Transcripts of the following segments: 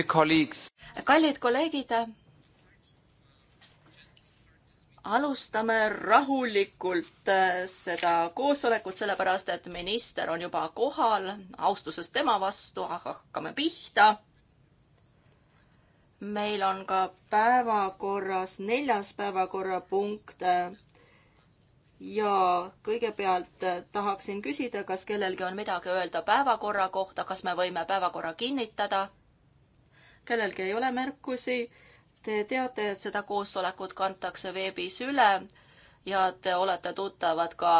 kallid kolleegid, alustame rahulikult äh, seda koosolekut, sellepärast et minister on juba kohal, austuses tema vastu, hakkame pihta. meil on ka päevakorras neljas päevakorrapunkt äh, ja kõigepealt äh, tahaksin küsida, kas kellelgi on midagi öelda päevakorra kohta, kas me võime päevakorra kinnitada? kellelgi ei ole märkusi. Te teate, et seda koosolekut kantakse veebis üle ja te olete tuttavad ka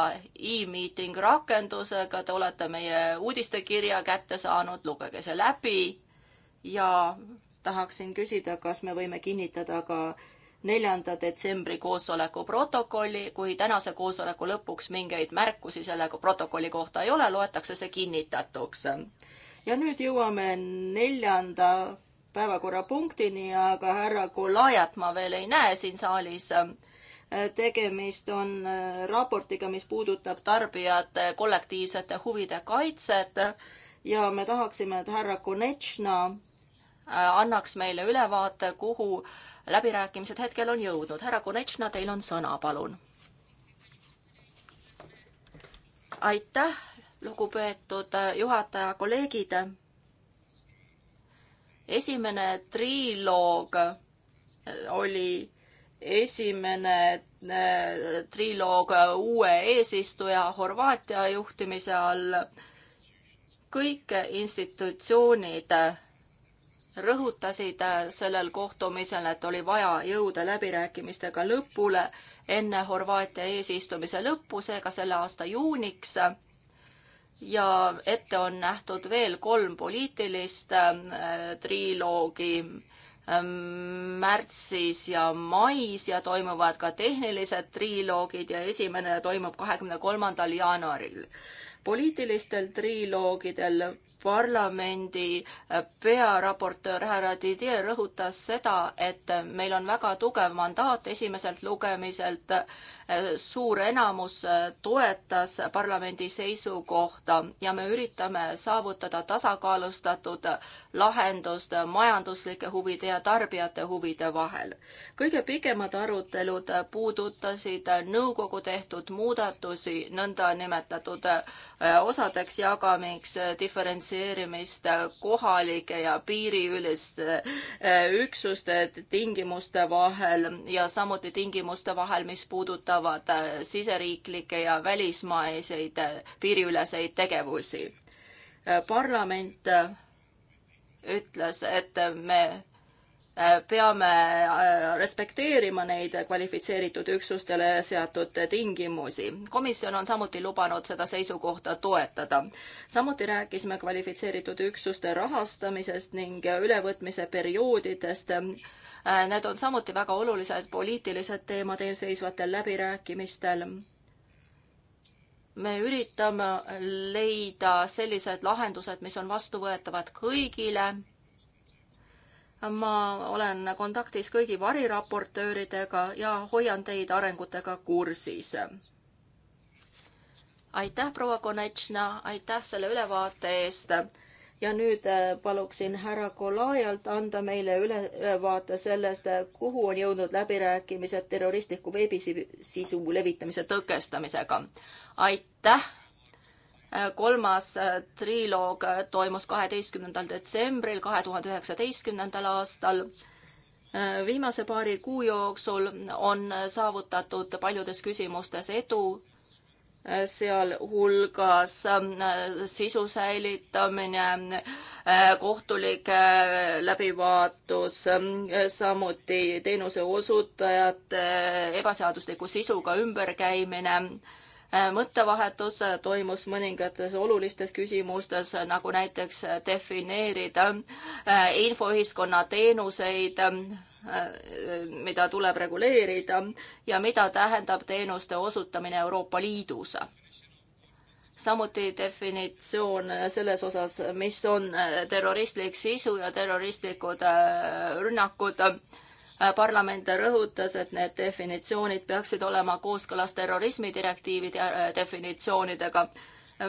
e-meeting rakendusega, te olete meie uudistekirja kätte saanud, lugege see läbi ja tahaksin küsida, kas me võime kinnitada ka neljanda detsembri koosoleku protokolli, kui tänase koosoleku lõpuks mingeid märkusi selle protokolli kohta ei ole, loetakse see kinnitatuks. ja nüüd jõuame neljanda päevakorrapunktini, aga härra Kolajat ma veel ei näe siin saalis. tegemist on äh, raportiga, mis puudutab tarbijate kollektiivsete huvide kaitset ja me tahaksime, et härra Konechna äh, annaks meile ülevaate, kuhu läbirääkimised hetkel on jõudnud. härra Konechna, teil on sõna, palun. aitäh, lugupeetud äh, juhataja, kolleegid esimene triloog eh, oli esimene eh, triloog eh, uue eesistuja Horvaatia juhtimise all. kõik institutsioonid rõhutasid sellel kohtumisel, et oli vaja jõuda läbirääkimistega lõpule enne Horvaatia eesistumise lõppu, seega selle aasta juuniks ja ette on nähtud veel kolm poliitilist äh, triloogi ähm, märtsis ja mais ja toimuvad ka tehnilised triloogid ja esimene toimub kahekümne kolmandal jaanuaril. poliitilistel triloogidel parlamendi äh, pearaportöör härra Didier rõhutas seda, et meil on väga tugev mandaat esimeselt lugemiselt suur enamus äh, toetas parlamendi seisukohta ja me üritame saavutada tasakaalustatud lahendust majanduslike huvide ja tarbijate huvide vahel. kõige pikemad arutelud puudutasid nõukogu tehtud muudatusi nõndanimetatud äh, osadeks jagamiks diferentseerimist kohalike ja piiriüliste äh, üksuste tingimuste vahel ja samuti tingimuste vahel, mis puudutavad mõjutavad äh, siseriiklikke ja välismaiseid äh, piiriüleseid tegevusi. Äh, parlament ütles, et me peame respekteerima neid kvalifitseeritud üksustele seatud tingimusi. komisjon on samuti lubanud seda seisukohta toetada. samuti rääkisime kvalifitseeritud üksuste rahastamisest ning ülevõtmise perioodidest Äh, need on samuti väga olulised poliitilised teemad eelseisvatel läbirääkimistel. me üritame leida sellised lahendused, mis on vastuvõetavad kõigile. ma olen kontaktis kõigi variraportööridega ja hoian teid arengutega kursis aitäh, proua Konechna, aitäh selle ülevaate eest ja nüüd äh, paluksin härra Kolajalt anda meile ülevaate sellest, äh, kuhu on jõudnud läbirääkimised terroristliku veebisisu levitamise tõkestamisega. aitäh! Äh, kolmas triloog toimus kaheteistkümnendal detsembril kahe tuhande üheksateistkümnendal aastal viimase paari kuu jooksul on saavutatud paljudes küsimustes edu sealhulgas äh, sisu säilitamine, äh, kohtulik äh, läbivaatus, samuti teenuse osutajate ebaseadusliku sisuga ümberkäimine mõttevahetus toimus mõningates olulistes küsimustes, nagu näiteks defineerida infoühiskonna teenuseid Äh, mida tuleb reguleerida ja mida tähendab teenuste osutamine Euroopa Liidus. samuti definitsioon selles osas, mis on äh, terroristlik sisu ja terroristlikud äh, rünnakud parlament rõhutas, et need definitsioonid peaksid olema kooskõlas terrorismidirektiivi definitsioonidega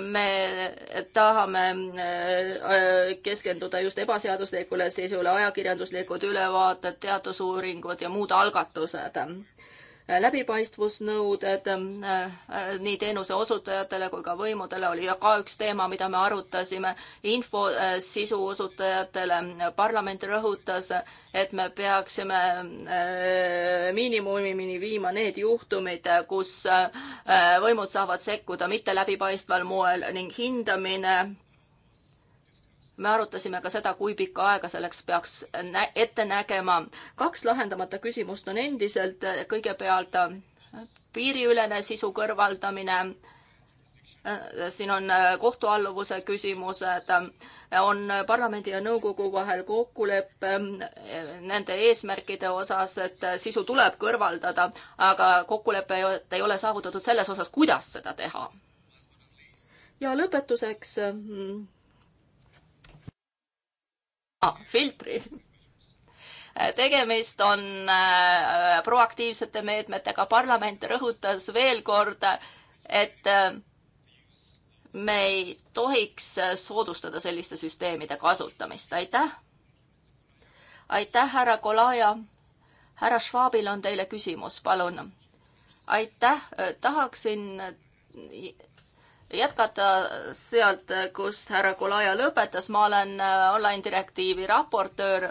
me tahame äh, keskenduda just ebaseaduslikule sisule, ajakirjanduslikud ülevaated, teadusuuringud ja muud algatused läbipaistvusnõuded äh, nii teenuse osutajatele kui ka võimudele oli ka üks teema, mida me arutasime. info äh, sisu osutajatele, parlament rõhutas, et me peaksime äh, miinimumini viima need juhtumid, kus võimud saavad sekkuda mitte läbipaistval moel ning hindamine me arutasime ka seda, kui pikka aega selleks peaks ette nägema. kaks lahendamata küsimust on endiselt kõigepealt äh, piiriülene sisu kõrvaldamine. Äh, siin on äh, kohtualluvuse küsimused, on parlamendi ja nõukogu vahel kokkulepe nende eesmärkide osas, et sisu tuleb kõrvaldada, aga kokkulepe ei ole saavutatud selles osas, kuidas seda teha. ja lõpetuseks ah,, filtrid. tegemist on äh, proaktiivsete meetmetega, parlament rõhutas veel kord, et äh, me ei tohiks soodustada selliste süsteemide kasutamist, aitäh. aitäh, härra Kolaja. härra Schwabil on teile küsimus, palun. aitäh, tahaksin jätkata sealt, kust härra Kulaja lõpetas, ma olen äh, online direktiivi raportöör.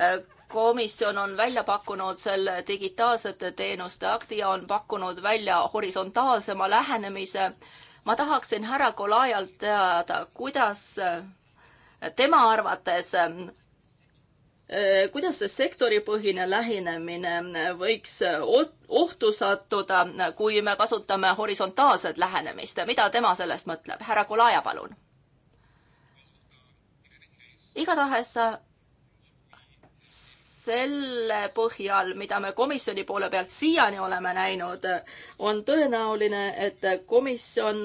Äh, komisjon on välja pakkunud selle digitaalsete teenuste akti ja on pakkunud välja horisontaalsema lähenemise. ma tahaksin härra Kulajalt teada, kuidas äh, tema arvates Äh, kuidas see sektoripõhine lähenemine äh, võiks äh, ohtu sattuda, kui me kasutame horisontaalset lähenemist, mida tema sellest mõtleb? härra Kolaja, palun. igatahes selle põhjal, mida me komisjoni poole pealt siiani oleme näinud, on tõenäoline, et komisjon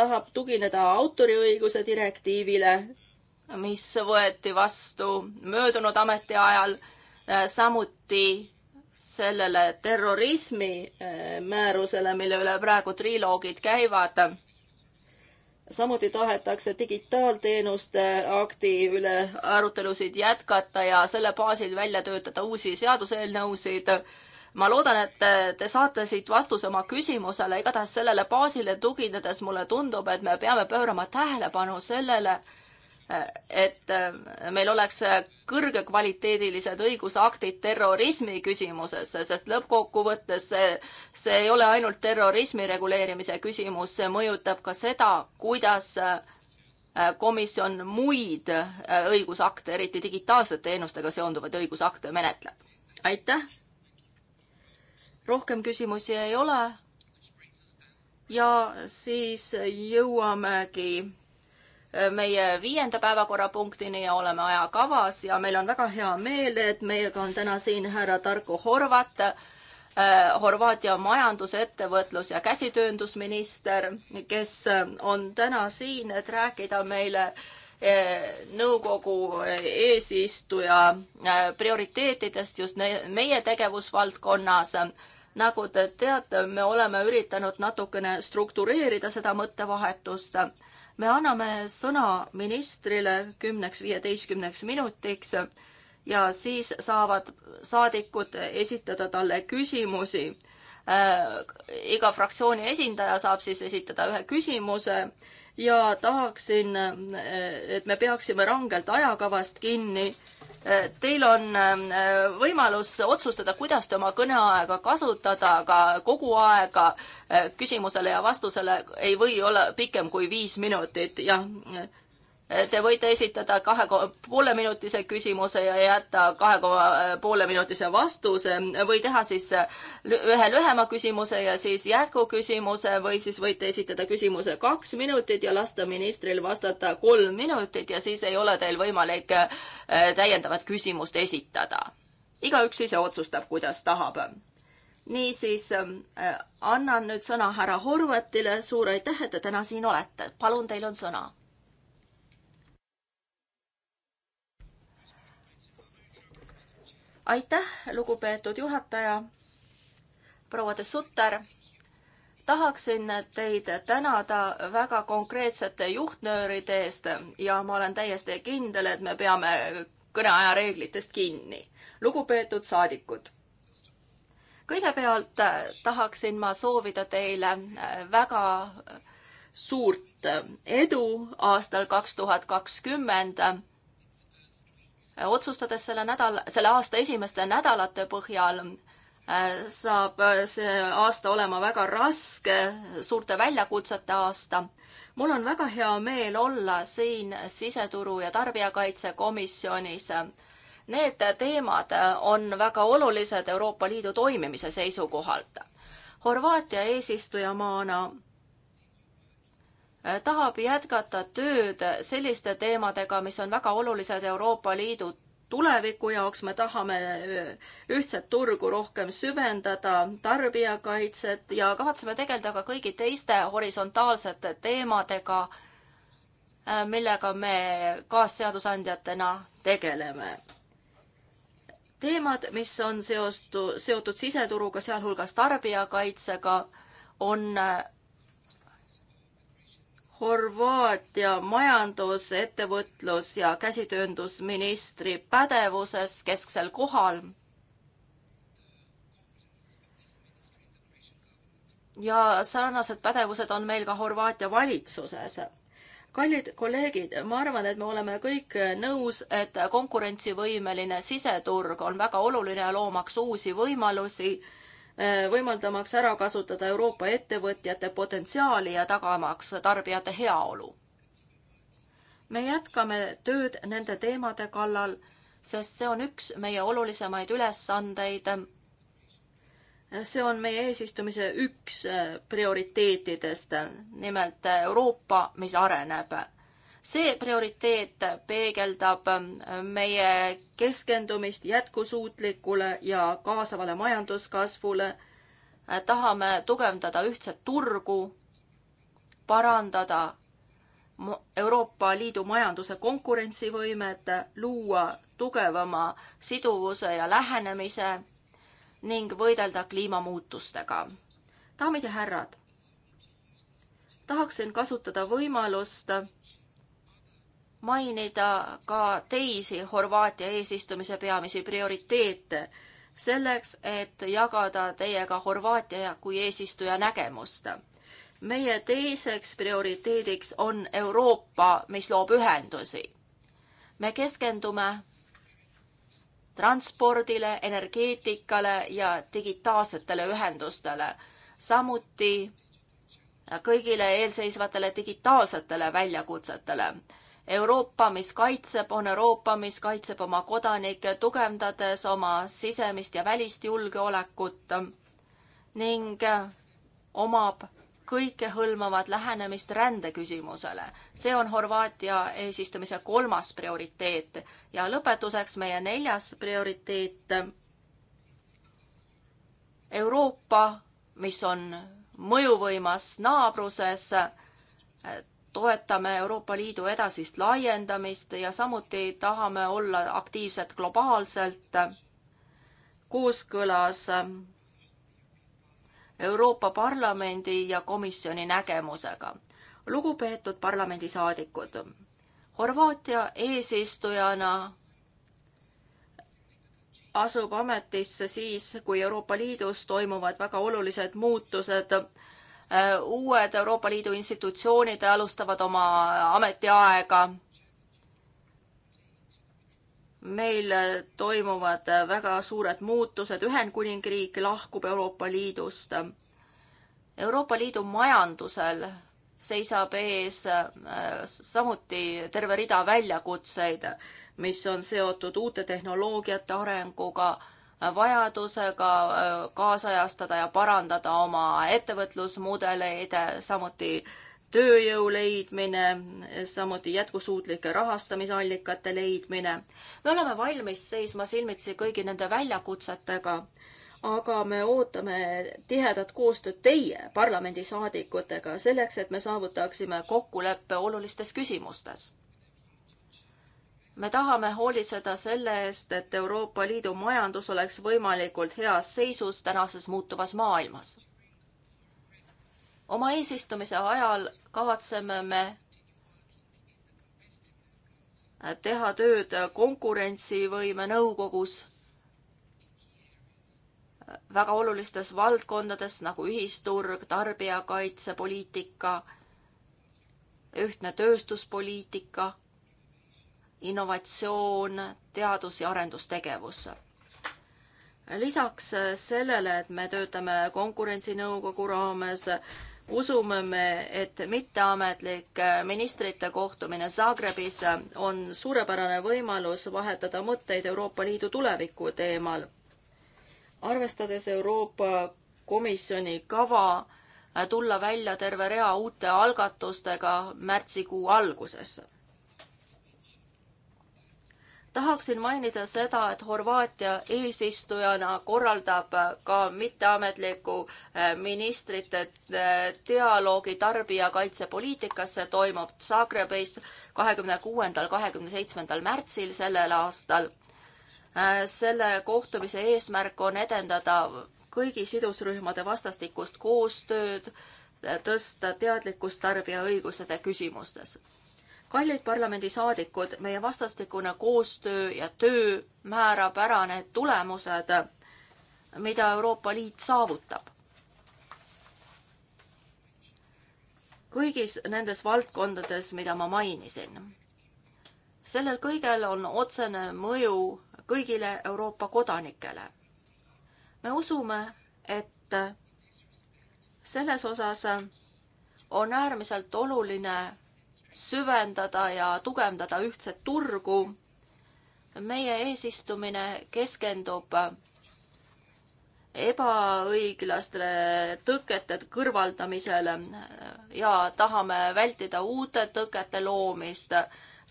tahab tugineda autoriõiguse direktiivile mis võeti vastu möödunud ametiajal, äh, samuti sellele terrorismi äh, määrusele, mille üle praegu triloogid käivad. samuti tahetakse digitaalteenuste akti üle arutelusid jätkata ja selle baasil välja töötada uusi seaduseelnõusid. ma loodan, et te saate siit vastuse oma küsimusele, igatahes sellele baasile tuginedes mulle tundub, et me peame pöörama tähelepanu sellele, et äh, meil oleks äh, kõrgekvaliteedilised õigusaktid terrorismi küsimuses, sest lõppkokkuvõttes see, see ei ole ainult terrorismi reguleerimise küsimus, see mõjutab ka seda, kuidas äh, komisjon muid õigusakte, eriti digitaalsete teenustega seonduvaid õigusakte menetleb. aitäh! rohkem küsimusi ei ole. ja siis jõuamegi meie viienda päevakorrapunktini ja oleme ajakavas ja meil on väga hea meel, et meiega on täna siin härra Tarko Horvat, äh, Horvaatia majandus, ettevõtlus ja käsitööndusminister, kes äh, on täna siin, et rääkida meile äh, nõukogu eesistuja prioriteetidest just meie tegevusvaldkonnas nagu te teate, me oleme üritanud natukene struktureerida seda mõttevahetust me anname sõna ministrile kümneks-viieteistkümneks minutiks ja siis saavad saadikud esitada talle küsimusi. Äh, iga fraktsiooni esindaja saab siis esitada ühe küsimuse ja tahaksin, äh, et me peaksime rangelt ajakavast kinni Äh, teil on äh, võimalus otsustada, kuidas te oma kõneaega kasutada, aga kogu aega äh, küsimusele ja vastusele ei või olla pikem kui viis minutit, jah Te võite esitada kahe pooleminutise küsimuse ja jätta kahe pooleminutise vastuse või teha siis ühe lühema küsimuse ja siis jätkuküsimuse või siis võite esitada küsimuse kaks minutit ja lasta ministril vastata kolm minutit ja siis ei ole teil võimalik äh, täiendavat küsimust esitada. igaüks ise otsustab, kuidas tahab niisiis äh, annan nüüd sõna härra Horvatile, suur aitäh, et te täna siin olete, palun, teil on sõna. aitäh, lugupeetud juhataja, proua de Sutter. tahaksin teid tänada väga konkreetsete juhtnööride eest ja ma olen täiesti kindel, et me peame kõneaja reeglitest kinni. lugupeetud saadikud kõigepealt tahaksin ma soovida teile väga suurt edu aastal kaks tuhat kakskümmend otsustades selle nädal, selle aasta esimeste nädalate põhjal äh, saab äh, see aasta olema väga raske, suurte väljakutsete aasta. mul on väga hea meel olla siin siseturu ja tarbijakaitsekomisjonis. Need teemad on väga olulised Euroopa Liidu toimimise seisukohalt. Horvaatia eesistujamaana Äh, tahab jätkata tööd selliste teemadega, mis on väga olulised Euroopa Liidu tuleviku jaoks, me tahame äh, ühtset turgu rohkem süvendada, tarbijakaitset ja kavatseme tegeleda ka kõigi teiste horisontaalsete teemadega, äh, millega me kaasseadusandjatena tegeleme. teemad, mis on seostu, seotud siseturuga, sealhulgas tarbijakaitsega, on Horvaatia majandus, ettevõtlus ja käsitööndusministri pädevuses kesksel kohal. ja sarnased pädevused on meil ka Horvaatia valitsuses kallid kolleegid, ma arvan, et me oleme kõik nõus, et konkurentsivõimeline siseturg on väga oluline, loomaks uusi võimalusi Äh, võimaldamaks ära kasutada Euroopa ettevõtjate potentsiaali ja tagamaks tarbijate heaolu. me jätkame tööd nende teemade kallal, sest see on üks meie olulisemaid ülesandeid. see on meie eesistumise üks äh, prioriteetidest, nimelt Euroopa, mis areneb see prioriteet peegeldab ähm, meie keskendumist jätkusuutlikule ja kaasavale majanduskasvule. Äh, tahame tugevdada ühtset turgu, parandada Euroopa Liidu majanduse konkurentsivõimet, luua tugevama siduvuse ja lähenemise ning võidelda kliimamuutustega. daamid ja härrad, tahaksin kasutada võimalust mainida ka teisi Horvaatia eesistumise peamisi prioriteete selleks, et jagada teiega Horvaatia kui eesistuja nägemust. meie teiseks prioriteediks on Euroopa, mis loob ühendusi. me keskendume transpordile, energeetikale ja digitaalsetele ühendustele, samuti kõigile eelseisvatele digitaalsetele väljakutsetele Euroopa, mis kaitseb, on Euroopa, mis kaitseb oma kodanikke, tugevdades oma sisemist ja välist julgeolekut ning omab kõikehõlmavat lähenemist rändeküsimusele. see on Horvaatia eesistumise kolmas prioriteet ja lõpetuseks meie neljas prioriteet. Euroopa, mis on mõjuvõimas naabruses, toetame Euroopa Liidu edasist laiendamist ja samuti tahame olla aktiivsed globaalselt kooskõlas Euroopa Parlamendi ja komisjoni nägemusega. lugupeetud parlamendisaadikud, Horvaatia eesistujana asub ametisse siis, kui Euroopa Liidus toimuvad väga olulised muutused Äh, uued Euroopa Liidu institutsioonid alustavad oma ametiaega. meil toimuvad väga suured muutused, Ühendkuningriik lahkub Euroopa Liidust. Euroopa Liidu majandusel seisab ees äh, samuti terve rida väljakutseid, mis on seotud uute tehnoloogiate arenguga vajadusega äh, kaasajastada ja parandada oma ettevõtlusmudeleid, samuti tööjõu leidmine, samuti jätkusuutlike rahastamisallikate leidmine. me oleme valmis seisma silmitsi kõigi nende väljakutsetega, aga me ootame tihedat koostööd teie, parlamendisaadikutega, selleks et me saavutaksime kokkuleppe olulistes küsimustes me tahame hoolitseda selle eest, et Euroopa Liidu majandus oleks võimalikult heas seisus tänases muutuvas maailmas. oma eesistumise ajal kavatseme me teha tööd konkurentsivõime nõukogus väga olulistes valdkondades nagu ühisturg, tarbijakaitsepoliitika, ühtne tööstuspoliitika innovatsioon teadus, teadus- ja arendustegevus. lisaks sellele, et me töötame konkurentsinõukogu raames, usume me, et mitteametlik ministrite kohtumine Zagrebis on suurepärane võimalus vahetada mõtteid Euroopa Liidu tuleviku teemal. arvestades Euroopa Komisjoni kava tulla välja terve rea uute algatustega märtsikuu alguses tahaksin mainida seda, et Horvaatia eesistujana korraldab äh, ka mitteametliku äh, ministrite äh, dialoogi tarbijakaitsepoliitikasse, toimub Zagrebis kahekümne kuuendal, kahekümne seitsmendal märtsil sellel aastal. selle kohtumise eesmärk on edendada kõigi sidusrühmade vastastikust koostööd, tõsta teadlikkust tarbija õigusede küsimustes kallid parlamendisaadikud, meie vastastikune koostöö ja töö määrab ära need tulemused, mida Euroopa Liit saavutab. kõigis nendes valdkondades, mida ma mainisin. sellel kõigel on otsene mõju kõigile Euroopa kodanikele. me usume, et selles osas on äärmiselt oluline süvendada ja tugevdada ühtset turgu. meie eesistumine keskendub ebaõiglastele tõkete kõrvaldamisele ja tahame vältida uute tõkete loomist,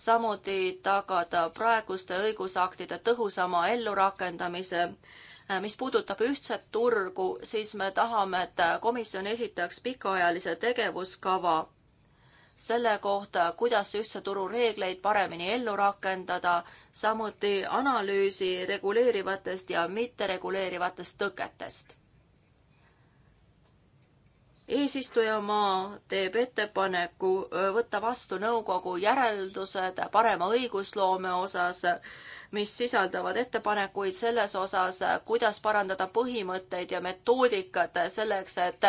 samuti tagada praeguste õigusaktide tõhusama ellurakendamise. mis puudutab ühtset turgu, siis me tahame, et komisjon esitaks pikaajalise tegevuskava selle kohta, kuidas ühtse turu reegleid paremini ellu rakendada, samuti analüüsi reguleerivatest ja mittereguleerivatest tõketest eesistujamaa teeb ettepaneku äh, võtta vastu nõukogu järeldused parema õigusloome osas mis sisaldavad ettepanekuid selles osas, kuidas parandada põhimõtteid ja metoodikat selleks, et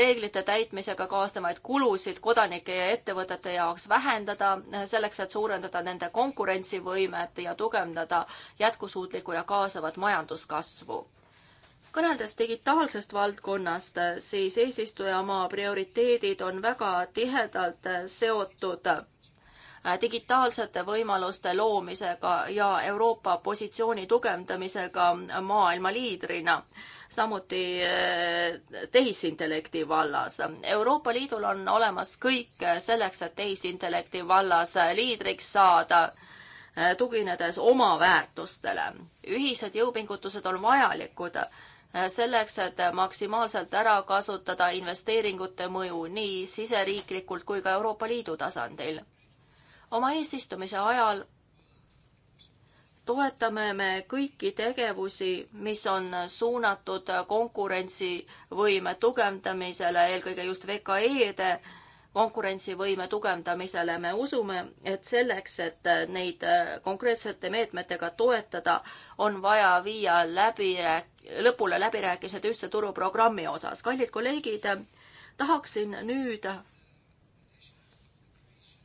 reeglite täitmisega kaasnevaid kulusid kodanike ja ettevõtete jaoks vähendada, selleks et suurendada nende konkurentsivõimet ja tugevdada jätkusuutlikku ja kaasavat majanduskasvu kõneldes digitaalsest valdkonnast, siis eesistujamaa prioriteedid on väga tihedalt seotud Äh, digitaalsete võimaluste loomisega ja Euroopa positsiooni tugevdamisega maailma liidrina, samuti äh, tehisintellekti vallas. Euroopa Liidul on olemas kõik selleks, et tehisintellekti vallas liidriks saada äh, tuginedes oma väärtustele. ühised jõupingutused on vajalikud selleks, et maksimaalselt ära kasutada investeeringute mõju nii siseriiklikult kui ka Euroopa Liidu tasandil oma eesistumise ajal toetame me kõiki tegevusi, mis on suunatud konkurentsivõime tugevdamisele, eelkõige just VKE-de konkurentsivõime tugevdamisele. me usume, et selleks, et neid konkreetsete meetmetega toetada, on vaja viia läbi, lõpule läbirääkimised ühtse turuprogrammi osas. kallid kolleegid, tahaksin nüüd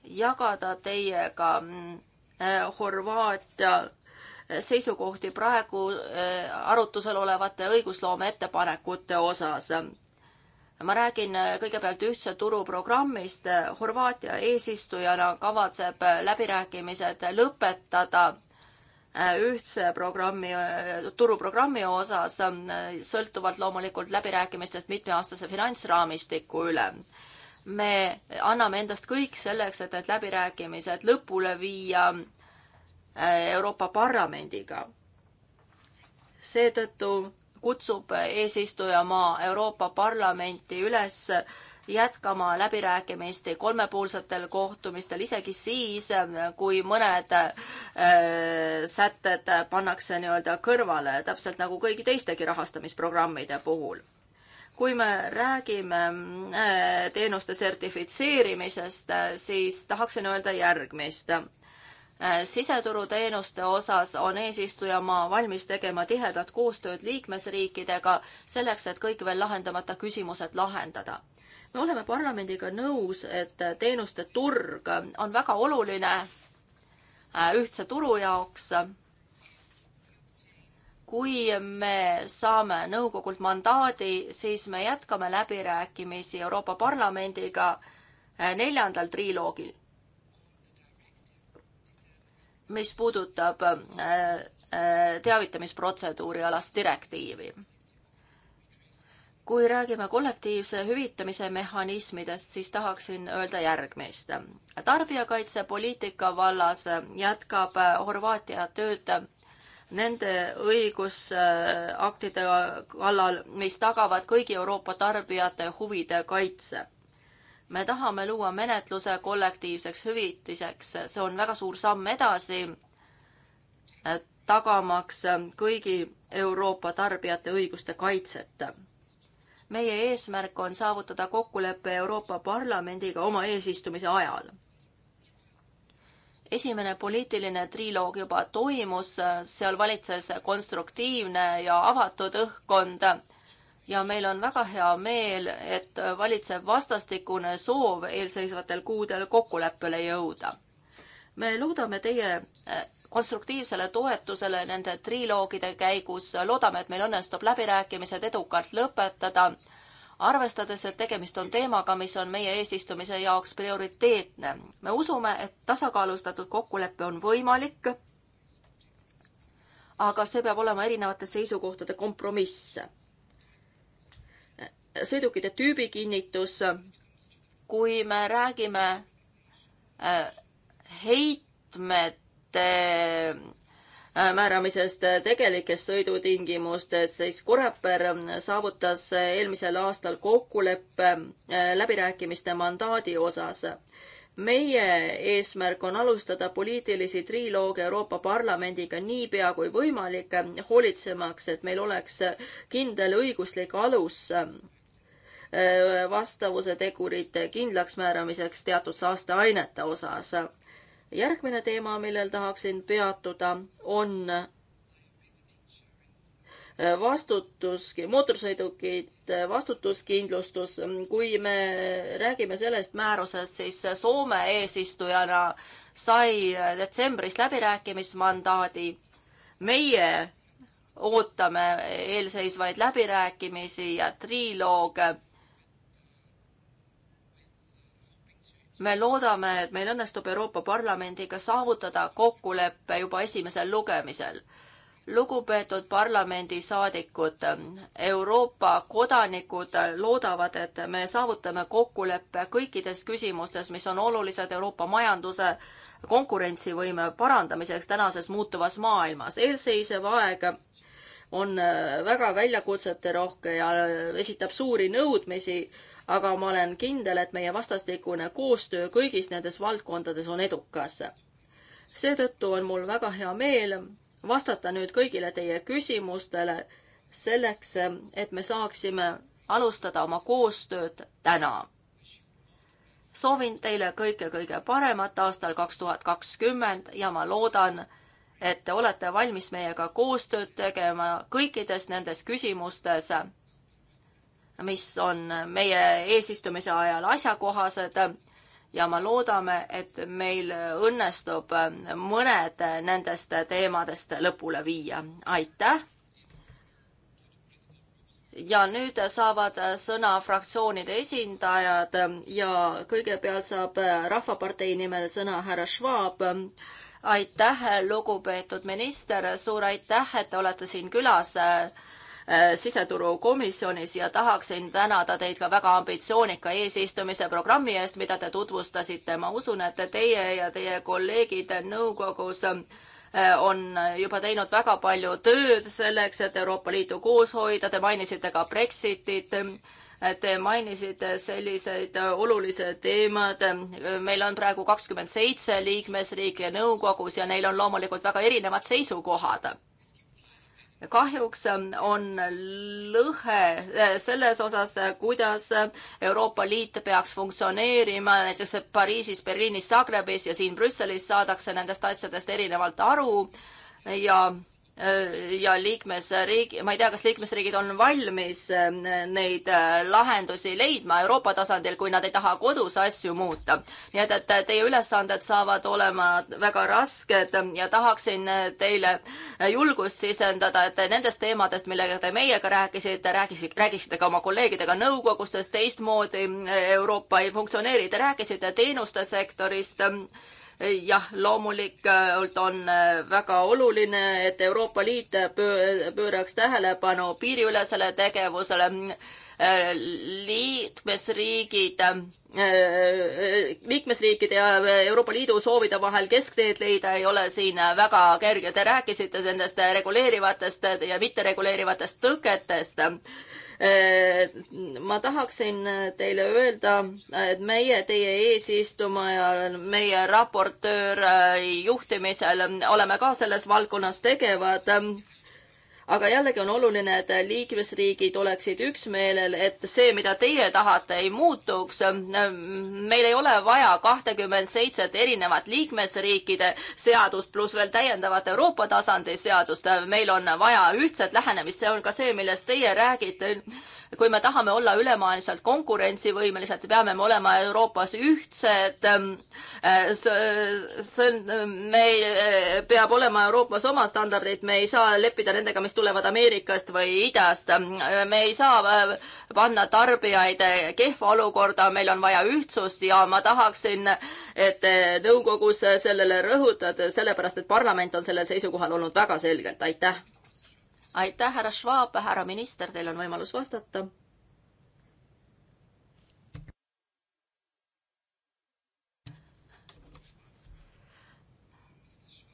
jagada teiega mm, eh, Horvaatia seisukohti praegu eh, arutusel olevate õigusloome ettepanekute osas. ma räägin eh, kõigepealt ühtse turu programmist. Horvaatia eesistujana kavatseb läbirääkimised lõpetada ühtse programmi, turuprogrammi osas, sõltuvalt loomulikult läbirääkimistest mitmeaastase finantsraamistiku üle me anname endast kõik selleks, et need läbirääkimised lõpule viia äh, Euroopa Parlamendiga. seetõttu kutsub eesistujamaa Euroopa Parlamenti üles jätkama läbirääkimiste kolmepoolsetel kohtumistel, isegi siis, kui mõned äh, sätted pannakse nii-öelda kõrvale, täpselt nagu kõigi teistegi rahastamisprogrammide puhul kui me räägime äh, teenuste sertifitseerimisest, äh, siis tahaksin öelda järgmist. Äh, siseturuteenuste osas on eesistujamaa valmis tegema tihedat koostööd liikmesriikidega selleks, et kõik veel lahendamata küsimused lahendada me oleme parlamendiga nõus, et teenuste turg on väga oluline ühtse turu jaoks kui me saame nõukogult mandaadi, siis me jätkame läbirääkimisi Euroopa Parlamendiga eh, neljandal triloogil, mis puudutab eh, eh, teavitamisprotseduuri alast direktiivi. kui räägime kollektiivse hüvitamise mehhanismidest, siis tahaksin öelda järgmist. tarbijakaitsepoliitika vallas jätkab Horvaatia tööd nende õigusaktide kallal, mis tagavad kõigi Euroopa tarbijate huvide kaitse. me tahame luua menetluse kollektiivseks hüvitiseks, see on väga suur samm edasi, eh, tagamaks kõigi Euroopa tarbijate õiguste kaitset. meie eesmärk on saavutada kokkulepe Euroopa Parlamendiga oma eesistumise ajal esimene poliitiline triloog juba toimus, seal valitses konstruktiivne ja avatud õhkkond ja meil on väga hea meel, et valitseb vastastikune soov eelseisvatel kuudel kokkuleppele jõuda. me loodame teie eh, konstruktiivsele toetusele nende triloogide käigus, loodame, et meil õnnestub läbirääkimised edukalt lõpetada arvestades, et tegemist on teemaga, mis on meie eesistumise jaoks prioriteetne. me usume, et tasakaalustatud kokkulepe on võimalik, aga see peab olema erinevate seisukohtade kompromiss. sõidukite tüübikinnitus, kui me räägime äh, heitmed Äh, määramisest äh, tegelikes sõidutingimustes, siis Koreper äh, saavutas eelmisel aastal kokkuleppe läbirääkimiste mandaadi osas. meie eesmärk on alustada poliitilisi trilooge Euroopa Parlamendiga niipea kui võimalik, hoolitsemaks, et meil oleks kindel õiguslik alus vastavuse tegurite kindlaksmääramiseks teatud saasteainete osas järgmine teema, millel tahaksin peatuda, on äh, vastutus, mootorsõidukid, äh, vastutuskindlustus. kui me räägime sellest määrusest, siis Soome eesistujana sai detsembris läbirääkimismandaadi. meie ootame eelseisvaid läbirääkimisi ja triloog me loodame, et meil õnnestub Euroopa Parlamendiga saavutada kokkulepe juba esimesel lugemisel lugupeetud parlamendisaadikud, Euroopa kodanikud loodavad, et me saavutame kokkuleppe kõikides küsimustes, mis on olulised Euroopa majanduse konkurentsivõime parandamiseks tänases muutuvas maailmas. eelseisev aeg on väga väljakutseterohke ja esitab suuri nõudmisi aga ma olen kindel, et meie vastastikune koostöö kõigis nendes valdkondades on edukas. seetõttu on mul väga hea meel vastata nüüd kõigile teie küsimustele selleks, et me saaksime alustada oma koostööd täna. soovin teile kõike kõige paremat aastal kaks tuhat kakskümmend ja ma loodan, et te olete valmis meiega koostööd tegema kõikides nendes küsimustes mis on meie eesistumise ajal asjakohased ja me loodame, et meil õnnestub mõned nendest teemadest lõpule viia. aitäh! ja nüüd saavad sõna fraktsioonide esindajad ja kõigepealt saab Rahvapartei nimel sõna härra Schwab. aitäh, lugupeetud minister, suur aitäh, et te olete siin külas Äh, siseturukomisjonis ja tahaksin tänada teid ka väga ambitsioonika eesistumise programmi eest, mida te tutvustasite. ma usun, et teie ja teie kolleegid nõukogus äh, on juba teinud väga palju tööd selleks, et Euroopa Liitu koos hoida. Te mainisite ka Brexitit. Te mainisite selliseid olulisi teemad. meil on praegu kakskümmend seitse liikmesriiki nõukogus ja neil on loomulikult väga erinevad seisukohad kahjuks ähm, on lõhe äh, selles osas, äh, kuidas äh, Euroopa Liit peaks funktsioneerima, näiteks Pariisis, Berliinis, Zagrebis ja siin Brüsselis saadakse nendest asjadest erinevalt aru ja Äh, ja liikmesriig, ma ei tea, kas liikmesriigid on valmis äh, neid äh, lahendusi leidma Euroopa tasandil, kui nad ei taha kodus asju muuta. nii et, et teie ülesanded saavad olema väga rasked ja tahaksin teile julgust sisendada, et nendest teemadest, millega te meiega rääkisite, rääkisite, rääkisite ka oma kolleegidega nõukogus, sest teistmoodi Euroopa ei funktsioneeri. Te rääkisite teenuste sektorist Eh, jah, loomulikult on eh, väga oluline, et Euroopa Liit pööraks tähelepanu piiriülesele tegevusele. Eh, liikmesriigid, liikmesriikide ja Euroopa Liidu soovide vahel keskteed leida ei ole siin väga kerge. Te rääkisite nendest reguleerivatest ja mittereguleerivatest tõketest Äh, ma tahaksin teile öelda, et meie, teie eesistuma ja meie raportööri juhtimisel oleme ka selles valdkonnas tegevad aga jällegi on oluline, et liikmesriigid oleksid üksmeelel, et see, mida teie tahate, ei muutuks. meil ei ole vaja kahtekümmet seitset erinevat liikmesriikide seadust pluss veel täiendavat Euroopa tasandi seadust. meil on vaja ühtset lähenemist, see on ka see, millest teie räägite. kui me tahame olla ülemaailmselt konkurentsivõimelised, peame me olema Euroopas ühtsed. see on, meil peab olema Euroopas oma standardid, me ei saa leppida nendega, mis kes tulevad Ameerikast või idast. me ei saa äh, panna tarbijaid äh, kehva olukorda, meil on vaja ühtsust ja ma tahaksin, et äh, nõukogus sellele rõhutada, sellepärast et parlament on sellel seisukohal olnud väga selgelt, aitäh. aitäh, härra Schwab, härra minister, teil on võimalus vastata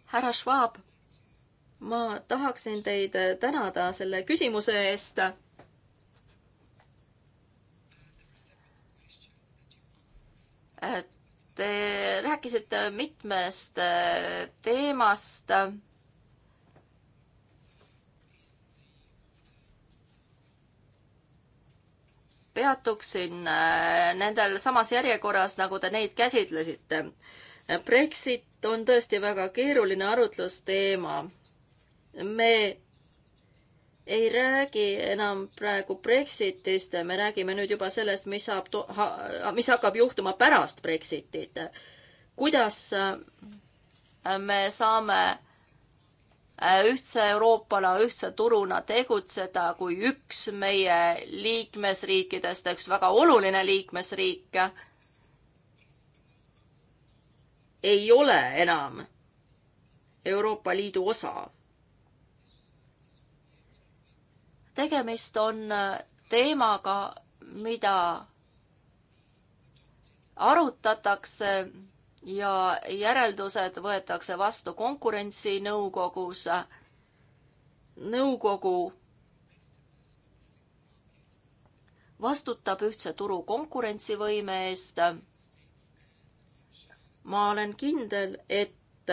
härra Schwab ma tahaksin teid tänada selle küsimuse eest. Te rääkisite mitmest teemast peatuksin nendel samas järjekorras, nagu te neid käsitlesite. Brexit on tõesti väga keeruline arutlusteema me ei räägi enam praegu Brexitist, me räägime nüüd juba sellest, mis saab, ha mis hakkab juhtuma pärast Brexitit. kuidas äh, me saame äh, ühtse Euroopana, ühtse turuna tegutseda, kui üks meie liikmesriikidest, üks väga oluline liikmesriik ei ole enam Euroopa Liidu osa tegemist on äh, teemaga, mida arutatakse ja järeldused võetakse vastu konkurentsinõukogus. nõukogu vastutab ühtse turu konkurentsivõime eest. ma olen kindel, et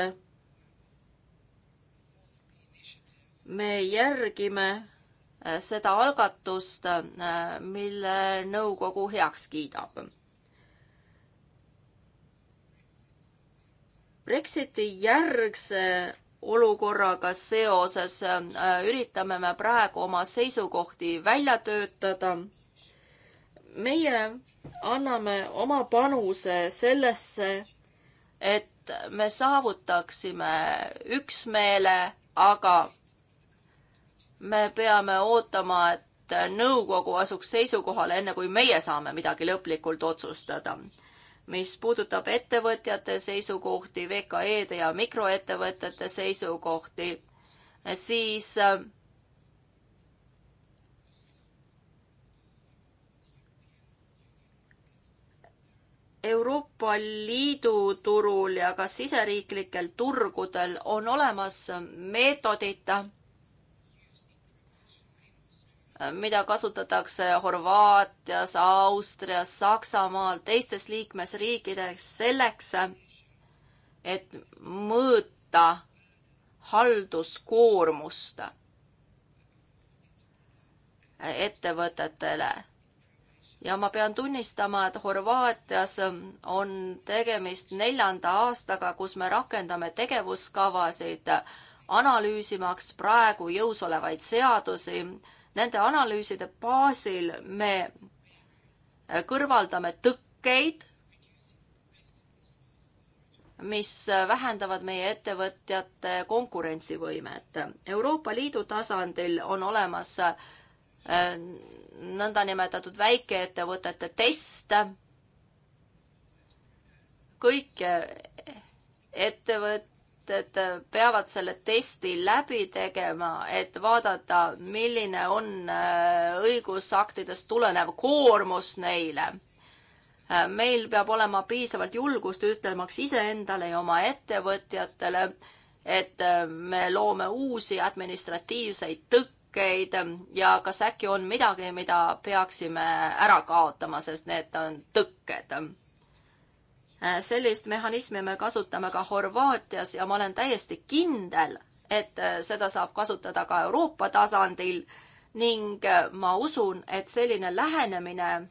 me järgime Äh, seda algatust, äh, mille nõukogu heaks kiidab. Brexiti järgse olukorraga seoses äh, üritame me praegu oma seisukohti välja töötada. meie anname oma panuse sellesse, et me saavutaksime üksmeele, aga me peame ootama, et nõukogu asuks seisukohale, enne kui meie saame midagi lõplikult otsustada. mis puudutab ettevõtjate seisukohti, VKE-de ja mikroettevõtete seisukohti, siis äh, Euroopa Liidu turul ja ka siseriiklikel turgudel on olemas meetodid, mida kasutatakse Horvaatias, Austrias, Saksamaal, teistes liikmesriikides selleks, et mõõta halduskoormust ettevõtetele. ja ma pean tunnistama, et Horvaatias on tegemist neljanda aastaga, kus me rakendame tegevuskavasid analüüsimaks praegu jõus olevaid seadusi nende analüüside baasil me kõrvaldame tõkkeid, mis vähendavad meie ettevõtjate konkurentsivõimet. Euroopa Liidu tasandil on olemas äh, nõndanimetatud väikeettevõtete test. kõik ettevõtted ettevõtted peavad selle testi läbi tegema, et vaadata, milline on äh, õigusaktidest tulenev koormus neile. Äh, meil peab olema piisavalt julgust ütlemaks iseendale ja oma ettevõtjatele, et äh, me loome uusi administratiivseid tõkkeid ja kas äkki on midagi, mida peaksime ära kaotama, sest need on tõkked Äh, sellist mehhanismi me kasutame ka Horvaatias ja ma olen täiesti kindel, et äh, seda saab kasutada ka Euroopa tasandil ning äh, ma usun, et selline lähenemine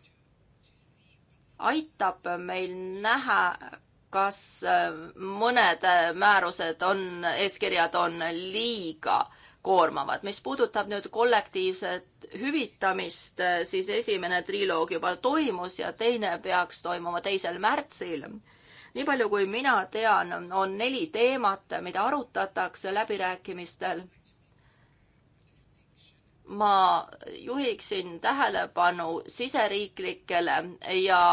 aitab meil näha, kas mõned määrused on, eeskirjad on liiga äh, koormavad. mis puudutab nüüd kollektiivset hüvitamist, eh, siis esimene triloog juba toimus ja teine peaks toimuma teisel märtsil. nii palju, kui mina tean, on neli teemat, mida arutatakse läbirääkimistel ma juhiksin tähelepanu siseriiklikele ja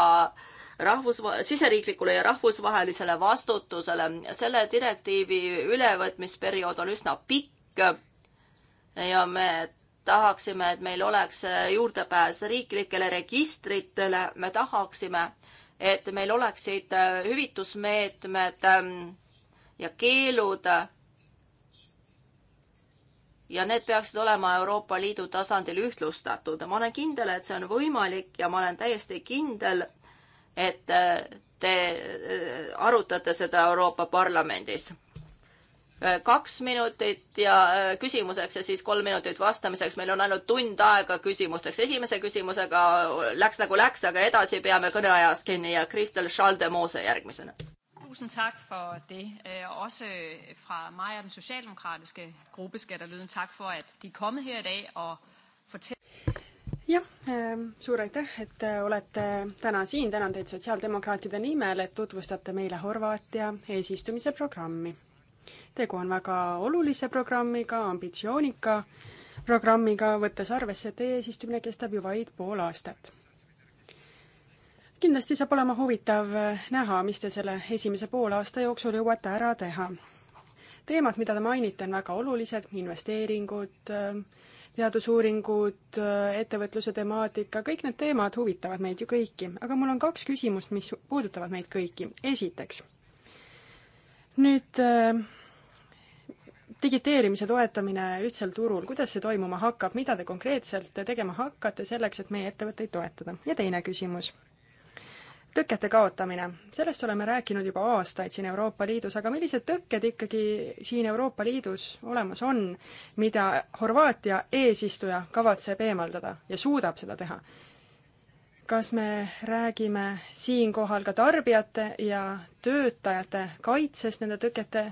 rahvusva-, siseriiklikule ja rahvusvahelisele vastutusele. selle direktiivi ülevõtmisperiood on üsna pikk ja me tahaksime, et meil oleks juurdepääs riiklikele registritele, me tahaksime, et meil oleksid äh, hüvitusmeetmed ähm, ja keelud. ja need peaksid olema Euroopa Liidu tasandil ühtlustatud. ma olen kindel, et see on võimalik ja ma olen täiesti kindel, et äh, te äh, arutate seda Euroopa Parlamendis Äh, kaks minutit ja äh, küsimuseks ja siis kolm minutit vastamiseks. meil on ainult tund aega küsimusteks. esimese küsimusega läks nagu läks, aga edasi peame kõneajast kinni ja Kristel Schaldemose järgmisena. Tusind tak for det. Øh, også fra mig og den socialdemokratiske gruppe skal der lyde en tak for, at de er kommet her i dag og fortæller jah, ähm, suur aitäh, et äh, olete täna siin, tänan teid sotsiaaldemokraatide nimel, et tutvustate meile Horvaatia eesistumise programmi tegu on väga olulise programmiga, ambitsioonika programmiga, võttes arvesse, et eesistumine kestab ju vaid pool aastat. kindlasti saab olema huvitav näha, mis te selle esimese poolaasta jooksul jõuate ära teha. teemad, mida te mainite, on väga olulised, investeeringud, teadusuuringud, ettevõtluse temaatika, kõik need teemad huvitavad meid ju kõiki, aga mul on kaks küsimust, mis puudutavad meid kõiki. esiteks, nüüd äh, digiteerimise toetamine ühtsel turul, kuidas see toimuma hakkab, mida te konkreetselt tegema hakkate selleks, et meie ettevõtteid toetada? ja teine küsimus. tõkete kaotamine, sellest oleme rääkinud juba aastaid siin Euroopa Liidus, aga millised tõkked ikkagi siin Euroopa Liidus olemas on, mida Horvaatia eesistuja kavatseb eemaldada ja suudab seda teha? kas me räägime siinkohal ka tarbijate ja töötajate kaitsest nende tõkete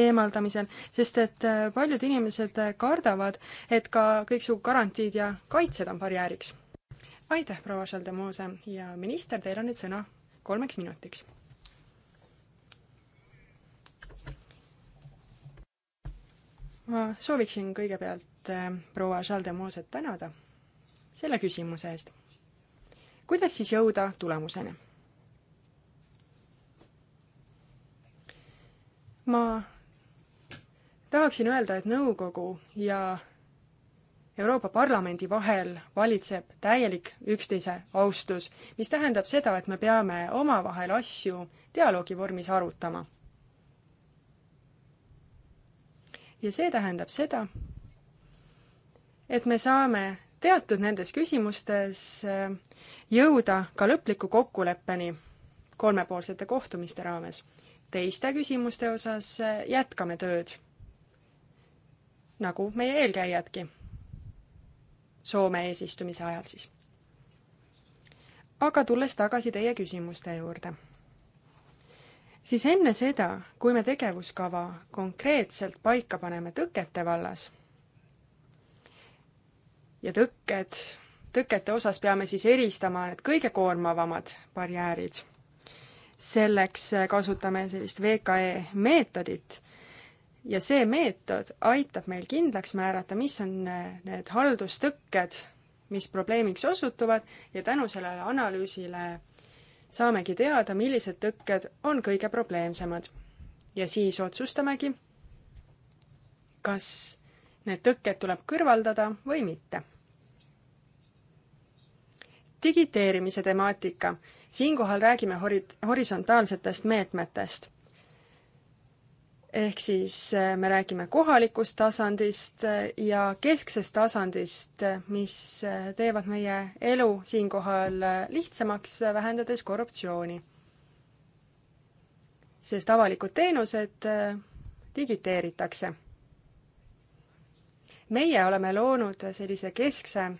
eemaldamisel, sest et äh, paljud inimesed äh, kardavad, et ka kõiksugu garantiid ja kaitsed on barjääriks. aitäh, proua Šaldemose ja minister, teil on nüüd sõna kolmeks minutiks. ma sooviksin kõigepealt äh, proua Šaldemoset tänada selle küsimuse eest. kuidas siis jõuda tulemuseni? ma tahaksin öelda, et nõukogu ja Euroopa Parlamendi vahel valitseb täielik üksteise austus, mis tähendab seda, et me peame omavahel asju dialoogi vormis arutama. ja see tähendab seda, et me saame teatud nendes küsimustes äh, jõuda ka lõpliku kokkuleppeni kolmepoolsete kohtumiste raames. teiste küsimuste osas äh, jätkame tööd nagu meie eelkäijadki. Soome eesistumise ajal siis. aga tulles tagasi teie küsimuste juurde, siis enne seda, kui me tegevuskava konkreetselt paika paneme tõkete vallas ja tõkked, tõkete osas peame siis eristama need kõige koormavamad barjäärid. selleks kasutame sellist VKE meetodit ja see meetod aitab meil kindlaks määrata, mis on need haldustõkked, mis probleemiks osutuvad ja tänu sellele analüüsile saamegi teada, millised tõkked on kõige probleemsemad. ja siis otsustamegi, kas need tõkked tuleb kõrvaldada või mitte. digiteerimise temaatika. siinkohal räägime hori-, horisontaalsetest meetmetest ehk siis äh, me räägime kohalikust tasandist äh, ja kesksest tasandist, äh, mis teevad meie elu siinkohal lihtsamaks, vähendades korruptsiooni. sest avalikud teenused digiteeritakse. meie oleme loonud sellise keskse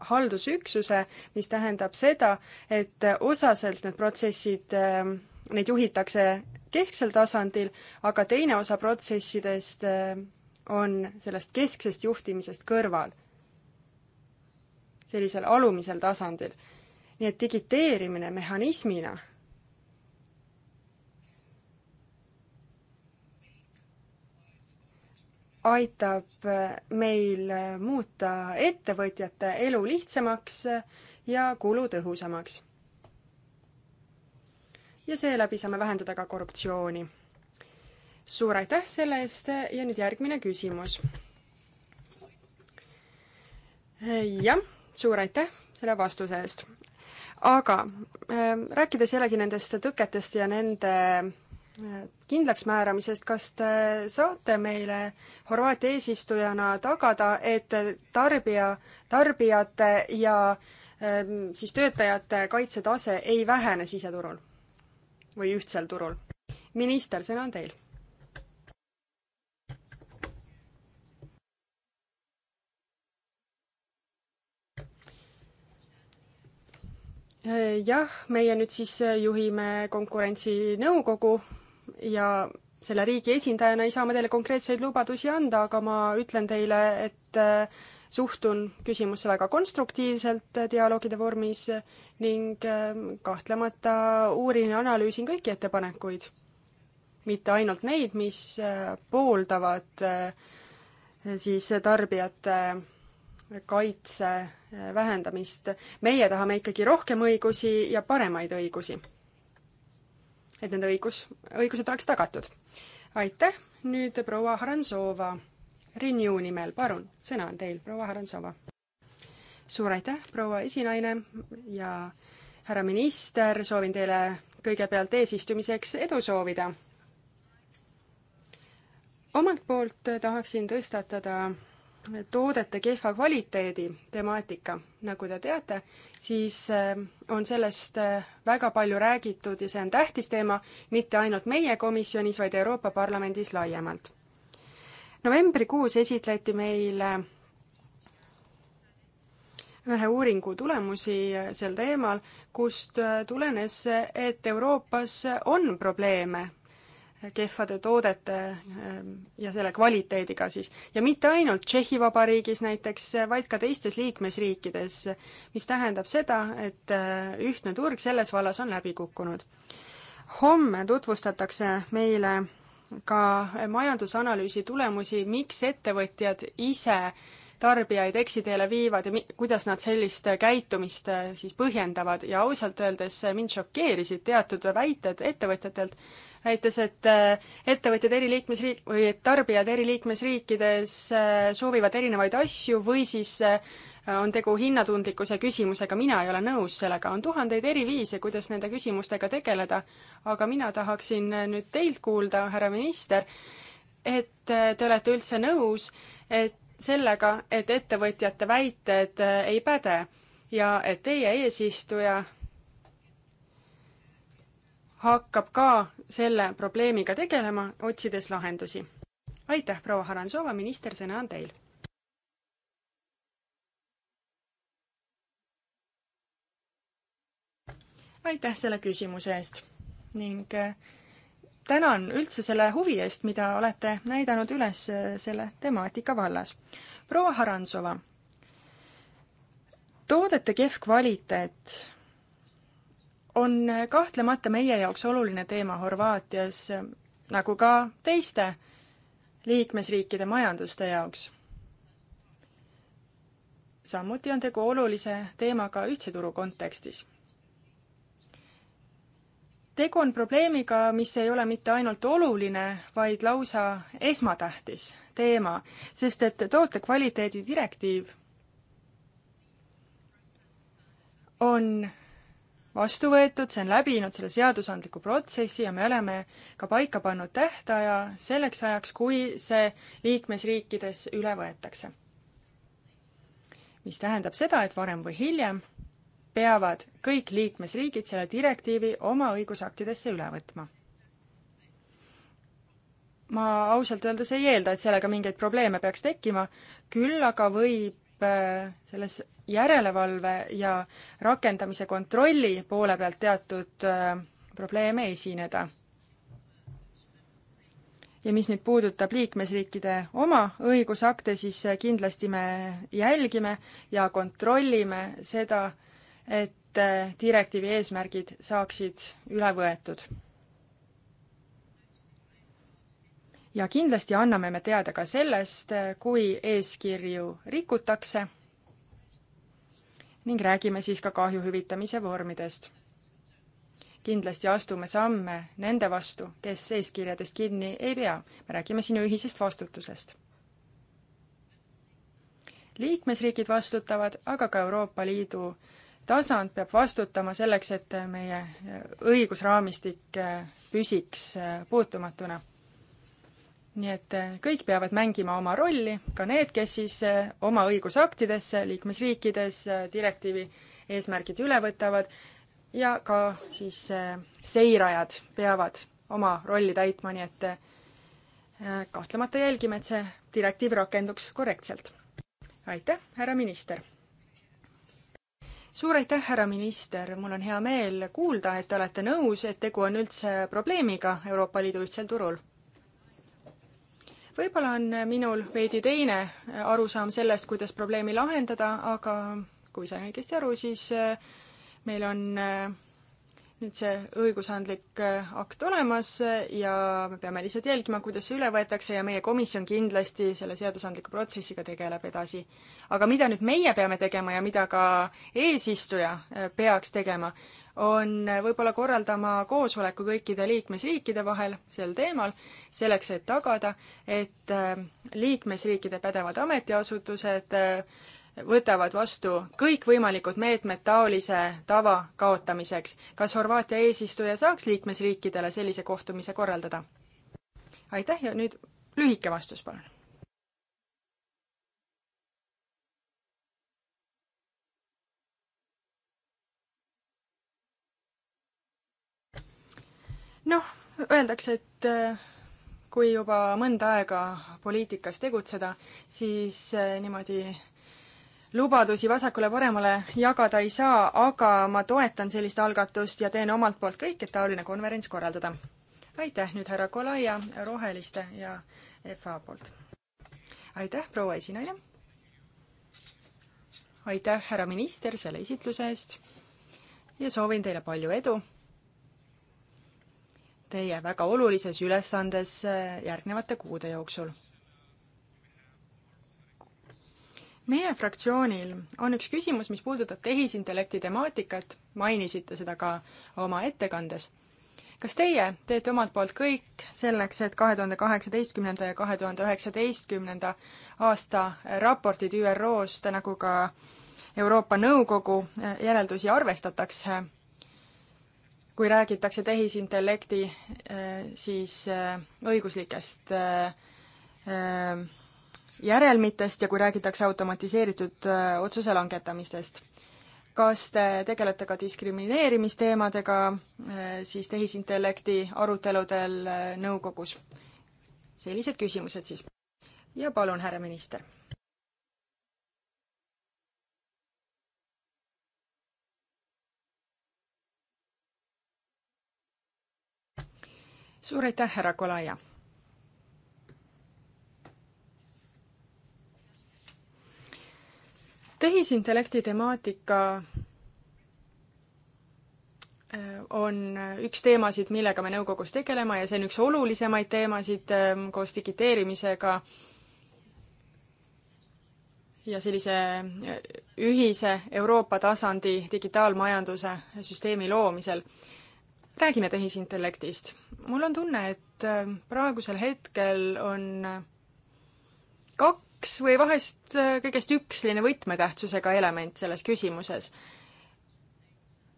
haldusüksuse, mis tähendab seda, et osaselt need protsessid, neid juhitakse kesksel tasandil, aga teine osa protsessidest eh, on sellest kesksest juhtimisest kõrval, sellisel alumisel tasandil. nii et digiteerimine mehhanismina aitab eh, meil eh, muuta ettevõtjate elu lihtsamaks ja kulutõhusamaks ja seeläbi saame vähendada ka korruptsiooni. suur aitäh selle eest ja nüüd järgmine küsimus. jah, suur aitäh selle vastuse eest. aga äh, rääkides jällegi nendest tõketest ja nende äh, kindlaksmääramisest, kas te saate meile Horvaatia eesistujana tagada, et tarbija, tarbijate ja ähm, siis töötajate kaitsetase ei vähene siseturul? või ühtsel turul. minister, sõna on teil. jah, meie nüüd siis juhime konkurentsinõukogu ja selle riigi esindajana ei saa ma teile konkreetseid lubadusi anda, aga ma ütlen teile, et suhtun küsimusse väga konstruktiivselt äh, dialoogide vormis ning ähm, kahtlemata uurin ja analüüsin kõiki ettepanekuid. mitte ainult neid, mis äh, pooldavad äh, siis tarbijate kaitse vähendamist. meie tahame ikkagi rohkem õigusi ja paremaid õigusi. et nende õigus, õigused oleks tagatud. aitäh, nüüd proua Haransoova Renew nimel, palun, sõna on teil, proua Harantsova. suur aitäh, proua esinaine ja härra minister, soovin teile kõigepealt eesistumiseks edu soovida. omalt poolt tahaksin tõstatada toodete kehva kvaliteedi temaatika, nagu te teate, siis äh, on sellest äh, väga palju räägitud ja see on tähtis teema mitte ainult meie komisjonis, vaid Euroopa Parlamendis laiemalt novembrikuus esitleti meile ühe uuringu tulemusi sel teemal, kust tulenes, et Euroopas on probleeme kehvade toodete ehm, ja selle kvaliteediga siis. ja mitte ainult Tšehhi Vabariigis näiteks, vaid ka teistes liikmesriikides, mis tähendab seda, et eh, ühtne turg selles vallas on läbi kukkunud. homme tutvustatakse meile ka majandusanalüüsi tulemusi, miks ettevõtjad ise tarbijaid eksiteele viivad ja mi-, kuidas nad sellist käitumist äh, siis põhjendavad ja ausalt öeldes äh, mind šokeerisid teatud väited ettevõtjatelt, näites, et äh, ettevõtjad eri liikmesriik- või tarbijad eri liikmesriikides soovivad erinevaid asju või siis on tegu hinnatundlikkuse küsimusega, mina ei ole nõus sellega, on tuhandeid eri viise, kuidas nende küsimustega tegeleda, aga mina tahaksin nüüd teilt kuulda, härra minister, et te olete üldse nõus, et sellega, et ettevõtjate väited ei päde ja et teie eesistuja hakkab ka selle probleemiga tegelema, otsides lahendusi. aitäh, proua Haransova, minister, sõna on teil aitäh selle küsimuse eest ning äh, tänan üldse selle huvi eest, mida olete näidanud üles äh, selle temaatika vallas. proua Harantsova, toodete kehv kvaliteet on äh, kahtlemata meie jaoks oluline teema Horvaatias, nagu ka teiste liikmesriikide majanduste jaoks. samuti on tegu olulise teemaga ühtse turu kontekstis tegu on probleemiga, mis ei ole mitte ainult oluline, vaid lausa esmatähtis teema, sest et toote kvaliteedi direktiiv on vastu võetud, see on läbinud selle seadusandliku protsessi ja me oleme ka paika pannud tähtaja selleks ajaks, kui see liikmesriikides üle võetakse. mis tähendab seda, et varem või hiljem peavad kõik liikmesriigid selle direktiivi oma õigusaktidesse üle võtma. ma ausalt öeldes ei eelda, et sellega mingeid probleeme peaks tekkima, küll aga võib äh, selles järelevalve ja rakendamise kontrolli poole pealt teatud äh, probleeme esineda. ja mis nüüd puudutab liikmesriikide oma õigusakte, siis äh, kindlasti me jälgime ja kontrollime seda, et äh, direktiivi eesmärgid saaksid üle võetud. ja kindlasti anname me teada ka sellest, äh, kui eeskirju rikutakse ning räägime siis ka kahju hüvitamise vormidest. kindlasti astume samme nende vastu, kes eeskirjadest kinni ei pea. me räägime siin ju ühisest vastutusest. liikmesriigid vastutavad, aga ka Euroopa Liidu tasand peab vastutama selleks, et meie õigusraamistik äh, püsiks äh, puutumatuna. nii et äh, kõik peavad mängima oma rolli, ka need, kes siis oma õigusaktidesse liikmesriikides direktiivi eesmärgid üle võtavad ja ka siis seirajad peavad oma rolli täitma, nii et kahtlemata jälgime, et see direktiiv rakenduks korrektselt. aitäh, härra minister! suur aitäh, härra minister, mul on hea meel kuulda, et te olete nõus, et tegu on üldse probleemiga Euroopa Liidu ühtsel turul. võib-olla on minul veidi teine arusaam sellest, kuidas probleemi lahendada, aga kui sain õigesti aru, siis meil on äh, nüüd see õigusandlik äh, akt olemas äh, ja me peame lihtsalt jälgima, kuidas see üle võetakse ja meie komisjon kindlasti selle seadusandliku protsessiga tegeleb edasi. aga mida nüüd meie peame tegema ja mida ka eesistuja äh, peaks tegema, on võib-olla korraldama koosoleku kõikide liikmesriikide vahel sel teemal, selleks et tagada, et liikmesriikide pädevad ametiasutused võtavad vastu kõikvõimalikud meetmed taolise tava kaotamiseks. kas Horvaatia eesistuja saaks liikmesriikidele sellise kohtumise korraldada? aitäh ja nüüd lühike vastus, palun. noh, öeldakse, et eh, kui juba mõnda aega poliitikas tegutseda, siis eh, niimoodi lubadusi vasakule-paremale jagada ei saa, aga ma toetan sellist algatust ja teen omalt poolt kõik, et taoline konverents korraldada. aitäh nüüd härra Kolaia Roheliste ja FA poolt. aitäh, proua esinaine. aitäh, härra minister, selle esitluse eest ja soovin teile palju edu teie väga olulises ülesandes järgnevate kuude jooksul meie fraktsioonil on üks küsimus, mis puudutab tehisintellekti temaatikat, mainisite seda ka oma ettekandes. kas teie teete omalt poolt kõik selleks, et kahe tuhande kaheksateistkümnenda ja kahe tuhande üheksateistkümnenda aasta raportid ÜRO-st nagu ka Euroopa Nõukogu eh, järeldusi arvestatakse, kui räägitakse tehisintellekti eh, siis eh, õiguslikest järelmitest ja kui räägitakse automatiseeritud äh, otsuse langetamistest. kas te tegelete ka diskrimineerimisteemadega äh, siis tehisintellekti aruteludel äh, nõukogus? sellised küsimused siis. ja palun, härra minister. suur aitäh, härra Kolaja tehisintellekti temaatika äh, on üks teemasid, millega me nõukogus tegeleme ja see on üks olulisemaid teemasid ähm, koos digiteerimisega ja sellise äh, ühise Euroopa tasandi digitaalmajanduse süsteemi loomisel. räägime tehisintellektist. mul on tunne, et äh, praegusel hetkel on üks või vahest äh, kõigest üks selline võtmetähtsusega element selles küsimuses.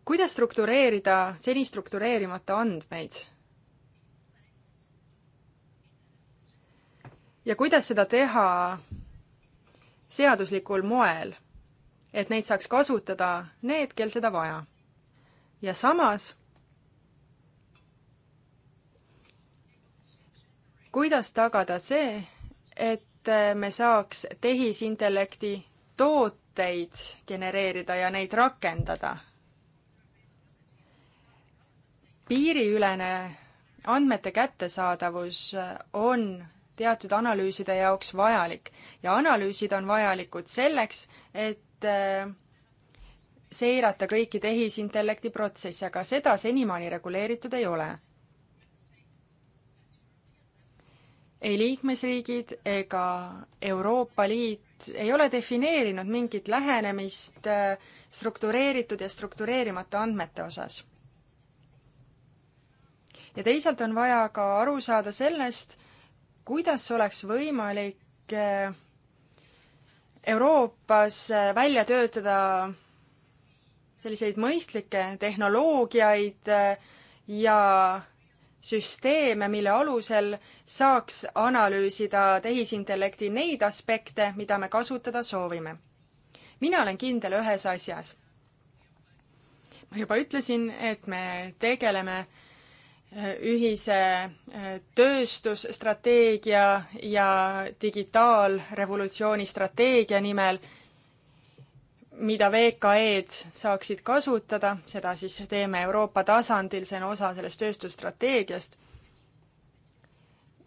kuidas struktureerida seni struktureerimata andmeid? ja kuidas seda teha seaduslikul moel, et neid saaks kasutada need, kel seda vaja. ja samas kuidas tagada see, et et äh, me saaks tehisintellekti tooteid genereerida ja neid rakendada. piiriülene andmete kättesaadavus äh, on teatud analüüside jaoks vajalik ja analüüsid on vajalikud selleks, et äh, seirata kõiki tehisintellekti protsesse, aga seda senimaani reguleeritud ei ole ei liikmesriigid ega Euroopa Liit ei ole defineerinud mingit lähenemist äh, struktureeritud ja struktureerimata andmete osas. ja teisalt on vaja ka aru saada sellest, kuidas oleks võimalik äh, Euroopas äh, välja töötada selliseid mõistlikke tehnoloogiaid ja süsteeme, mille alusel saaks analüüsida tehisintellekti neid aspekte, mida me kasutada soovime. mina olen kindel ühes asjas. ma juba ütlesin, et me tegeleme äh, ühise äh, tööstusstrateegia ja digitaalrevolutsiooni strateegia nimel mida VKE-d saaksid kasutada, seda siis teeme Euroopa tasandil, see on osa sellest tööstusstrateegiast.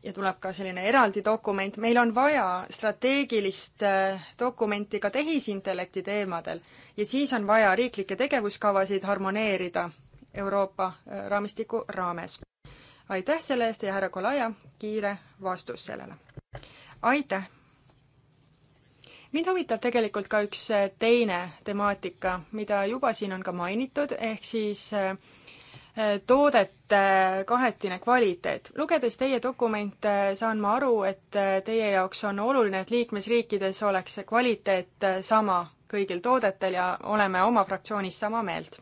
ja tuleb ka selline eraldi dokument, meil on vaja strateegilist äh, dokumenti ka tehisintellekti teemadel ja siis on vaja riiklikke tegevuskavasid harmoneerida Euroopa äh, raamistiku raames. aitäh selle eest ja härra Kolaja, kiire vastus sellele. aitäh mind huvitab tegelikult ka üks äh, teine temaatika, mida juba siin on ka mainitud, ehk siis äh, äh, toodete kahetine kvaliteet. lugedes teie dokumente, saan ma aru, et teie jaoks on oluline, et liikmesriikides oleks see kvaliteet sama kõigil toodetel ja oleme oma fraktsioonis sama meelt.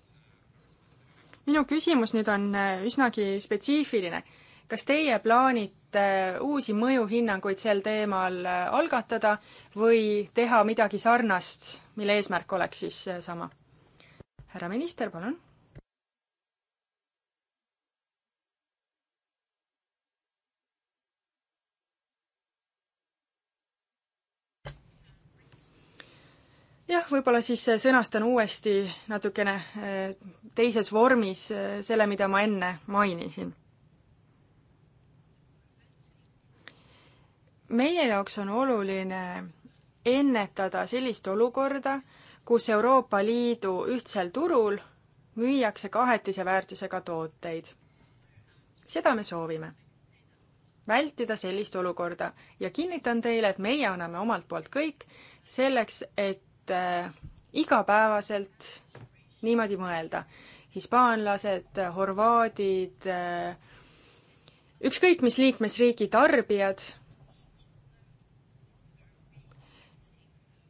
minu küsimus nüüd on üsnagi spetsiifiline. kas teie plaanite Äh, uusi mõjuhinnanguid sel teemal äh, algatada või teha midagi sarnast, mille eesmärk oleks siis äh, sama? härra minister, palun. jah, võib-olla siis sõnastan uuesti natukene teises vormis selle, mida ma enne mainisin meie jaoks on oluline ennetada sellist olukorda, kus Euroopa Liidu ühtsel turul müüakse kahetise väärtusega tooteid. seda me soovime. vältida sellist olukorda ja kinnitan teile, et meie anname omalt poolt kõik selleks, et äh, igapäevaselt niimoodi mõelda. hispaanlased, horvaadid, äh, ükskõik mis liikmesriigi tarbijad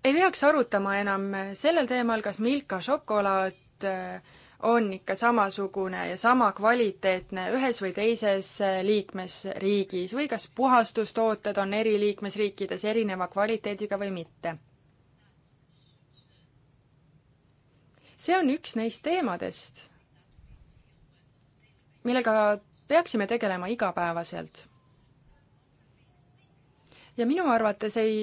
ei peaks arutama enam sellel teemal, kas Milka šokolaad äh, on ikka samasugune ja sama kvaliteetne ühes või teises äh, liikmesriigis või kas puhastustooted on eri liikmesriikides erineva kvaliteediga või mitte. see on üks neist teemadest, millega peaksime tegelema igapäevaselt. ja minu arvates ei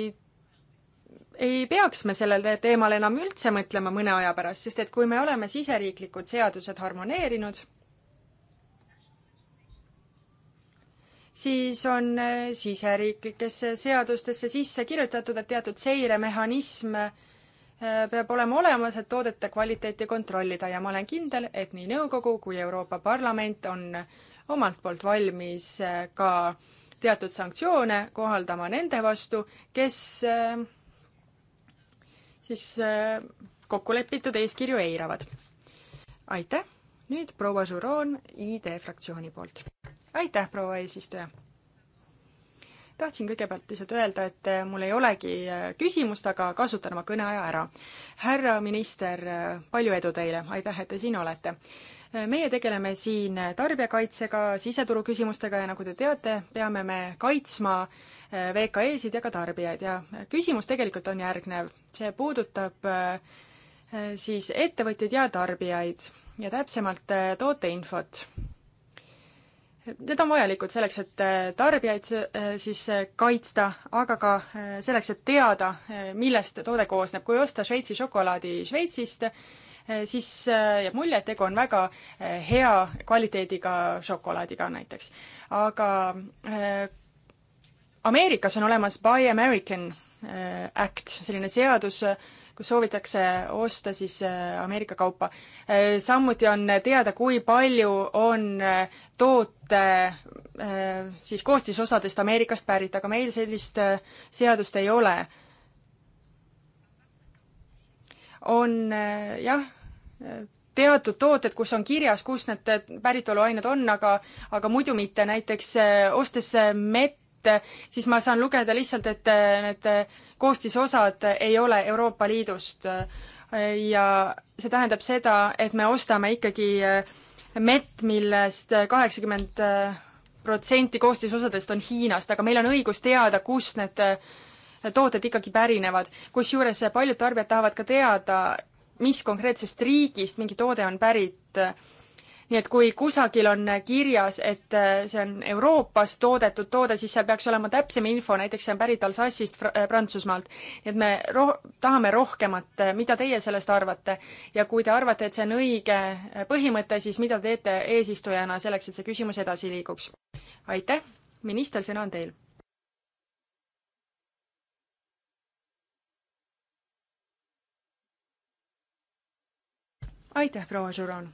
ei peaks me sellel teemal enam üldse mõtlema mõne aja pärast, sest et kui me oleme siseriiklikud seadused harmoneerinud, siis on eh, siseriiklikesse seadustesse sisse kirjutatud, et teatud seiremehhanism eh, peab olema olemas, et toodete kvaliteeti kontrollida ja ma olen kindel, et nii nõukogu kui Euroopa Parlament on omalt poolt valmis eh, ka teatud sanktsioone kohaldama nende vastu, kes siis äh, kokku lepitud eeskirju eiravad. aitäh, nüüd proua Žuroon ID fraktsiooni poolt. aitäh, proua eesistuja! tahtsin kõigepealt lihtsalt öelda, et äh, mul ei olegi äh, küsimust, aga kasutan oma kõneaja ära. härra minister, palju edu teile, aitäh, et te siin olete! meie tegeleme siin tarbijakaitsega, siseturu küsimustega ja nagu te teate, peame me kaitsma äh, VKE-sid ja ka tarbijaid ja küsimus tegelikult on järgnev. see puudutab äh, siis ettevõtjaid ja tarbijaid ja täpsemalt äh, tooteinfot Need on vajalikud selleks, et tarbijaid siis kaitsta, aga ka selleks, et teada, millest toode koosneb. kui osta Šveitsi šokolaadi Šveitsist, Eh, siis eh, jääb mulje, et tegu on väga eh, hea kvaliteediga šokolaadiga näiteks. aga Ameerikas on olemas Buy American Act, selline seadus, kus soovitakse osta siis Ameerika kaupa. samuti on teada, kui palju on toote siis koostisosadest Ameerikast pärit, aga meil sellist seadust ei ole on eh, jah, teatud tooted, kus on kirjas, kus need päritoluained on, aga, aga muidu mitte, näiteks eh, ostes eh, mette, siis ma saan lugeda lihtsalt, et need koostisosad ei ole Euroopa Liidust. ja see tähendab seda, et me ostame ikkagi mett, millest kaheksakümmend protsenti koostisosadest on Hiinast, aga meil on õigus teada, kust need äh, tooted ikkagi pärinevad. kusjuures paljud tarbijad tahavad ka teada, mis konkreetsest riigist mingi toode on pärit. nii et kui kusagil on kirjas, et see on Euroopas toodetud toode, siis seal peaks olema täpsem info, näiteks see on pärit Alsace'ist Fr äh, Prantsusmaalt. nii et me roh-, tahame rohkemat, äh, mida teie sellest arvate? ja kui te arvate, et see on õige äh, põhimõte, siis mida teete eesistujana selleks, et see küsimus edasi liiguks? aitäh, minister, sõna on teil aitäh, proua Žuron!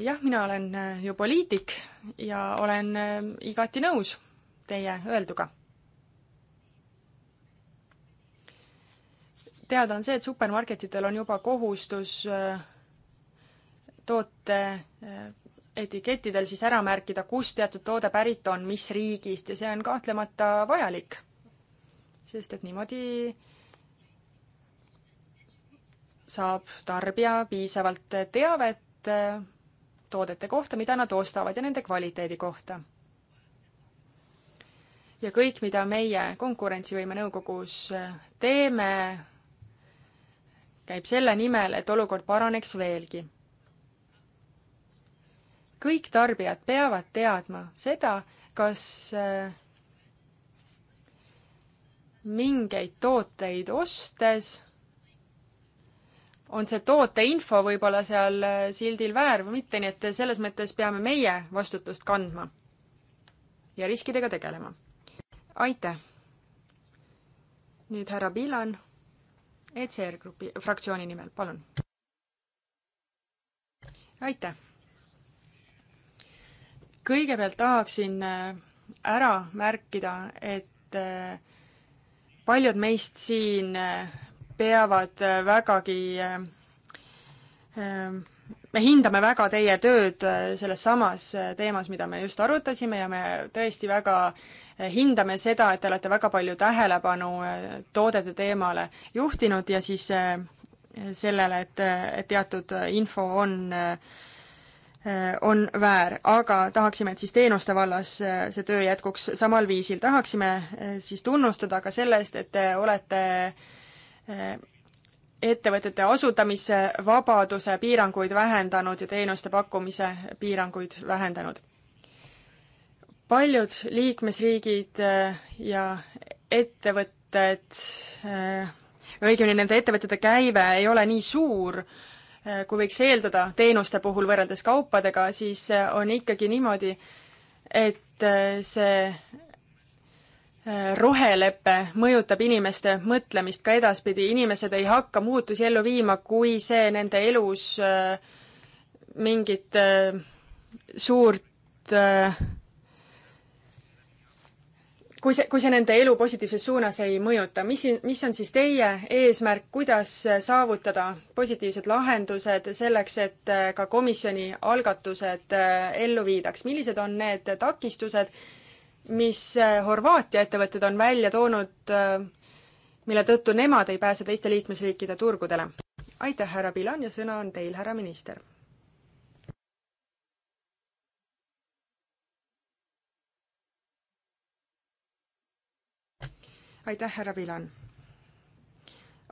jah, mina olen äh, ju poliitik ja olen äh, igati nõus teie öelduga. teada on see, et supermarketidel on juba kohustus äh, toote etikettidel siis ära märkida, kust teatud toode pärit on, mis riigist ja see on kahtlemata vajalik sest et niimoodi saab tarbija piisavalt teavet eh, toodete kohta, mida nad ostavad ja nende kvaliteedi kohta. ja kõik, mida meie Konkurentsivõime Nõukogus eh, teeme, käib selle nimel, et olukord paraneks veelgi. kõik tarbijad peavad teadma seda, kas eh, mingeid tooteid ostes on see tooteinfo võib-olla seal äh, sildil väär või mitte, nii et selles mõttes peame meie vastutust kandma ja riskidega tegelema. aitäh! nüüd härra Pilan ECR grupi, fraktsiooni nimel, palun! aitäh! kõigepealt tahaksin äh, ära märkida, et äh, paljud meist siin äh, peavad äh, vägagi äh, me hindame väga teie tööd selles samas teemas, mida me just arutasime ja me tõesti väga hindame seda, et te olete väga palju tähelepanu toodete teemale juhtinud ja siis sellele, et, et teatud info on äh, Äh, on väär, aga tahaksime, et siis teenuste vallas äh, see töö jätkuks samal viisil. tahaksime äh, siis tunnustada ka selle eest, et te olete ettevõtete asutamise vabaduse piiranguid vähendanud ja teenuste pakkumise piiranguid vähendanud. paljud liikmesriigid ja ettevõtted, õigemini nende ettevõtete käive ei ole nii suur, Äh, kui võiks eeldada teenuste puhul võrreldes kaupadega, siis äh, on ikkagi niimoodi, et äh, see rohelepe mõjutab inimeste mõtlemist ka edaspidi, inimesed ei hakka muutusi ellu viima, kui see nende elus mingit suurt kui see, kui see nende elu positiivses suunas ei mõjuta, mis, mis on siis teie eesmärk, kuidas saavutada positiivsed lahendused selleks, et äh, ka komisjoni algatused äh, ellu viidaks, millised on need takistused, mis äh, Horvaatia ettevõtted on välja toonud, mille tõttu nemad ei pääse teiste liikmesriikide turgudele? aitäh, härra Pilan ja sõna on teil, härra minister aitäh, härra Vilan.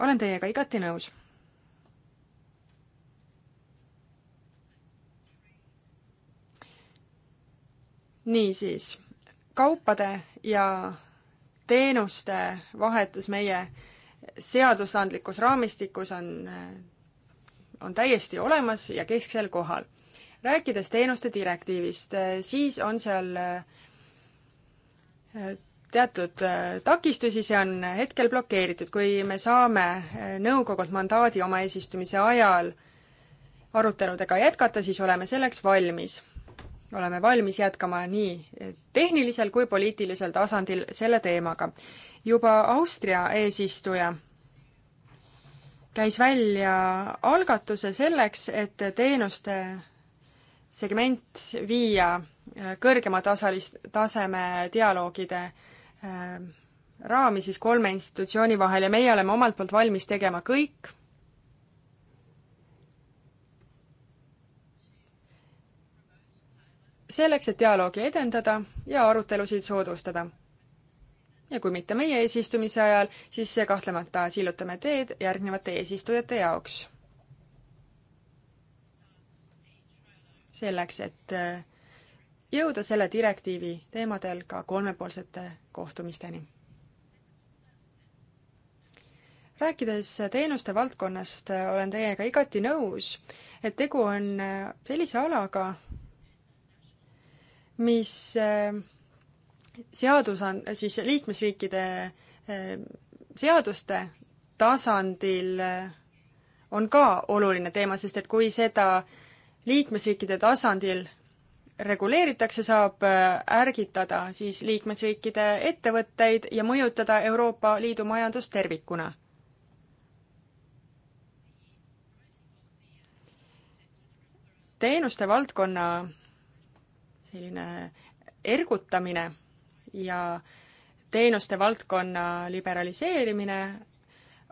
olen teiega igati nõus. niisiis, kaupade ja teenuste vahetus meie seadusandlikus raamistikus on, on täiesti olemas ja kesksel kohal. rääkides teenuste direktiivist, siis on seal teatud äh, takistusi, see on hetkel blokeeritud, kui me saame äh, nõukogult mandaadi oma eesistumise ajal aruteludega jätkata, siis oleme selleks valmis. oleme valmis jätkama nii tehnilisel kui poliitilisel tasandil selle teemaga. juba Austria eesistuja käis välja algatuse selleks, et teenuste segment viia äh, kõrgema tasalist, taseme dialoogide Äh, raami siis kolme institutsiooni vahel ja meie oleme omalt poolt valmis tegema kõik, selleks, et dialoogi edendada ja arutelusid soodustada. ja kui mitte meie eesistumise ajal, siis kahtlemata sillutame teed järgnevate eesistujate jaoks. selleks, et äh, jõuda selle direktiivi teemadel ka kolmepoolsete kohtumisteni. rääkides teenuste valdkonnast, olen teiega igati nõus, et tegu on äh, sellise alaga, mis äh, seadus on siis liikmesriikide äh, seaduste tasandil on ka oluline teema, sest et kui seda liikmesriikide tasandil reguleeritakse, saab äh, ärgitada siis liikmesriikide ettevõtteid ja mõjutada Euroopa Liidu majandust tervikuna. teenuste valdkonna selline ergutamine ja teenuste valdkonna liberaliseerimine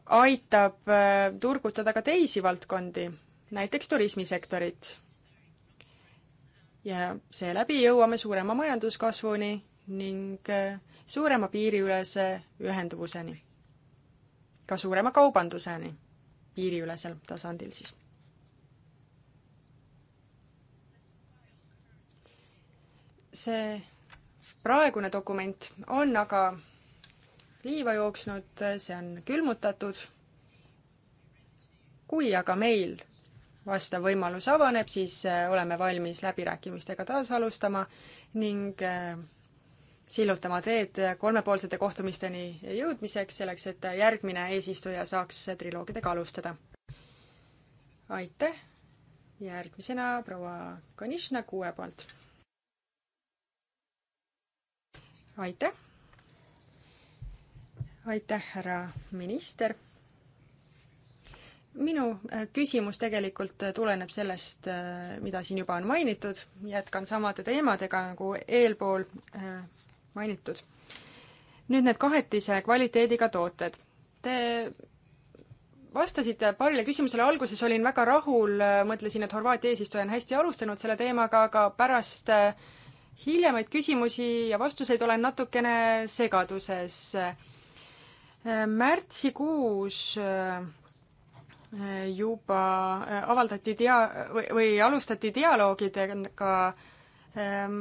aitab äh, turgutada ka teisi valdkondi, näiteks turismisektorit ja seeläbi jõuame suurema majanduskasvuni ning äh, suurema piiriülese ühenduvuseni. ka suurema kaubanduseni piiriülesel tasandil siis. see praegune dokument on aga liiva jooksnud, see on külmutatud. kui aga meil vastav võimalus avaneb, siis äh, oleme valmis läbirääkimistega taas alustama ning äh, sillutama teed kolmepoolsete kohtumisteni jõudmiseks, selleks et järgmine eesistuja saaks triloogidega alustada. aitäh, järgmisena proua Konishna kuue poolt. aitäh, aitäh, härra minister minu äh, küsimus tegelikult äh, tuleneb sellest, äh, mida siin juba on mainitud, jätkan samade teemadega nagu eelpool mainitud. nüüd need kahetise kvaliteediga tooted. Te vastasite paarile küsimusele, alguses olin väga rahul, mõtlesin, et Horvaatia eesistuja on hästi alustanud selle teemaga, aga pärast hiljemaid küsimusi ja vastuseid olen natukene segaduses. märtsikuus juba äh, avaldati dia- või, või alustati dialoogidega, ähm,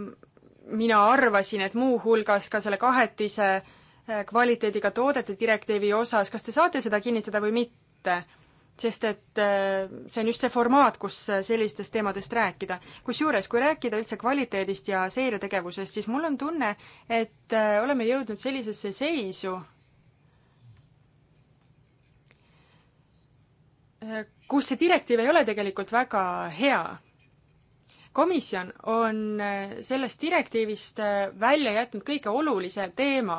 mina arvasin, et muuhulgas ka selle kahetise äh, kvaliteediga toodete direktiivi osas, kas te saate seda kinnitada või mitte? sest et äh, see on just see formaat, kus sellistest teemadest rääkida. kusjuures, kui rääkida üldse kvaliteedist ja seiretegevusest, siis mul on tunne, et oleme jõudnud sellisesse seisu, kus see direktiiv ei ole tegelikult väga hea. komisjon on äh, sellest direktiivist äh, välja jätnud kõige olulise teema.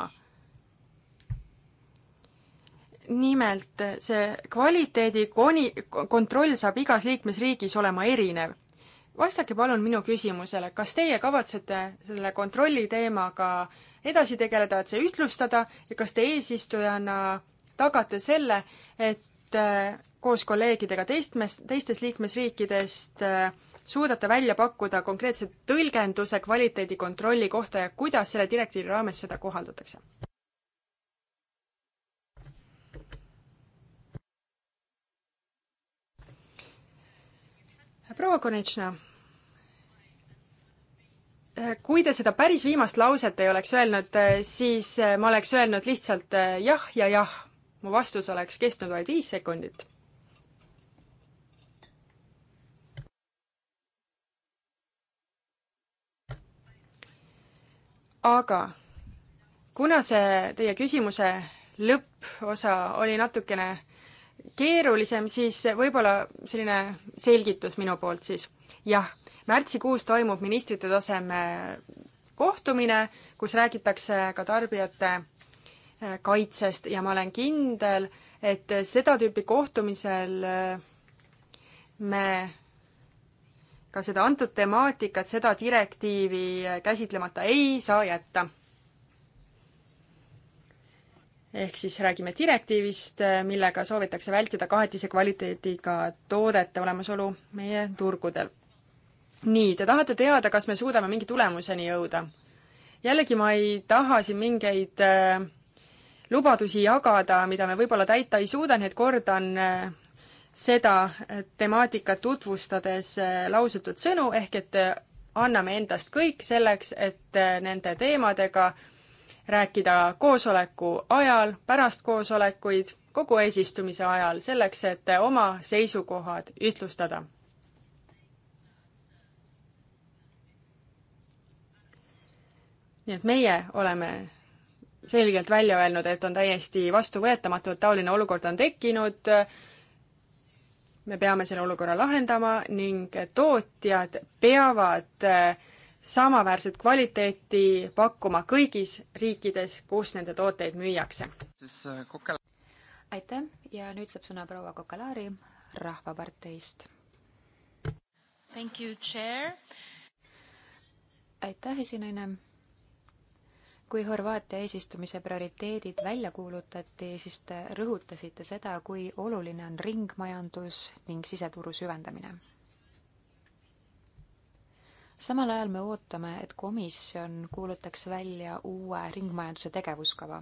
nimelt äh, see kvaliteedi koni-, kontroll saab igas liikmesriigis olema erinev. vastake palun minu küsimusele, kas teie kavatsete selle kontrolli teemaga edasi tegeleda, et see ühtlustada ja kas te eesistujana tagate selle, et koos kolleegidega teistmes, teistest liikmesriikidest äh, suudate välja pakkuda konkreetse tõlgenduse kvaliteedikontrolli kohta ja kuidas selle direktiivi raames seda kohaldatakse? proua Konechna, äh, kui te seda päris viimast lauset ei oleks öelnud, äh, siis ma oleks öelnud lihtsalt jah ja jah. mu vastus oleks kestnud vaid viis sekundit aga kuna see teie küsimuse lõpposa oli natukene keerulisem, siis võib-olla selline selgitus minu poolt siis. jah, märtsikuus toimub ministrite taseme kohtumine, kus räägitakse ka tarbijate äh, kaitsest ja ma olen kindel, et seda tüüpi kohtumisel äh, me ka seda antud temaatikat, seda direktiivi käsitlemata ei saa jätta. ehk siis räägime direktiivist, millega soovitakse vältida kahetise kvaliteediga toodete olemasolu meie turgudel. nii, te tahate teada, kas me suudame mingi tulemuseni jõuda? jällegi ma ei taha siin mingeid äh, lubadusi jagada, mida me võib-olla täita ei suuda, nii et kordan äh, seda temaatikat tutvustades eh, lausutud sõnu, ehk et eh, anname endast kõik selleks, et eh, nende teemadega rääkida koosoleku ajal, pärast koosolekuid, kogu eesistumise ajal, selleks et oma seisukohad ühtlustada. nii et meie oleme selgelt välja öelnud, et on täiesti vastuvõetamatu, et taoline olukord on tekkinud äh, me peame selle olukorra lahendama ning tootjad peavad äh, samaväärset kvaliteeti pakkuma kõigis riikides, kus nende tooteid müüakse. Äh, aitäh ja nüüd saab sõna proua Kokalaari Rahvaparteist. aitäh, esinaine kui Horvaatia eesistumise prioriteedid välja kuulutati, siis te rõhutasite seda, kui oluline on ringmajandus ning siseturu süvendamine. samal ajal me ootame, et komisjon kuulutaks välja uue ringmajanduse tegevuskava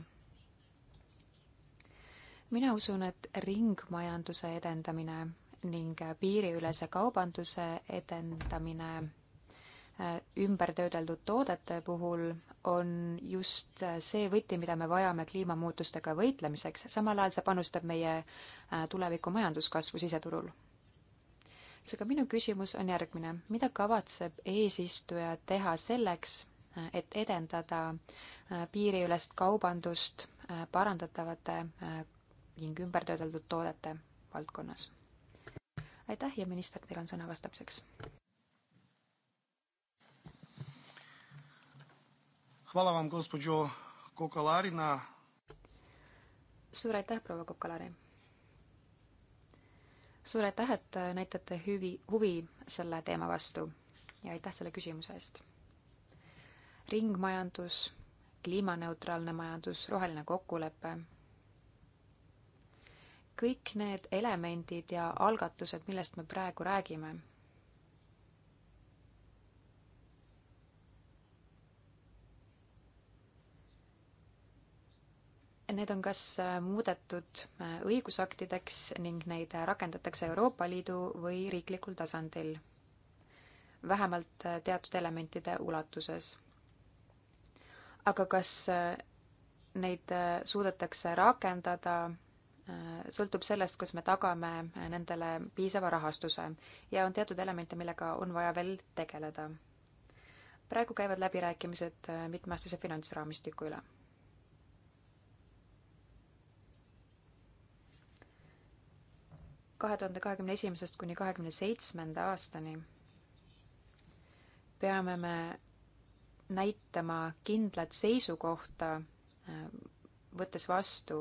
mina usun, et ringmajanduse edendamine ning piiriülese kaubanduse edendamine ümbertöödeldud toodete puhul on just see võti, mida me vajame kliimamuutustega võitlemiseks, samal ajal see panustab meie äh, tuleviku majanduskasvu siseturul. seega minu küsimus on järgmine, mida kavatseb eesistuja teha selleks, äh, et edendada äh, piiriülest kaubandust parandatavate ning ümbertöödeldud toodete valdkonnas? aitäh ja minister, teil on sõna vastamiseks. Hvala vam, gospođo Kokalari, na suur aitäh, proua Kokalari! suur aitäh, et näitate hüvi, huvi selle teema vastu ja aitäh selle küsimuse eest! ringmajandus, kliimaneutraalne majandus, roheline kokkulepe, kõik need elemendid ja algatused, millest me praegu räägime Need on kas äh, muudetud äh, õigusaktideks ning neid äh, rakendatakse Euroopa Liidu või riiklikul tasandil, vähemalt teatud elementide ulatuses. aga kas neid suudetakse rakendada, sõltub sellest, kas me tagame nendele piisava rahastuse ja on teatud elemente, millega on vaja veel tegeleda. praegu käivad läbirääkimised mitmeaastase finantsraamistiku üle kahe tuhande kahekümne esimesest kuni kahekümne seitsmenda aastani peame me näitama kindlat seisukohta, äh, võttes vastu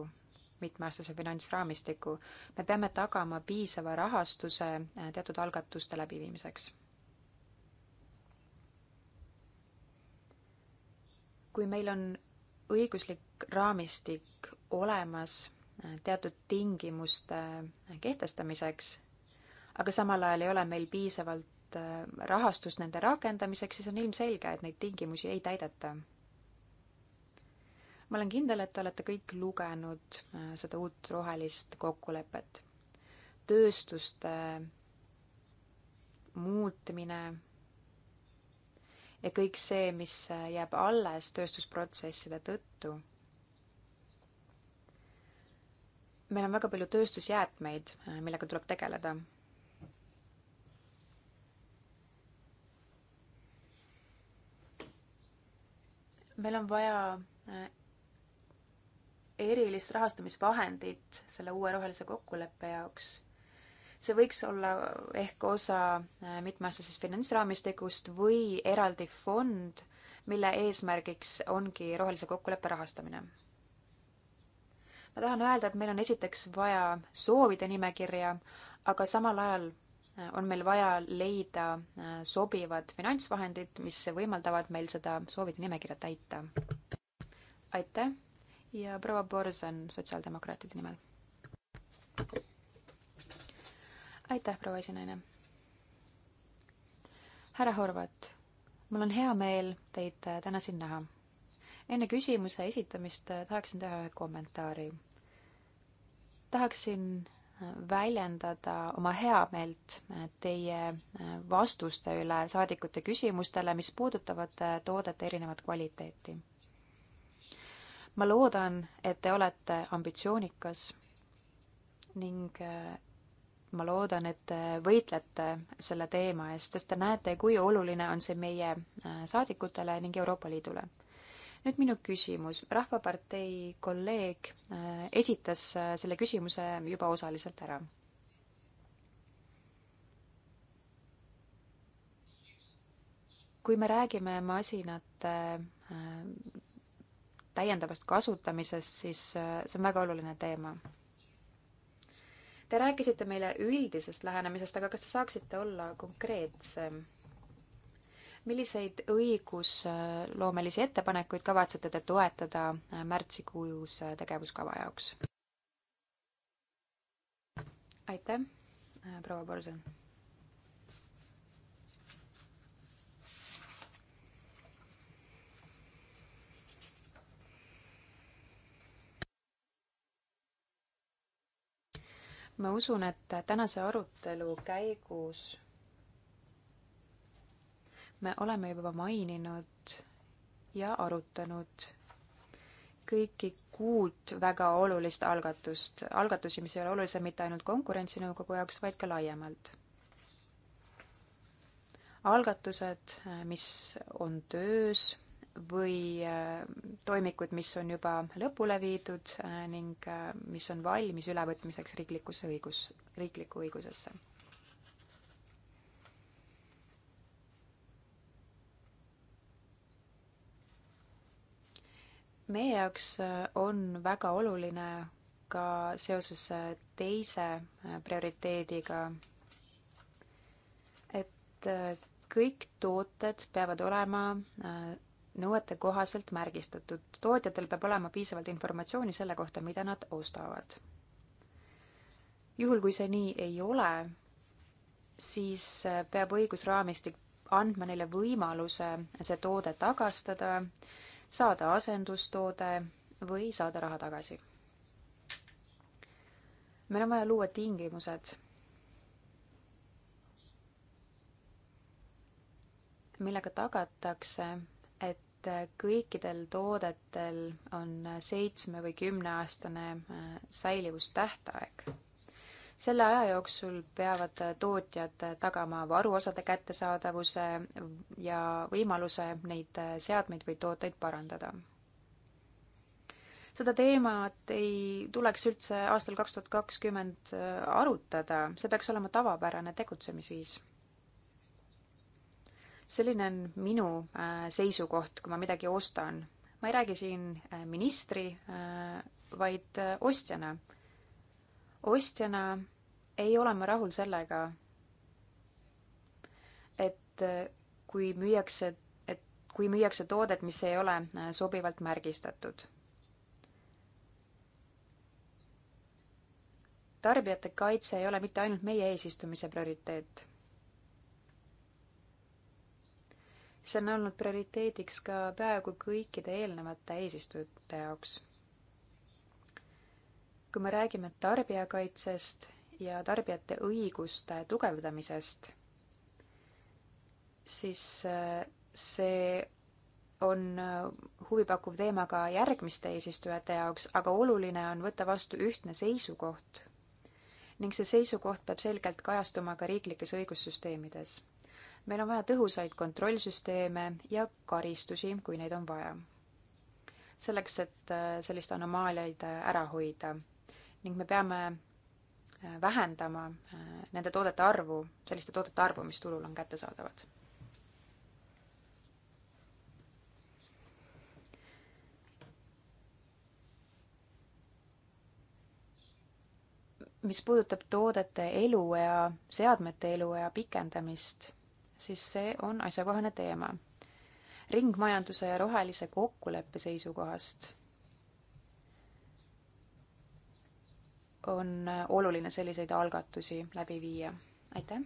mitmeaastase finantsraamistiku. me peame tagama piisava rahastuse äh, teatud algatuste läbiviimiseks. kui meil on õiguslik raamistik olemas teatud tingimuste kehtestamiseks, aga samal ajal ei ole meil piisavalt äh, rahastust nende rakendamiseks, siis on ilmselge, et neid tingimusi ei täideta. ma olen kindel, et te olete kõik lugenud äh, seda uut rohelist kokkulepet. tööstuste muutmine ja kõik see, mis äh, jääb alles tööstusprotsesside tõttu meil on väga palju tööstusjäätmeid, äh, millega tuleb tegeleda. meil on vaja äh, erilist rahastamisvahendit selle uue rohelise kokkuleppe jaoks. see võiks olla ehk osa äh, mitmeaastasest finantsraamistikust või eraldi fond, mille eesmärgiks ongi rohelise kokkuleppe rahastamine ma tahan öelda, et meil on esiteks vaja soovide nimekirja, aga samal ajal äh, on meil vaja leida äh, sobivad finantsvahendid, mis võimaldavad meil seda soovide nimekirja täita. aitäh ja proua Borsen sotsiaaldemokraatide nimel. aitäh, proua esinaine. härra Horvat, mul on hea meel teid äh, täna siin näha enne küsimuse esitamist äh, tahaksin teha ühe kommentaari. tahaksin äh, väljendada oma heameelt äh, teie vastuste üle saadikute küsimustele, mis puudutavad toodete erinevat kvaliteeti. ma loodan, et te olete ambitsioonikas ning ma loodan, et te võitlete selle teema eest, sest te näete, kui oluline on see meie saadikutele ning Euroopa Liidule nüüd minu küsimus. rahvapartei kolleeg äh, esitas äh, selle küsimuse juba osaliselt ära. kui me räägime masinate äh, täiendavast kasutamisest, siis see on väga oluline teema. Te rääkisite meile üldisest lähenemisest, aga kas te saaksite olla konkreetsem? milliseid õigusloomelisi ettepanekuid kavatsete te toetada äh, märtsikuus äh, tegevuskava jaoks? aitäh, äh, proua Borson. ma usun, et tänase arutelu käigus me oleme juba maininud ja arutanud kõiki kuut väga olulist algatust, algatusi, mis ei ole olulised mitte ainult Konkurentsinõukogu jaoks, vaid ka laiemalt. algatused, mis on töös või äh, toimikud, mis on juba lõpule viidud äh, ning äh, mis on valmis ülevõtmiseks riiklikusse õigus, riiklikku õigusesse meie jaoks äh, on väga oluline ka seoses äh, teise äh, prioriteediga, et kõik tooted peavad olema nõuetekohaselt märgistatud. tootjatel peab olema piisavalt informatsiooni selle kohta, mida nad ostavad. juhul, kui see nii ei ole, siis peab õigusraamistik andma neile võimaluse see toode tagastada äh, saada asendustoode või saada raha tagasi. meil on vaja luua tingimused, millega tagatakse, et kõikidel toodetel on seitsme või kümneaastane äh, säilivustähtaeg selle aja jooksul peavad tootjad tagama varuosade kättesaadavuse ja võimaluse neid seadmeid või tooteid parandada. seda teemat ei tuleks üldse aastal kaks tuhat kakskümmend arutada, see peaks olema tavapärane tegutsemisviis. selline on minu äh, seisukoht, kui ma midagi ostan. ma ei räägi siin äh, ministri, äh, vaid ostjana ostjana ei ole ma rahul sellega, et äh, kui müüakse, et kui müüakse toodet, mis ei ole äh, sobivalt märgistatud. tarbijate kaitse ei ole mitte ainult meie eesistumise prioriteet. see on olnud prioriteediks ka peaaegu kõikide eelnevate eesistujate jaoks kui me räägime tarbijakaitsest ja tarbijate õiguste tugevdamisest, siis äh, see on äh, huvipakkuv teema ka järgmiste eesistujate jaoks, aga oluline on võtta vastu ühtne seisukoht. ning see seisukoht peab selgelt kajastuma ka riiklikes õigussüsteemides. meil on vaja tõhusaid kontrollsüsteeme ja karistusi, kui neid on vaja. selleks, et äh, sellist anomaaliaid ära hoida ning me peame äh, vähendama äh, nende toodete arvu, selliste toodete arvu, mis turul on kättesaadavad. mis puudutab toodete eluea, seadmete eluea pikendamist, siis see on asjakohane teema ringmajanduse ja rohelise kokkuleppe seisukohast on oluline selliseid algatusi läbi viia. aitäh!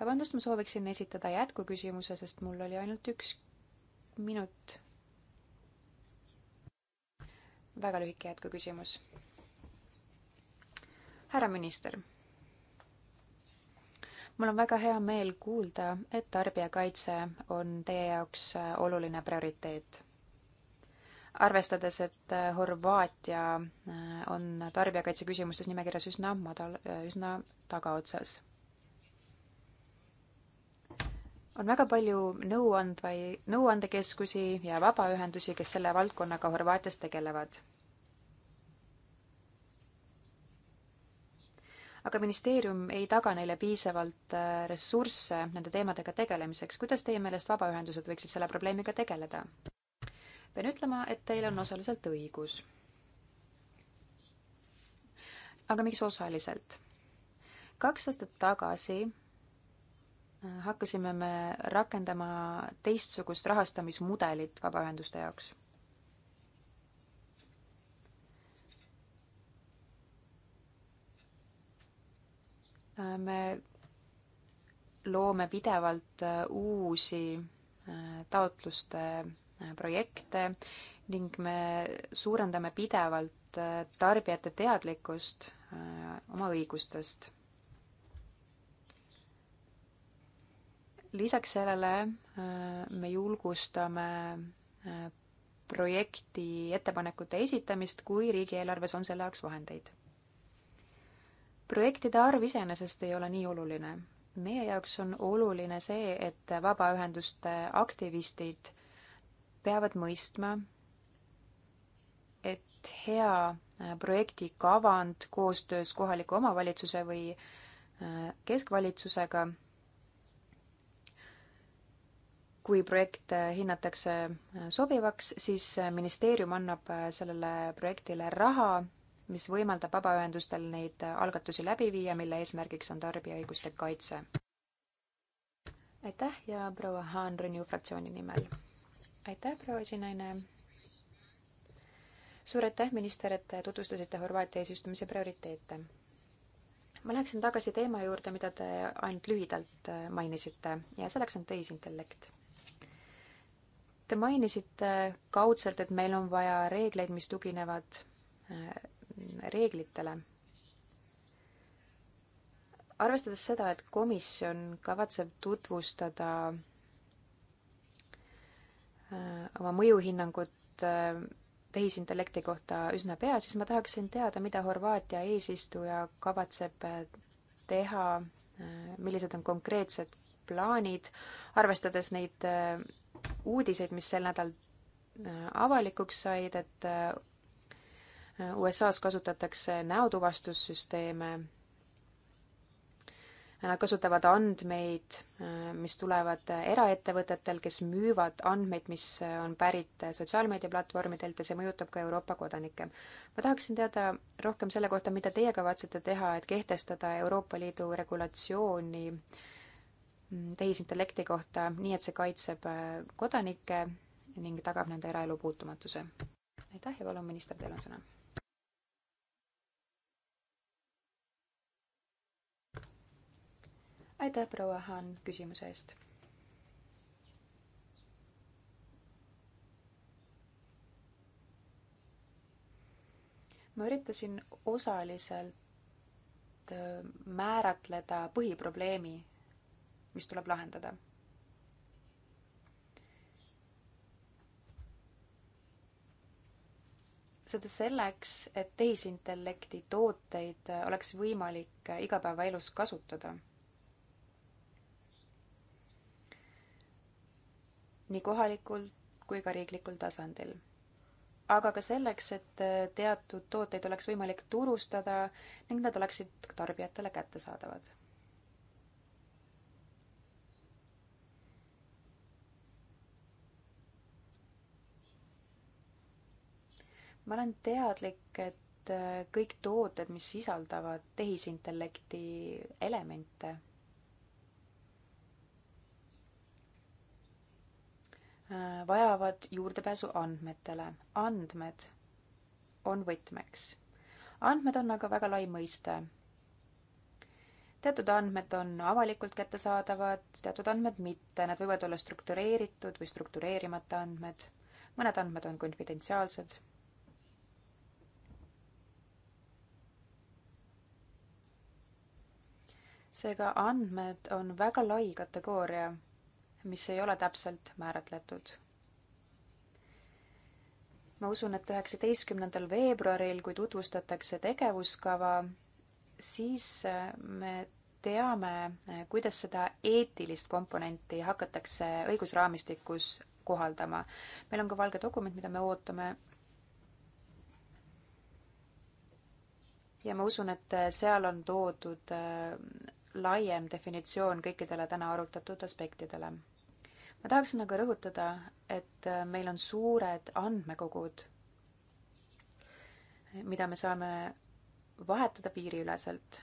vabandust, ma sooviksin esitada jätkuküsimuse, sest mul oli ainult üks minut. väga lühike jätkuküsimus. härra minister mul on väga hea meel kuulda, et tarbijakaitse on teie jaoks oluline prioriteet arvestades, et äh, Horvaatia äh, on tarbijakaitse küsimustes nimekirjas üsna madal, äh, üsna tagaotsas. on väga palju nõuandvai, nõuandekeskusi ja vabaühendusi, kes selle valdkonnaga Horvaatias tegelevad aga ministeerium ei taga neile piisavalt ressursse nende teemadega tegelemiseks. kuidas teie meelest vabaühendused võiksid selle probleemiga tegeleda? pean ütlema, et teil on osaliselt õigus. aga miks osaliselt? kaks aastat tagasi äh, hakkasime me rakendama teistsugust rahastamismudelit vabaühenduste jaoks äh, me loome pidevalt äh, uusi taotluste projekte ning me suurendame pidevalt äh, tarbijate teadlikkust äh, oma õigustest. lisaks sellele äh, me julgustame projekti ettepanekute esitamist, kui riigieelarves on selle jaoks vahendeid. projektide arv iseenesest ei ole nii oluline. meie jaoks on oluline see, et vabaühenduste aktivistid peavad mõistma, et hea äh, projekti kavand koostöös kohaliku omavalitsuse või äh, keskvalitsusega, kui projekt äh, hinnatakse sobivaks, siis ministeerium annab sellele projektile raha, mis võimaldab vabaühendustel neid algatusi läbi viia, mille eesmärgiks on tarbijaõiguste kaitse. aitäh ja proua Haan Renew fraktsiooni nimel aitäh, proua esinaine. suur aitäh, minister, et tutvustasite Horvaatia eesistumise prioriteete. ma läheksin tagasi teema juurde, mida te ainult lühidalt äh, mainisite ja selleks on tehisintellekt. Te mainisite kaudselt, et meil on vaja reegleid, mis tuginevad äh, reeglitele arvestades seda, et komisjon kavatseb tutvustada oma mõjuhinnangut äh, tehisintellekti kohta üsna pea, siis ma tahaksin teada, mida Horvaatia eesistuja kavatseb äh, teha, äh, millised on konkreetsed plaanid, arvestades neid uudiseid, mis sel nädalal avalikuks said, et USA-s kasutatakse näotuvastussüsteeme Nad äh, kasutavad andmeid, äh, mis tulevad äh, eraettevõtetel, kes müüvad andmeid, mis on pärit sotsiaalmeediaplatvormidelt ja see mõjutab ka Euroopa kodanikke. ma tahaksin teada rohkem selle kohta, mida teie kavatsete teha, et kehtestada Euroopa Liidu regulatsiooni mm, tehisintellekti kohta, nii et see kaitseb kodanikke ning tagab nende eraelu puutumatuse. aitäh ja palun, minister, teil on sõna aitäh, proua Hann, küsimuse eest. ma üritasin osaliselt äh, määratleda põhiprobleemi, mis tuleb lahendada seda selleks, et tehisintellekti tooteid äh, oleks võimalik äh, igapäevaelus kasutada. nii kohalikul kui ka riiklikul tasandil. aga ka selleks, et äh, teatud tooteid oleks võimalik turustada ning nad oleksid tarbijatele kättesaadavad. ma olen teadlik, et äh, kõik tooted, mis sisaldavad tehisintellekti elemente vajavad juurdepääsu andmetele. andmed on võtmeks. andmed on aga väga lai mõiste. teatud andmed on avalikult kättesaadavad, teatud andmed mitte, nad võivad olla struktureeritud või struktureerimata andmed. mõned andmed on konfidentsiaalsed seega andmed on väga lai kategooria mis ei ole täpselt määratletud. ma usun, et üheksateistkümnendal veebruaril, kui tutvustatakse tegevuskava, siis äh, me teame, äh, kuidas seda eetilist komponenti hakatakse õigusraamistikus kohaldama. meil on ka valge dokument, mida me ootame. ja ma usun, et äh, seal on toodud laiem definitsioon kõikidele täna arutatud aspektidele. ma tahaksin aga rõhutada, et äh, meil on suured andmekogud, mida me saame vahetada piiriüleselt.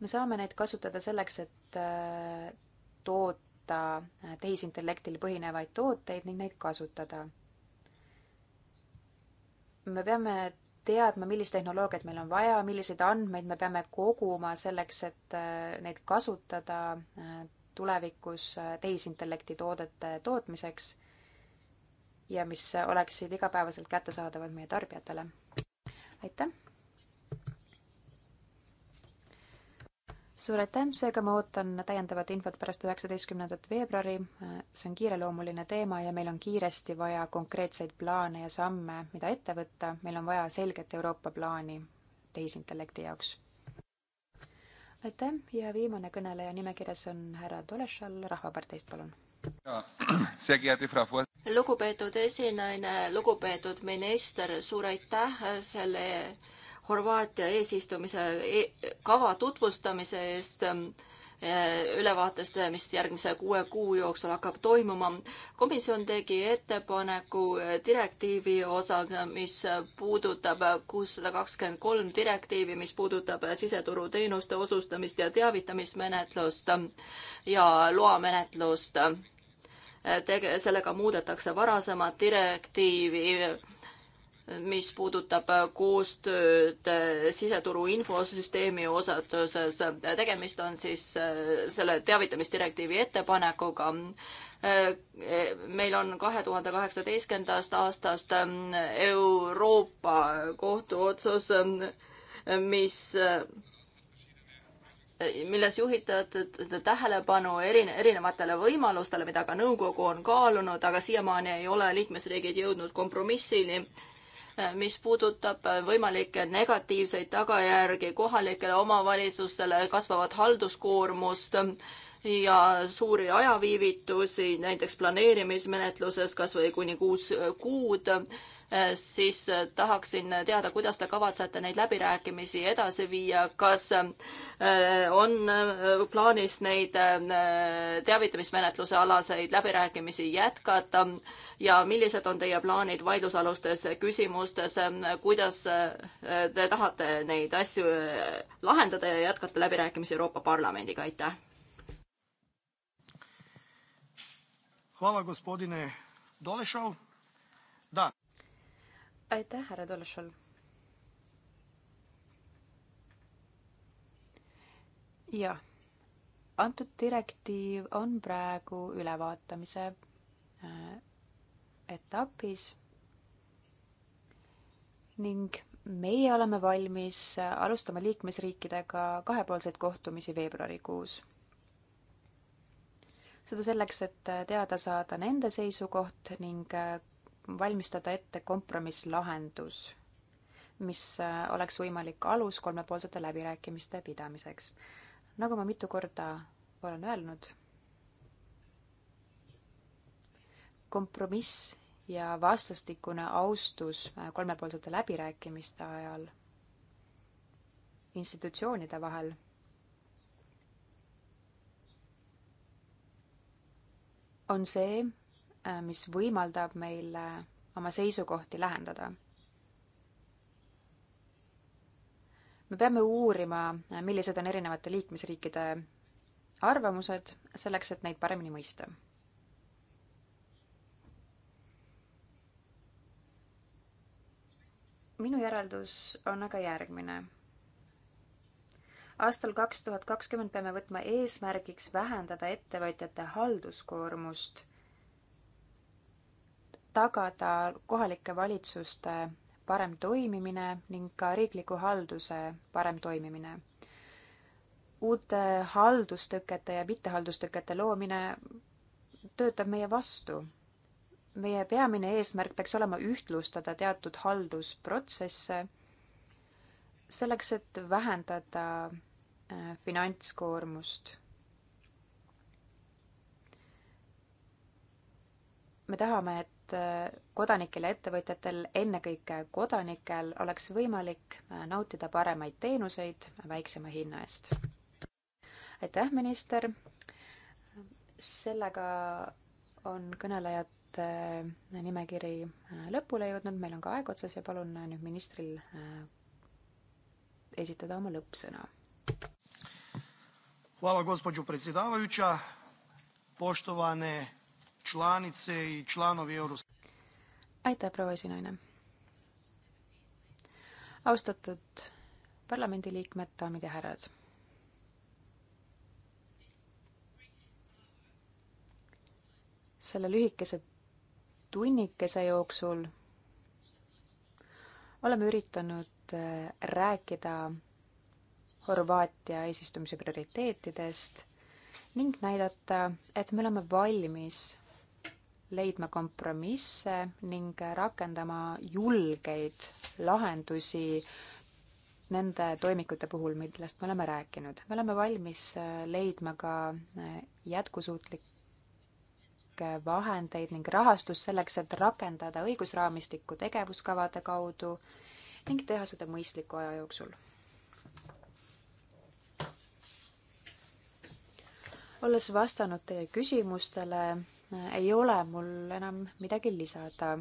me saame neid kasutada selleks, et äh, toota äh, tehisintellektil põhinevaid tooteid ning neid kasutada. me peame teadma, millist tehnoloogiat meil on vaja, milliseid andmeid me peame koguma selleks, et äh, neid kasutada äh, tulevikus äh, tehisintellekti toodete tootmiseks ja mis oleksid igapäevaselt kättesaadavad meie tarbijatele. aitäh! suur aitäh, seega ma ootan täiendavat infot pärast üheksateistkümnendat veebruari. see on kiireloomuline teema ja meil on kiiresti vaja konkreetseid plaane ja samme, mida ette võtta. meil on vaja selget Euroopa plaani tehisintellekti jaoks. aitäh ja viimane kõneleja nimekirjas on härra Dolešal Rahvaparteist, palun. lugupeetud esinaine, lugupeetud minister, suur aitäh selle Horvaatia eesistumise e-, kava tutvustamise eest ähm, äh, ülevaatest, äh, mis järgmise kuue kuu jooksul hakkab toimuma. komisjon tegi ettepaneku äh, direktiivi osa, mis puudutab kuussada kakskümmend kolm direktiivi, mis puudutab siseturuteenuste osustamist ja teavitamismenetlust ja loamenetlust. tege-, sellega muudetakse varasemat direktiivi mis puudutab äh, koostööd äh, siseturu infosüsteemi osatuses. tegemist on siis äh, selle teavitamisdirektiivi ettepanekuga. meil on kahe tuhande kaheksateistkümnendast aastast Euroopa Kohtu otsus, mis milles juhitajate tähelepanu erine, erinevatele võimalustele, mida ka nõukogu on kaalunud, aga siiamaani ei ole liikmesriigid jõudnud kompromissini mis puudutab võimalikke negatiivseid tagajärgi kohalikele omavalitsustele, kasvavat halduskoormust ja suuri ajaviivitusi, näiteks planeerimismenetluses kas või kuni kuus kuud, eh, siis eh, tahaksin teada, kuidas te kavatsete neid läbirääkimisi edasi viia, kas eh, on plaanis neid teavitamismenetluse alaseid läbirääkimisi jätkata ja millised on teie plaanid vaidlusalustes küsimustes, kuidas te tahate neid asju lahendada ja jätkata läbirääkimisi Euroopa Parlamendiga, aitäh! Hvala, gospodine Dolešov. Da. aitäh, härra Dolešov. jah, antud direktiiv on praegu ülevaatamise äh, etapis ning meie oleme valmis äh, alustama liikmesriikidega kahepoolseid kohtumisi veebruarikuus seda selleks, et äh, teada saada nende seisukoht ning äh, valmistada ette kompromisslahendus, mis äh, oleks võimalik alus kolmepoolsete läbirääkimiste pidamiseks. nagu ma mitu korda olen öelnud, kompromiss ja vastastikune austus kolmepoolsete läbirääkimiste ajal institutsioonide vahel on see, äh, mis võimaldab meil äh, oma seisukohti lähendada. me peame uurima, äh, millised on erinevate liikmesriikide arvamused, selleks et neid paremini mõista minu järeldus on aga järgmine aastal kaks tuhat kakskümmend peame võtma eesmärgiks vähendada ettevõtjate halduskoormust, tagada kohalike valitsuste parem toimimine ning ka riikliku halduse parem toimimine. uute haldustõkete ja mittehaldustõkete loomine töötab meie vastu. meie peamine eesmärk peaks olema ühtlustada teatud haldusprotsesse selleks, et vähendada Äh, finantskoormust. me tahame, et äh, kodanikel ja ettevõtjatel, ennekõike kodanikel, oleks võimalik äh, nautida paremaid teenuseid väiksema hinna eest. aitäh, minister! sellega on kõnelejate nimekiri lõpule jõudnud, meil on ka aeg otsas ja palun nüüd ministril esitada oma lõppsõna Hvala gospođo predsjedavajuća, poštovane članice i članovi Euroopa. aitäh, proua esinaine. austatud parlamendiliikmed, daamid ja härrad. selle lühikese tunnikese jooksul oleme üritanud äh, rääkida Horvaatia eesistumise prioriteetidest ning näidata, et me oleme valmis leidma kompromisse ning rakendama julgeid lahendusi nende toimikute puhul, millest me oleme rääkinud. me oleme valmis leidma ka jätkusuutlikke vahendeid ning rahastust selleks, et rakendada õigusraamistikku tegevuskavade kaudu ning teha seda mõistliku aja jooksul olles vastanud teie küsimustele, äh, ei ole mul enam midagi lisada.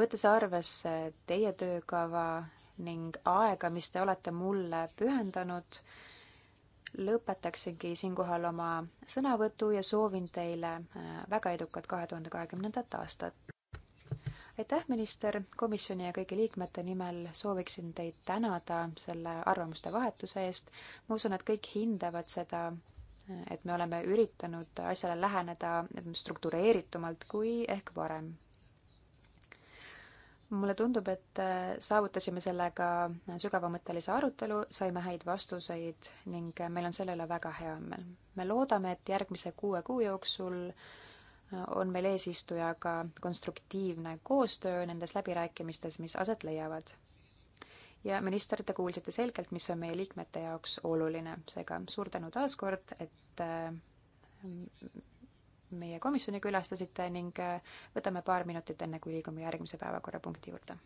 võttes arvesse teie töökava ning aega, mis te olete mulle pühendanud, lõpetaksingi siinkohal oma sõnavõtu ja soovin teile äh, väga edukat kahe tuhande kahekümnendat aastat aitäh, minister, komisjoni ja kõigi liikmete nimel sooviksin teid tänada selle arvamuste vahetuse eest. ma usun, et kõik hindavad seda, et me oleme üritanud asjale läheneda struktureeritumalt kui ehk varem mulle tundub, et saavutasime sellega sügavamõttelise arutelu, saime häid vastuseid ning meil on selle üle väga hea meel. me loodame, et järgmise kuue kuu jooksul äh, on meil eesistujaga konstruktiivne koostöö nendes läbirääkimistes, mis aset leiavad. ja minister, te kuulsite selgelt, mis on meie liikmete jaoks oluline, seega suur tänu taas kord, et äh, meie komisjoni külastasite ning äh, võtame paar minutit, enne kui liigume järgmise päevakorrapunkti juurde.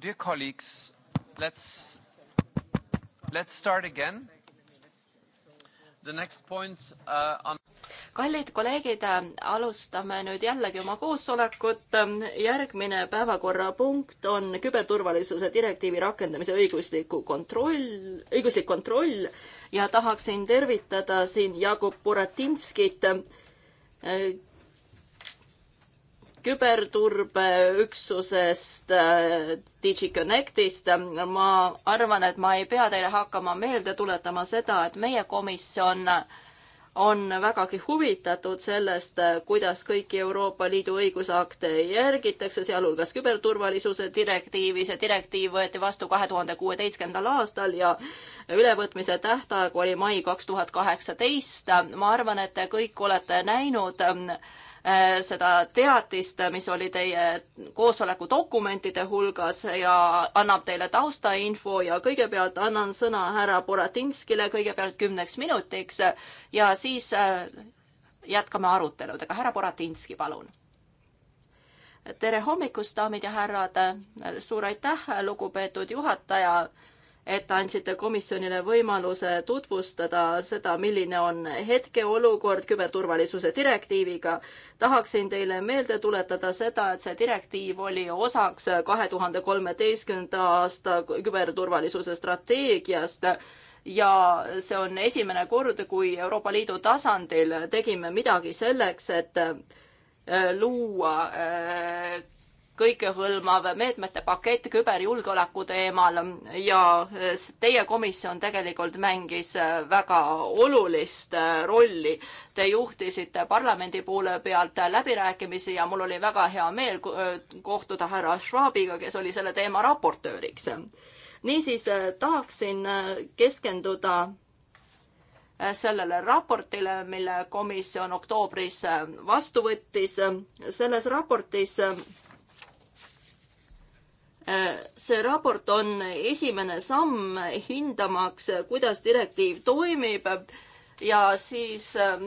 Dear colleagues, let's, let's start again. The next point uh, on kallid kolleegid, alustame nüüd jällegi oma koosolekut. järgmine päevakorrapunkt on küberturvalisuse direktiivi rakendamise õigusliku kontroll, õiguslik kontroll ja tahaksin tervitada siin Jakub Buratinskit, küberturbeüksusest, äh, DigiConnectist. ma arvan, et ma ei pea teile hakkama meelde tuletama seda, et meie komisjon on vägagi huvitatud sellest, kuidas kõiki Euroopa Liidu õigusakte järgitakse, sealhulgas küberturvalisuse direktiivi. see direktiiv võeti vastu kahe tuhande kuueteistkümnendal aastal ja ülevõtmise tähtaeg oli mai kaks tuhat kaheksateist. ma arvan, et te kõik olete näinud Äh, seda teatist, mis oli teie koosoleku dokumentide hulgas ja annab teile taustainfo ja kõigepealt annan sõna härra Boratinskile kõigepealt kümneks minutiks ja siis äh, jätkame aruteludega. härra Boratinski, palun. tere hommikust, daamid ja härrad. suur aitäh, lugupeetud juhataja et andsite komisjonile võimaluse tutvustada seda, milline on hetkeolukord küberturvalisuse direktiiviga. tahaksin teile meelde tuletada seda, et see direktiiv oli osaks kahe tuhande kolmeteistkümnenda aasta küberturvalisuse strateegiast ja see on esimene kord, kui Euroopa Liidu tasandil tegime midagi selleks, et äh, luua äh, kõikehõlmav meetmete pakett küberjulgeoleku teemal ja teie komisjon tegelikult mängis äh, väga olulist äh, rolli. Te juhtisite parlamendi poole pealt äh, läbirääkimisi ja mul oli väga hea meel kohtuda härra Schwabiga, kes oli selle teema raportööriks. niisiis tahaksin keskenduda sellele raportile, mille komisjon oktoobris vastu võttis. selles raportis see raport on esimene samm hindamaks, kuidas direktiiv toimib ja siis äh,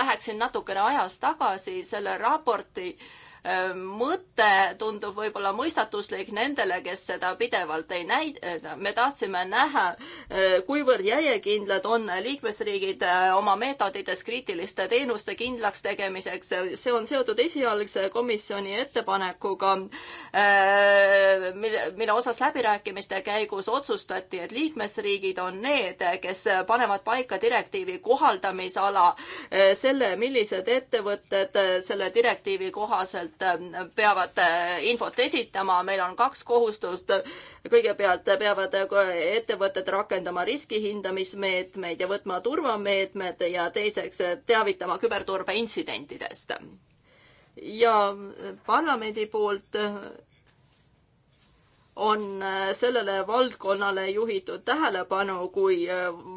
läheksin natukene ajas tagasi selle raporti äh, Ehm, mõte tundub võib-olla mõistatuslik nendele, kes seda pidevalt ei näida. Eh, me tahtsime näha, eh, kuivõrd järjekindlad on liikmesriigid eh, oma meetodites kriitiliste teenuste kindlaks tegemiseks. see on seotud esialgse komisjoni ettepanekuga, mille, mille osas läbirääkimiste käigus otsustati, et liikmesriigid on need, kes panevad paika direktiivi kohaldamisala, selle, millised ettevõtted selle direktiivi kohaselt poolt äh, peavad äh, infot esitama, meil on kaks kohustust. kõigepealt peavad äh, ettevõtted rakendama riskihindamismeetmeid ja võtma turvameetmed ja teiseks teavitama küberturbe intsidentidest. ja parlamendi poolt on sellele valdkonnale juhitud tähelepanu kui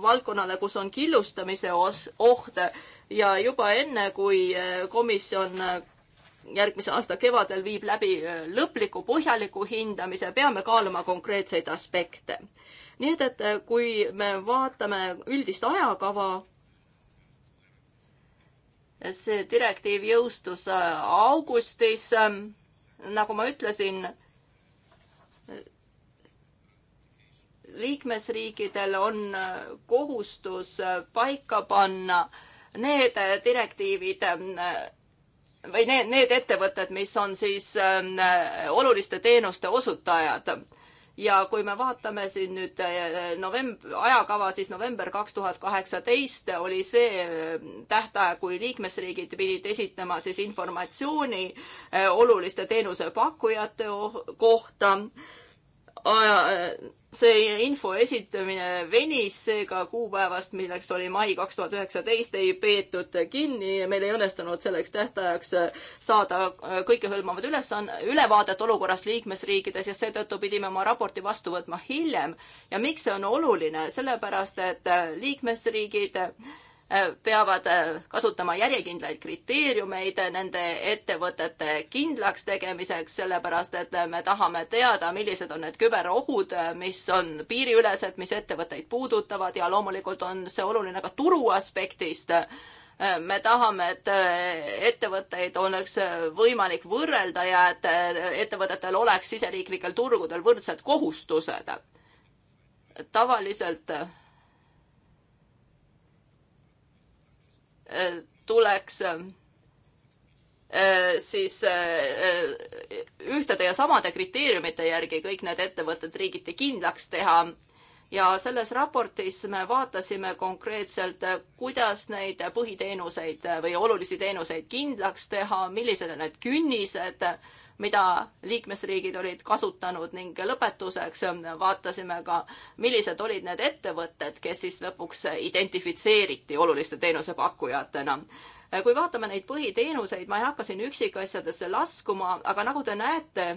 valdkonnale, kus on killustamise oht ja juba enne, kui komisjon järgmise aasta kevadel viib läbi äh, lõpliku põhjaliku hindamise, peame kaaluma konkreetseid aspekte. nii et, et äh, kui me vaatame üldist ajakava, see direktiiv jõustus äh, augustis, nagu ma ütlesin, liikmesriikidel on kohustus paika panna need direktiivid, või need, need ettevõtted, mis on siis äh, oluliste teenuste osutajad. ja kui me vaatame siin nüüd äh, novemb-, ajakava, siis november kaks tuhat kaheksateist oli see äh, tähtaeg, kui liikmesriigid pidid esitama siis informatsiooni äh, oluliste teenusepakkujate kohta aja, äh, see info esitamine venis, seega kuupäevast, milleks oli mai kaks tuhat üheksateist, ei peetud kinni ja meil ei õnnestunud selleks tähtajaks saada kõikehõlmavat ülesanne, ülevaadet olukorrast liikmesriikides ja seetõttu pidime oma raporti vastu võtma hiljem. ja miks see on oluline, sellepärast et liikmesriigid äh, Äh, peavad äh, kasutama järjekindlaid kriteeriumeid nende ettevõtete kindlaks tegemiseks, sellepärast et me tahame teada, millised on need küberohud, äh, mis on piiriülesed, mis ettevõtteid puudutavad ja loomulikult on see oluline ka turu aspektist. me tahame, et ettevõtteid oleks võimalik võrrelda ja et ettevõtetel oleks siseriiklikel turgudel võrdsed kohustused. tavaliselt tuleks äh, siis äh, ühtede ja samade kriteeriumite järgi kõik need ettevõtted riigiti kindlaks teha. ja selles raportis me vaatasime konkreetselt, äh, kuidas neid põhiteenuseid või olulisi teenuseid kindlaks teha, millised on need künnised mida liikmesriigid olid kasutanud ning lõpetuseks ähm, vaatasime ka, millised olid need ettevõtted, kes siis lõpuks identifitseeriti oluliste teenusepakkujatena äh, kui vaatame neid põhiteenuseid, ma ei hakka siin üksikasjadesse laskuma, aga nagu te näete,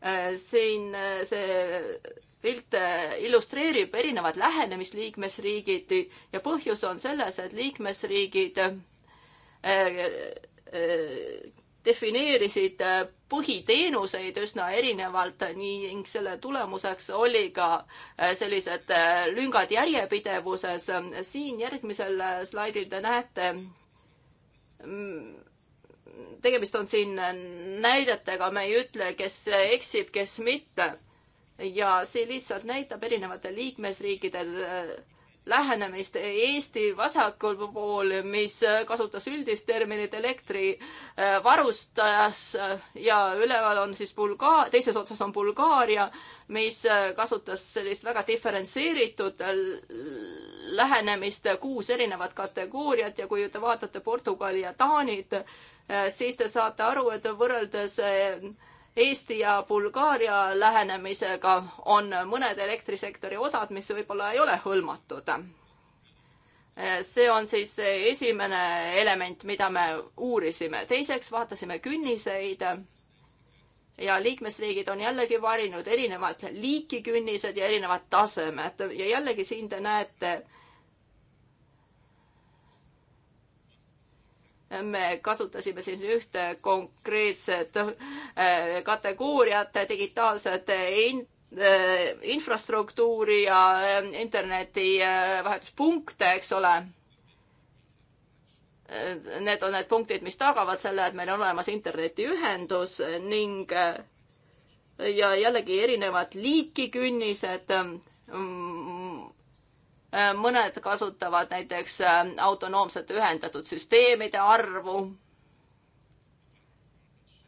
äh, siin äh, see pilt illustreerib erinevat lähenemist liikmesriigiti ja põhjus on selles, et liikmesriigid defineerisid äh, põhiteenuseid üsna erinevalt äh, ning selle tulemuseks oli ka äh, sellised lüngad järjepidevuses. siin järgmisel slaidil te näete, mm, tegemist on siin näidetega, me ei ütle, kes eksib, kes mitte. ja see lihtsalt näitab erinevate liikmesriikide lähenemist Eesti vasakul pool, mis kasutas üldist terminit elektrivarustajas äh, äh, ja üleval on siis Bulga-, teises otsas on Bulgaaria, mis äh, kasutas sellist väga diferentseeritud lähenemist, kuus erinevat kategooriat ja kui te vaatate Portugali ja Taanit, siis te saate aru, et võrreldes Eesti ja Bulgaaria lähenemisega on mõned elektrisektori osad, mis võib-olla ei ole hõlmatud. see on siis esimene element, mida me uurisime. teiseks vaatasime künniseid ja liikmesriigid on jällegi valinud erinevad liiki künnised ja erinevad tasemed ja jällegi siin te näete me kasutasime siin ühte konkreetset äh, kategooriat, digitaalset äh, int-, äh, infrastruktuuri ja internetivahetuspunkte, eks ole. Need on need punktid, mis tagavad selle, et meil on olemas internetiühendus ning ja jällegi erinevad liiki künnised mm, Äh, mõned kasutavad näiteks äh, autonoomsete ühendatud süsteemide arvu,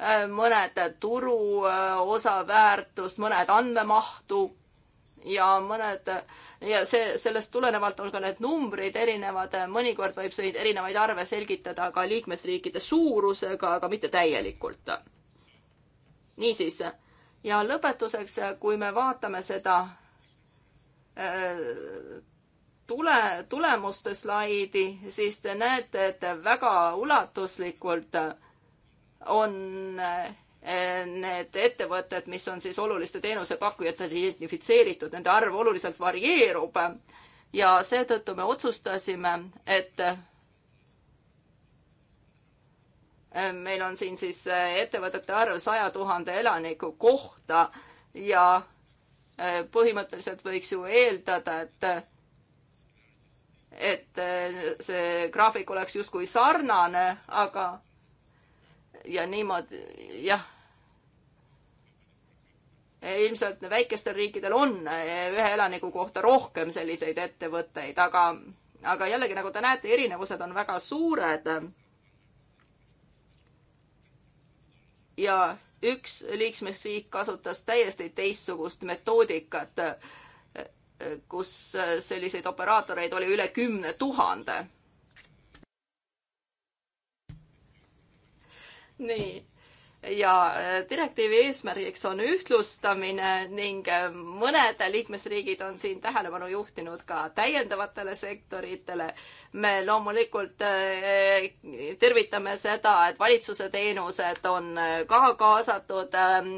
äh, mõned turu osaväärtust, mõned andmemahtu ja mõned ja see, sellest tulenevalt on ka need numbrid erinevad, mõnikord võib neid erinevaid arve selgitada ka liikmesriikide suurusega, aga mitte täielikult. niisiis, ja lõpetuseks, kui me vaatame seda äh, tule, tulemuste slaidi, siis te näete, et väga ulatuslikult on eh, need ettevõtted, mis on siis oluliste teenusepakkujatele identifitseeritud, nende arv oluliselt varieerub ja seetõttu me otsustasime, et eh, meil on siin siis eh, ettevõtete arv saja tuhande elaniku kohta ja põhimõtteliselt võiks ju eeldada, et et eh, see graafik oleks justkui sarnane, aga ja niimoodi, jah. ilmselt väikestel riikidel on eh, ühe elaniku kohta rohkem selliseid ettevõtteid, aga, aga jällegi, nagu te näete, erinevused on väga suured. ja üks liikmesriik kasutas täiesti teistsugust metoodikat kus äh, selliseid operaatoreid oli üle kümne tuhande. nii ja äh, direktiivi eesmärgiks on ühtlustamine ning äh, mõned liikmesriigid on siin tähelepanu juhtinud ka täiendavatele sektoritele. me loomulikult äh, tervitame seda, et valitsuse teenused on ka kaasatud. Ähm,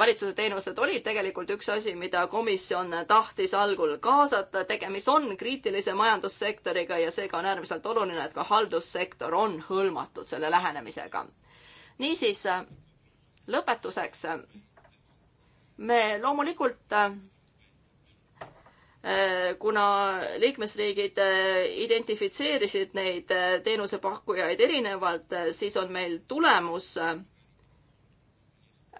valitsuse teenused olid tegelikult üks asi, mida komisjon tahtis algul kaasata. tegemist on kriitilise majandussektoriga ja seega on äärmiselt oluline, et ka haldussektor on hõlmatud selle lähenemisega niisiis, lõpetuseks. me loomulikult äh, kuna liikmesriigid äh, identifitseerisid neid äh, teenusepakkujaid erinevalt, siis on meil tulemus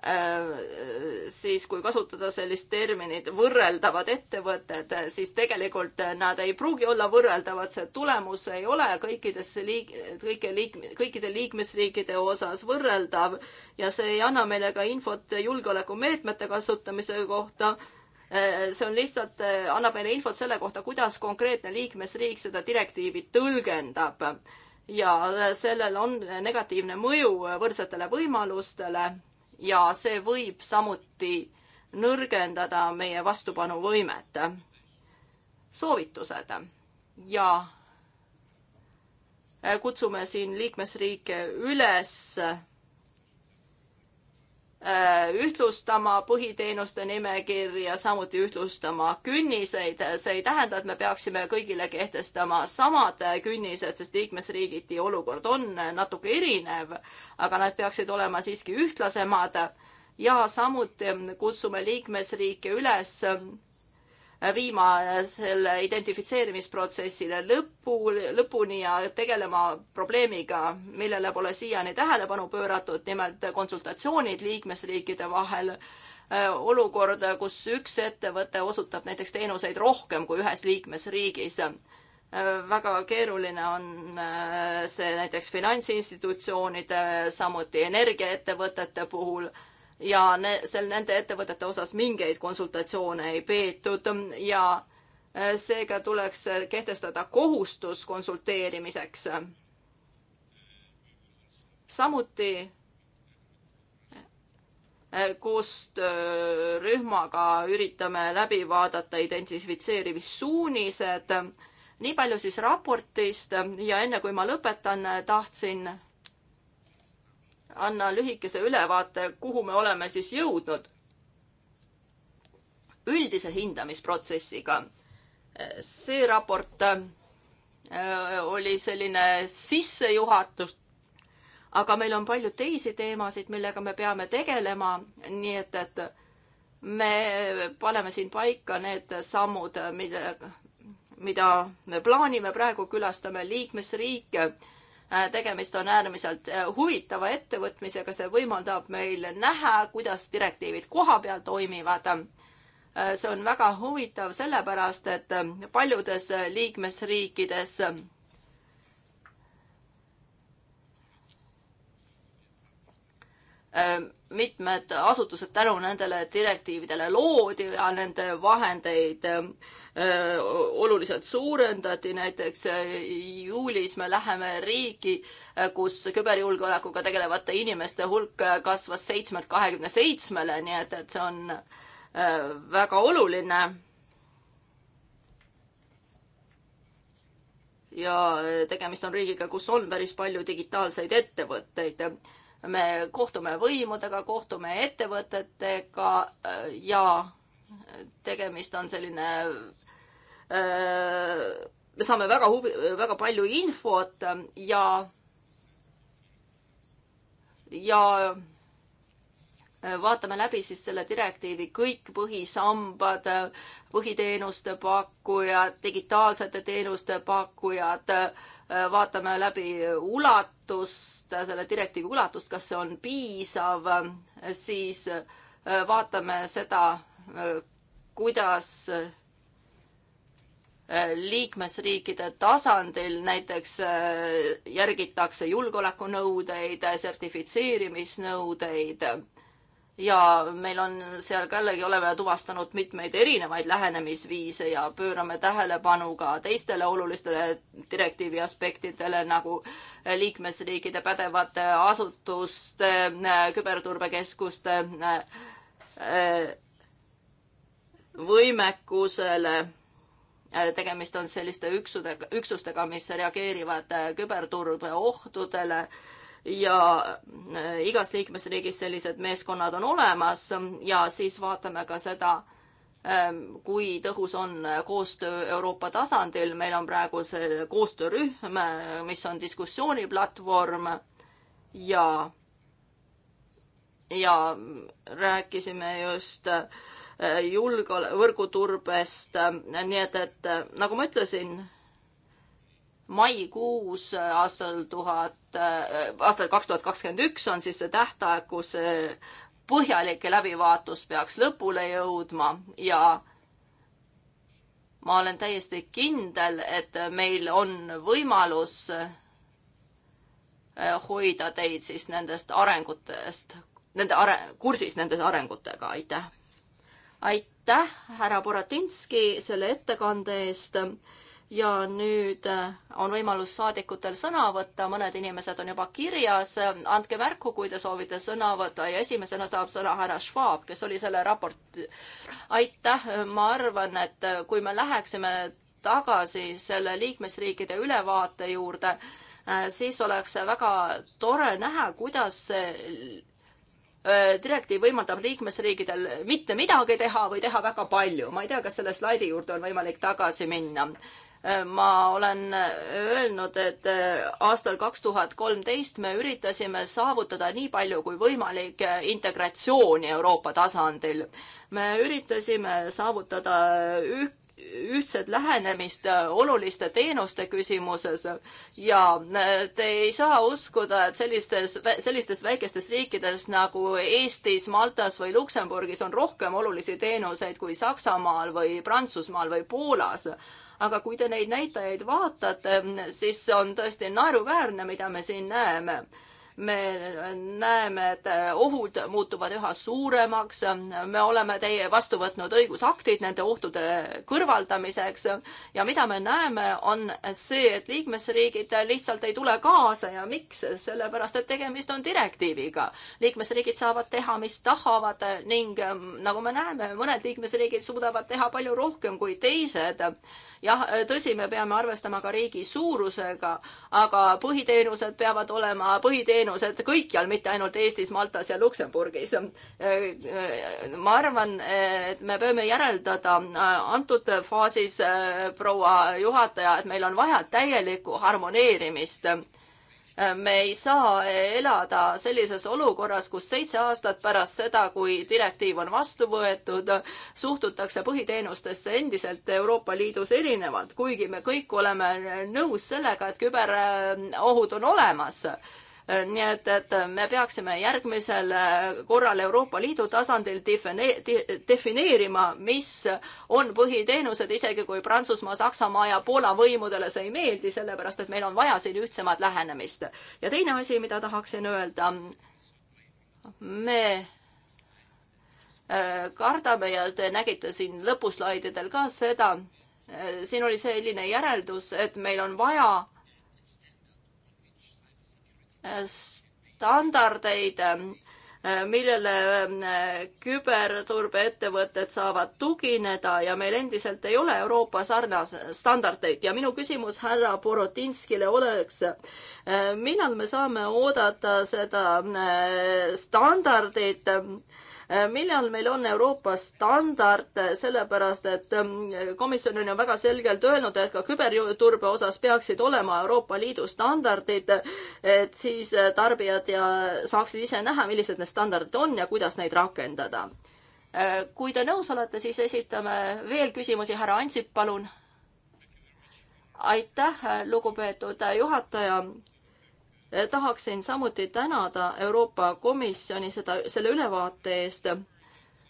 Äh, siis kui kasutada sellist terminit võrreldavad ettevõtted, siis tegelikult nad ei pruugi olla võrreldavad, see tulemus ei ole kõikides liik-, kõigi liik-, kõikide liikmesriikide osas võrreldav ja see ei anna meile ka infot julgeolekumeetmete kasutamise kohta. Äh, see on lihtsalt, äh, annab meile infot selle kohta, kuidas konkreetne liikmesriik seda direktiivi tõlgendab ja sellel on negatiivne mõju võrdsetele võimalustele ja see võib samuti nõrgendada meie vastupanuvõimet. soovitused ja kutsume siin liikmesriike üles Äh, ühtlustama põhiteenuste nimekirja, samuti ühtlustama künniseid. see ei tähenda, et me peaksime kõigile kehtestama samad künnised, sest liikmesriigiti olukord on natuke erinev, aga nad peaksid olema siiski ühtlasemad ja samuti kutsume liikmesriike üles viima selle identifitseerimisprotsessile lõpu, lõpuni ja tegelema probleemiga, millele pole siiani tähelepanu pööratud, nimelt konsultatsioonid liikmesriikide vahel äh, olukord, kus üks ettevõte osutab näiteks teenuseid rohkem kui ühes liikmesriigis. Äh, väga keeruline on äh, see näiteks finantsinstitutsioonide, samuti energiaettevõtete puhul ja ne, seal nende ettevõtete osas mingeid konsultatsioone ei peetud ja äh, seega tuleks kehtestada kohustus konsulteerimiseks. samuti äh, koostöörühmaga üritame läbi vaadata identifitseerimissuunised. nii palju siis raportist ja enne kui ma lõpetan, tahtsin anna lühikese ülevaate, kuhu me oleme siis jõudnud üldise hindamisprotsessiga. see raport äh, oli selline sissejuhatus, aga meil on palju teisi teemasid, millega me peame tegelema, nii et, et me paneme siin paika need sammud, mida, mida me plaanime, praegu külastame liikmesriike Äh, tegemist on äärmiselt äh, huvitava ettevõtmisega, see võimaldab meil näha, kuidas direktiivid kohapeal toimivad. Äh, see on väga huvitav sellepärast, et paljudes liikmesriikides mitmed asutused tänu nendele direktiividele loodi ja nende vahendeid oluliselt suurendati, näiteks juulis me läheme riiki, kus küberjulgeolekuga tegelevate inimeste hulk kasvas seitsmelt kahekümne seitsmele, nii et, et see on väga oluline. ja tegemist on riigiga, kus on päris palju digitaalseid ettevõtteid me kohtume võimudega, kohtume ettevõtetega äh, ja tegemist on selline äh, me saame väga huvi, väga palju infot ja, ja vaatame läbi siis selle direktiivi kõik põhisambad, põhiteenuste pakkujad, digitaalsete teenuste pakkujad, vaatame läbi ulat-, ulatust, selle direktiivi ulatust, kas see on piisav, siis äh, vaatame seda, äh, kuidas äh, liikmesriikide tasandil näiteks järgitakse julgeolekunõudeid, sertifitseerimisnõudeid ja meil on seal ka jällegi, oleme tuvastanud mitmeid erinevaid lähenemisviise ja pöörame tähelepanu ka teistele olulistele direktiivi aspektidele nagu liikmesriikide pädevate asutuste, küberturbekeskuste võimekusele tegemist on selliste üksudega, üksustega, mis reageerivad küberturbe ohtudele ja äh, igas liikmesriigis sellised meeskonnad on olemas ja siis vaatame ka seda, ähm, kui tõhus on koostöö Euroopa tasandil. meil on praegu see koostöörühm, mis on diskussiooniplatvorm ja, ja rääkisime just äh, julgeole-, võrguturbest, nii et, et nagu ma ütlesin, maikuus äh, aastal tuhat, äh, aastal kaks tuhat kakskümmend üks on siis see tähtaeg, kus põhjalik läbivaatus peaks lõpule jõudma ja ma olen täiesti kindel, et meil on võimalus äh, hoida teid siis nendest arengutest, nende are-, kursis nende arengutega, aitäh! aitäh, härra Boratinski, selle ettekande eest ja nüüd äh, on võimalus saadikutel sõna võtta, mõned inimesed on juba kirjas, andke märku, kui te soovite sõna võtta ja esimesena saab sõna härra Schwab, kes oli selle raporti. aitäh, ma arvan, et äh, kui me läheksime tagasi selle liikmesriikide ülevaate juurde, äh, siis oleks väga tore näha, kuidas see direktiiv võimaldab liikmesriigidel mitte midagi teha või teha väga palju. ma ei tea, kas selle slaidi juurde on võimalik tagasi minna ma olen öelnud, et äh, aastal kaks tuhat kolmteist me üritasime saavutada nii palju kui võimalik äh, integratsiooni Euroopa tasandil. me üritasime saavutada üht ühtset lähenemist äh, oluliste teenuste küsimuses ja te ei saa uskuda, et sellistes, sellistes väikestes riikides nagu Eestis, Maltas või Luksemburgis on rohkem olulisi teenuseid kui Saksamaal või Prantsusmaal või Poolas aga kui te neid näitajaid vaatate, siis on tõesti naeruväärne, mida me siin näeme me näeme, et ohud muutuvad üha suuremaks, me oleme teie vastu võtnud õigusaktid nende ohtude kõrvaldamiseks ja mida me näeme, on see, et liikmesriigid lihtsalt ei tule kaasa ja miks, sellepärast et tegemist on direktiiviga. liikmesriigid saavad teha, mis tahavad ning nagu me näeme, mõned liikmesriigid suudavad teha palju rohkem kui teised. jah, tõsi, me peame arvestama ka riigi suurusega, aga põhiteenused peavad olema põhiteenused, teenused kõikjal, mitte ainult Eestis, Maltas ja Luksemburgis. ma arvan, et me peame järeldada antud faasis, proua juhataja, et meil on vaja täielikku harmoneerimist me ei saa elada sellises olukorras, kus seitse aastat pärast seda, kui direktiiv on vastu võetud, suhtutakse põhiteenustesse endiselt Euroopa Liidus erinevalt, kuigi me kõik oleme nõus sellega, et küberohud on olemas Äh, nii et, et me peaksime järgmisel äh, korral Euroopa Liidu tasandil define-, defineerima, mis on põhiteenused, isegi kui Prantsusmaa, Saksamaa ja Poola võimudele see ei meeldi, sellepärast et meil on vaja siin ühtsemat lähenemist. ja teine asi, mida tahaksin öelda, me äh, kardame ja te nägite siin lõpuslaididel ka seda, siin oli selline järeldus, et meil on vaja standardeid, millele äh, küberturbeettevõtted saavad tugineda ja meil endiselt ei ole Euroopa sarnase standardeid ja minu küsimus härra Borotinskile oleks, äh, millal me saame oodata seda äh, standardit, Äh, millal meil on Euroopa standard, äh, sellepärast et ähm, komisjon on ju väga selgelt öelnud, et ka küberturbe osas peaksid olema Euroopa Liidu standardid, et siis äh, tarbijad ja saaksid ise näha, millised need standardid on ja kuidas neid rakendada. kui te nõus olete, siis esitame veel küsimusi, härra Ansip, palun aitäh, lugupeetud juhataja. Eh, tahaksin samuti tänada Euroopa Komisjoni seda, selle ülevaate eest.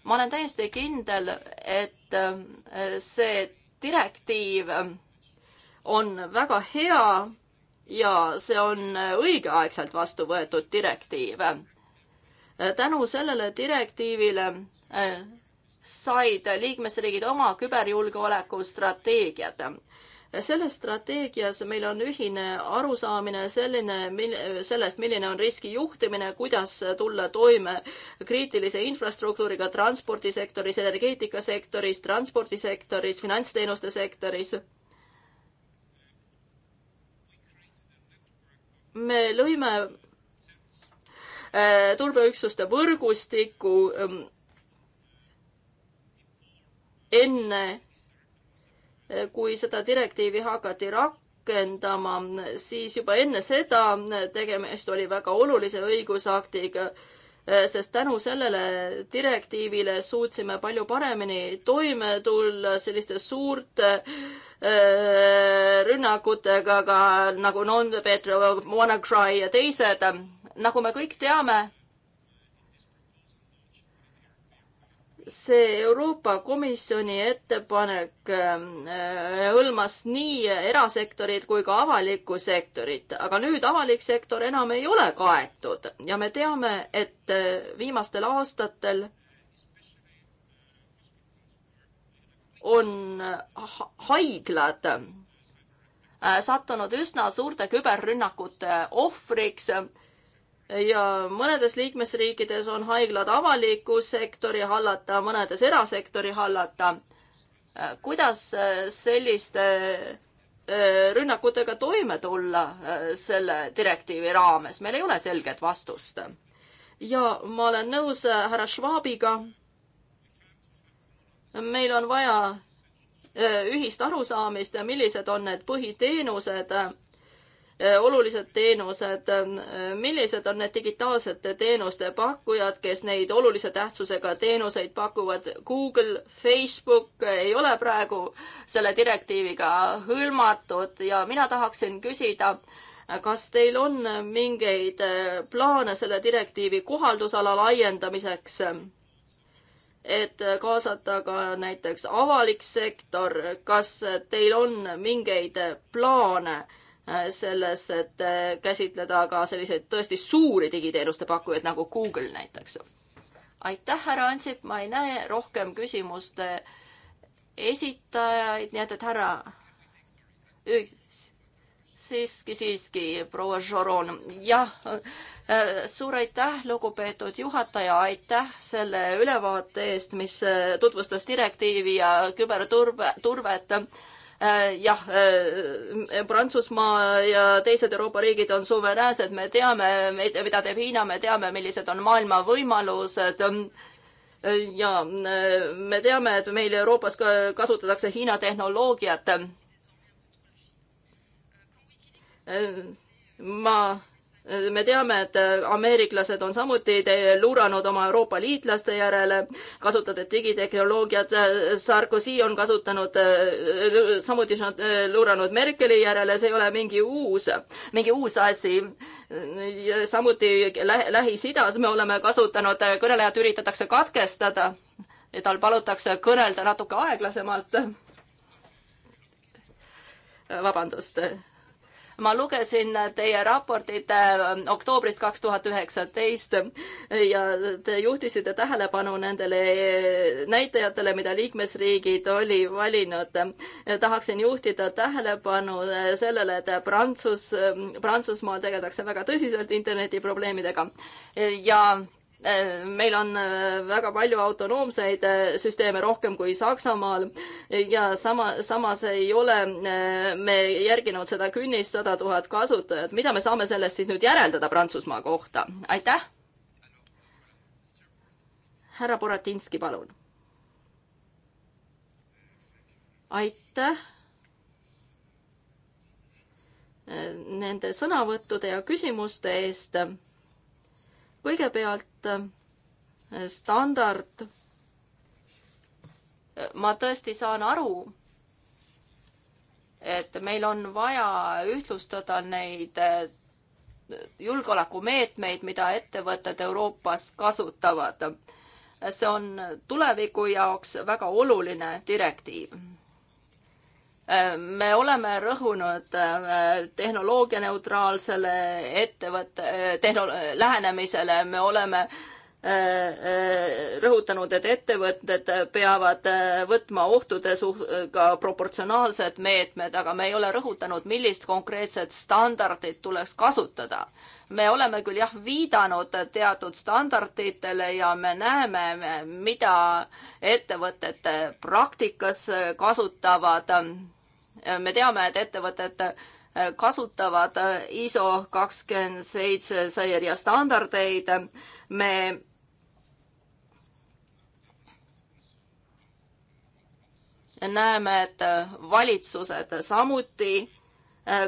ma olen täiesti kindel, et eh, see direktiiv eh, on väga hea ja see on õigeaegselt vastu võetud direktiiv. tänu sellele direktiivile said liikmesriigid oma küberjulgeoleku strateegiad selles strateegias meil on ühine arusaamine selline, mil-, sellest, milline on riski juhtimine, kuidas tulla toime kriitilise infrastruktuuriga transpordisektoris, energeetikasektoris, transpordisektoris, finantsteenuste sektoris. me lõime äh, turbeüksuste võrgustiku ähm, enne kui seda direktiivi hakati rakendama, siis juba enne seda tegemist oli väga olulise õigusaktiga, sest tänu sellele direktiivile suutsime palju paremini toime tulla selliste suurte äh, rünnakutega, ka nagu Non-Petro, WannaCry ja teised. nagu me kõik teame, see Euroopa Komisjoni ettepanek ähm, äh, hõlmas nii erasektorit kui ka avalikku sektorit, aga nüüd avalik sektor enam ei ole kaetud ja me teame, et äh, viimastel aastatel on äh, haiglad sattunud üsna suurte küberrünnakute ohvriks ja mõnedes liikmesriikides on haiglad avaliku sektori hallata, mõnedes erasektori hallata. kuidas äh, selliste äh, rünnakutega toime tulla äh, selle direktiivi raames, meil ei ole selget vastust. ja ma olen nõus härra Schwabiga. meil on vaja ühist arusaamist, millised on need põhiteenused Äh, olulised teenused, ähm, millised on need digitaalsete teenuste pakkujad, kes neid olulise tähtsusega teenuseid pakuvad. Google, Facebook äh, ei ole praegu selle direktiiviga hõlmatud ja mina tahaksin küsida, kas teil on mingeid äh, plaane selle direktiivi kohaldusala laiendamiseks? et kaasata ka näiteks avalik sektor, kas teil on mingeid plaane äh, Äh, selles, et äh, käsitleda ka selliseid tõesti suuri digiteenuste pakkujaid nagu Google näiteks. aitäh, härra Ansip, ma ei näe rohkem küsimuste esitajaid, nii et, et härra siiski, siiski, proua Žoron, jah, äh, suur aitäh, lugupeetud juhataja, aitäh selle ülevaate eest, mis tutvustas direktiivi ja küberturbe, turvet. Äh, jah, äh, Prantsusmaa ja teised Euroopa riigid on suveräänsed, me teame, mida teeb Hiina, me teame, millised on maailma võimalused ja äh, me teame, et meil Euroopas kasutatakse Hiina tehnoloogiat. ma me teame, et äh, ameeriklased on samuti luuranud oma Euroopa liitlaste järele, kasutades digitehnoloogiat. Äh, Sarkozy on kasutanud, äh, samuti luuranud Merkeli järele, see ei ole mingi uus, mingi uus asi. samuti Lähis-Idas me oleme kasutanud, kõnelejat üritatakse katkestada ja tal palutakse kõnelda natuke aeglasemalt. vabandust ma lugesin teie raportit äh, oktoobrist kaks tuhat üheksateist ja te juhtisite tähelepanu nendele äh, näitajatele, mida liikmesriigid oli valinud. tahaksin juhtida tähelepanu äh, sellele, et Prantsus, Prantsusmaal tegeldakse väga tõsiselt internetiprobleemidega ja Äh, meil on äh, väga palju autonoomseid äh, süsteeme, rohkem kui Saksamaal ja sama, samas ei ole me järginud seda künnist sada tuhat kasutajat. mida me saame sellest siis nüüd järeldada Prantsusmaa kohta? aitäh! härra Boratinski, palun. aitäh nende sõnavõttude ja küsimuste eest kõigepealt eh, standard. ma tõesti saan aru, et meil on vaja ühtlustada neid eh, julgeolekumeetmeid, mida ettevõtted Euroopas kasutavad. see on tuleviku jaoks väga oluline direktiiv Äh, me oleme rõhunud äh, tehnoloogianeutraalsele ettevõtte, äh, tehno-, lähenemisele, me oleme rõhutanud, et ettevõtted peavad võtma ohtude suh-, ka proportsionaalsed meetmed, aga me ei ole rõhutanud, millist konkreetset standardit tuleks kasutada. me oleme küll jah, viidanud teatud standarditele ja me näeme, mida ettevõtted praktikas kasutavad me teame, et ettevõtted äh, kasutavad äh, ISO kakskümmend seitse seeria standardeid. me näeme, et äh, valitsused samuti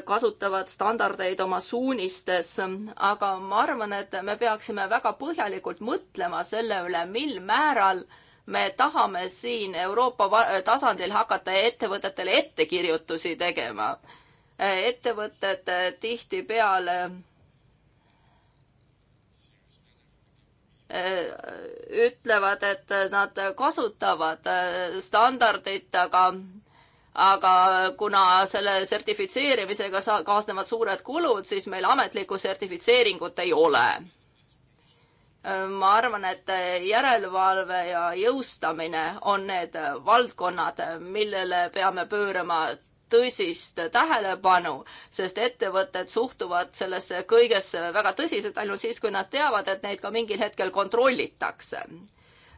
kasutavad standardeid oma suunistes, aga ma arvan, et me peaksime väga põhjalikult mõtlema selle üle, mil määral äh, me tahame siin Euroopa tasandil hakata ettevõtetele ettekirjutusi tegema. ettevõtted eh, tihtipeale eh, ütlevad, et nad kasutavad eh, standardit, aga aga kuna selle sertifitseerimisega kaasnevad suured kulud, siis meil ametlikku sertifitseeringut ei ole ma arvan, et järelevalve ja jõustamine on need valdkonnad, millele peame pöörama tõsist tähelepanu, sest ettevõtted suhtuvad sellesse kõigesse väga tõsiselt ainult siis, kui nad teavad, et neid ka mingil hetkel kontrollitakse.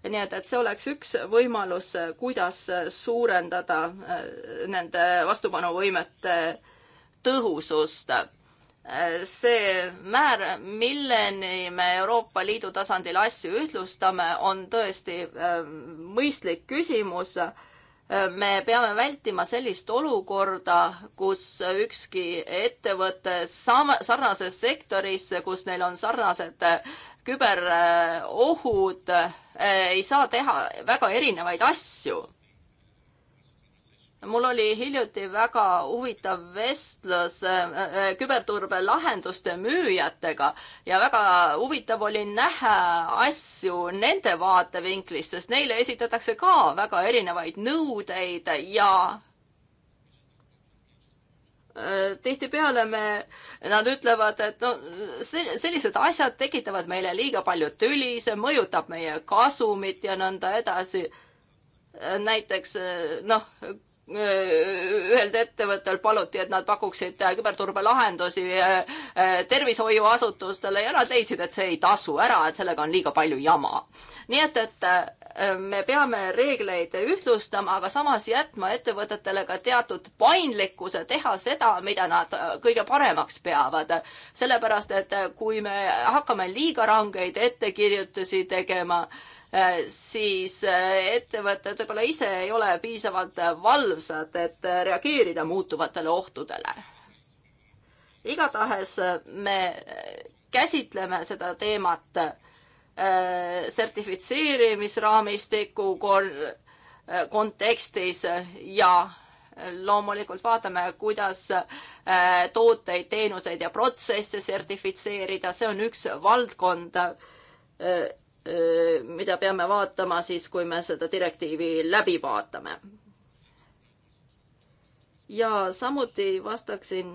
nii et, et see oleks üks võimalus, kuidas suurendada äh, nende vastupanuvõimete tõhusust Äh, see määr, milleni me Euroopa Liidu tasandil asju ühtlustame, on tõesti äh, mõistlik küsimus. Äh, me peame vältima sellist olukorda, kus ükski ettevõte sama, sarnases sektoris, kus neil on sarnased küberohud, ei saa teha väga erinevaid asju mul oli hiljuti väga huvitav vestlus äh, äh, küberturbe lahenduste müüjatega ja väga huvitav oli näha asju nende vaatevinklist, sest neile esitatakse ka väga erinevaid nõudeid ja äh, tihtipeale me, nad ütlevad, et no sellised asjad tekitavad meile liiga palju tüli, see mõjutab meie kasumit ja nõnda edasi. näiteks noh ühelt ettevõttel paluti, et nad pakuksid äh, küberturbelahendusi äh, äh, tervishoiuasutustele ja nad leidsid, et see ei tasu ära, et sellega on liiga palju jama. nii et, et me peame reegleid ühtlustama, aga samas jätma ettevõtetele ka teatud paindlikkuse teha seda, mida nad kõige paremaks peavad. sellepärast, et kui me hakkame liiga rangeid ettekirjutusi tegema, Äh, siis äh, ettevõtted võib-olla ise ei ole piisavalt valvsad, et äh, reageerida muutuvatele ohtudele. igatahes me käsitleme seda teemat sertifitseerimisraamistiku kor-, kontekstis ja loomulikult vaatame, kuidas tooteid, teenuseid ja protsesse sertifitseerida, see on üks valdkond, mida peame vaatama siis, kui me seda direktiivi läbi vaatame. ja samuti vastaksin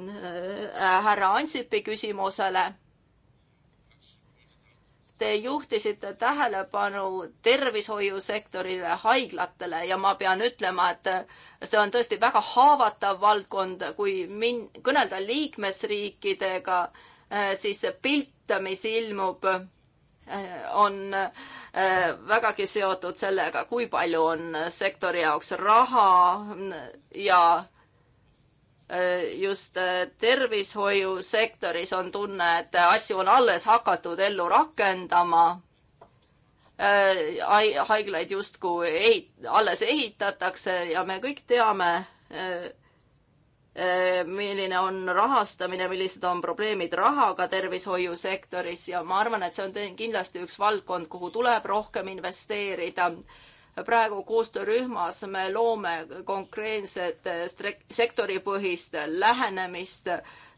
härra Ansipi küsimusele. Te juhtisite tähelepanu tervishoiusektorile, haiglatele ja ma pean ütlema, et see on tõesti väga haavatav valdkond, kui min-, kõnelda liikmesriikidega, siis see pilt, mis ilmub Äh, on äh, vägagi seotud sellega, kui palju on sektori jaoks raha ja äh, just tervishoiusektoris on tunne, et asju on alles hakatud ellu rakendama. haiglaid justkui ehit-, alles ehitatakse ja me kõik teame, Äh, milline on rahastamine, millised on probleemid rahaga tervishoiusektoris ja ma arvan, et see on kindlasti üks valdkond, kuhu tuleb rohkem investeerida. praegu koostöörühmas me loome konkreetset äh, sektoripõhist lähenemist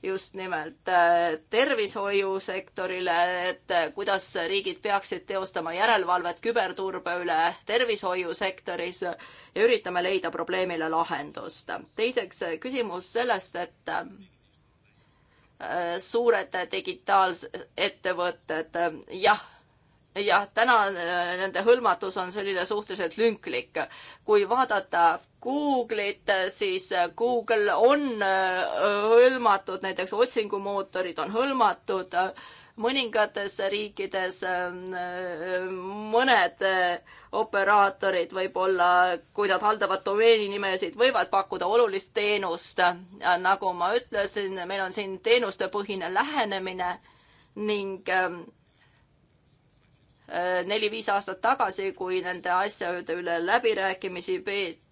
just nimelt äh, tervishoiusektorile, et äh, kuidas riigid peaksid teostama järelevalvet küberturbe üle tervishoiusektoris ja üritame leida probleemile lahendust. teiseks äh, küsimus sellest, et suured digitaalettevõtted, jah, jah, täna nende hõlmatus on selline suhteliselt lünklik. kui vaadata Google'it, siis äh, Google on äh, hõlmatud, näiteks otsingumootorid on hõlmatud äh, mõningates riikides ähm, mõned operaatorid võib-olla, kui nad haldavad domeeninimesid, võivad pakkuda olulist teenust. nagu ma ütlesin, meil on siin teenustepõhine lähenemine ning ähm, neli-viis aastat tagasi, kui nende asjade üle läbirääkimisi peeti,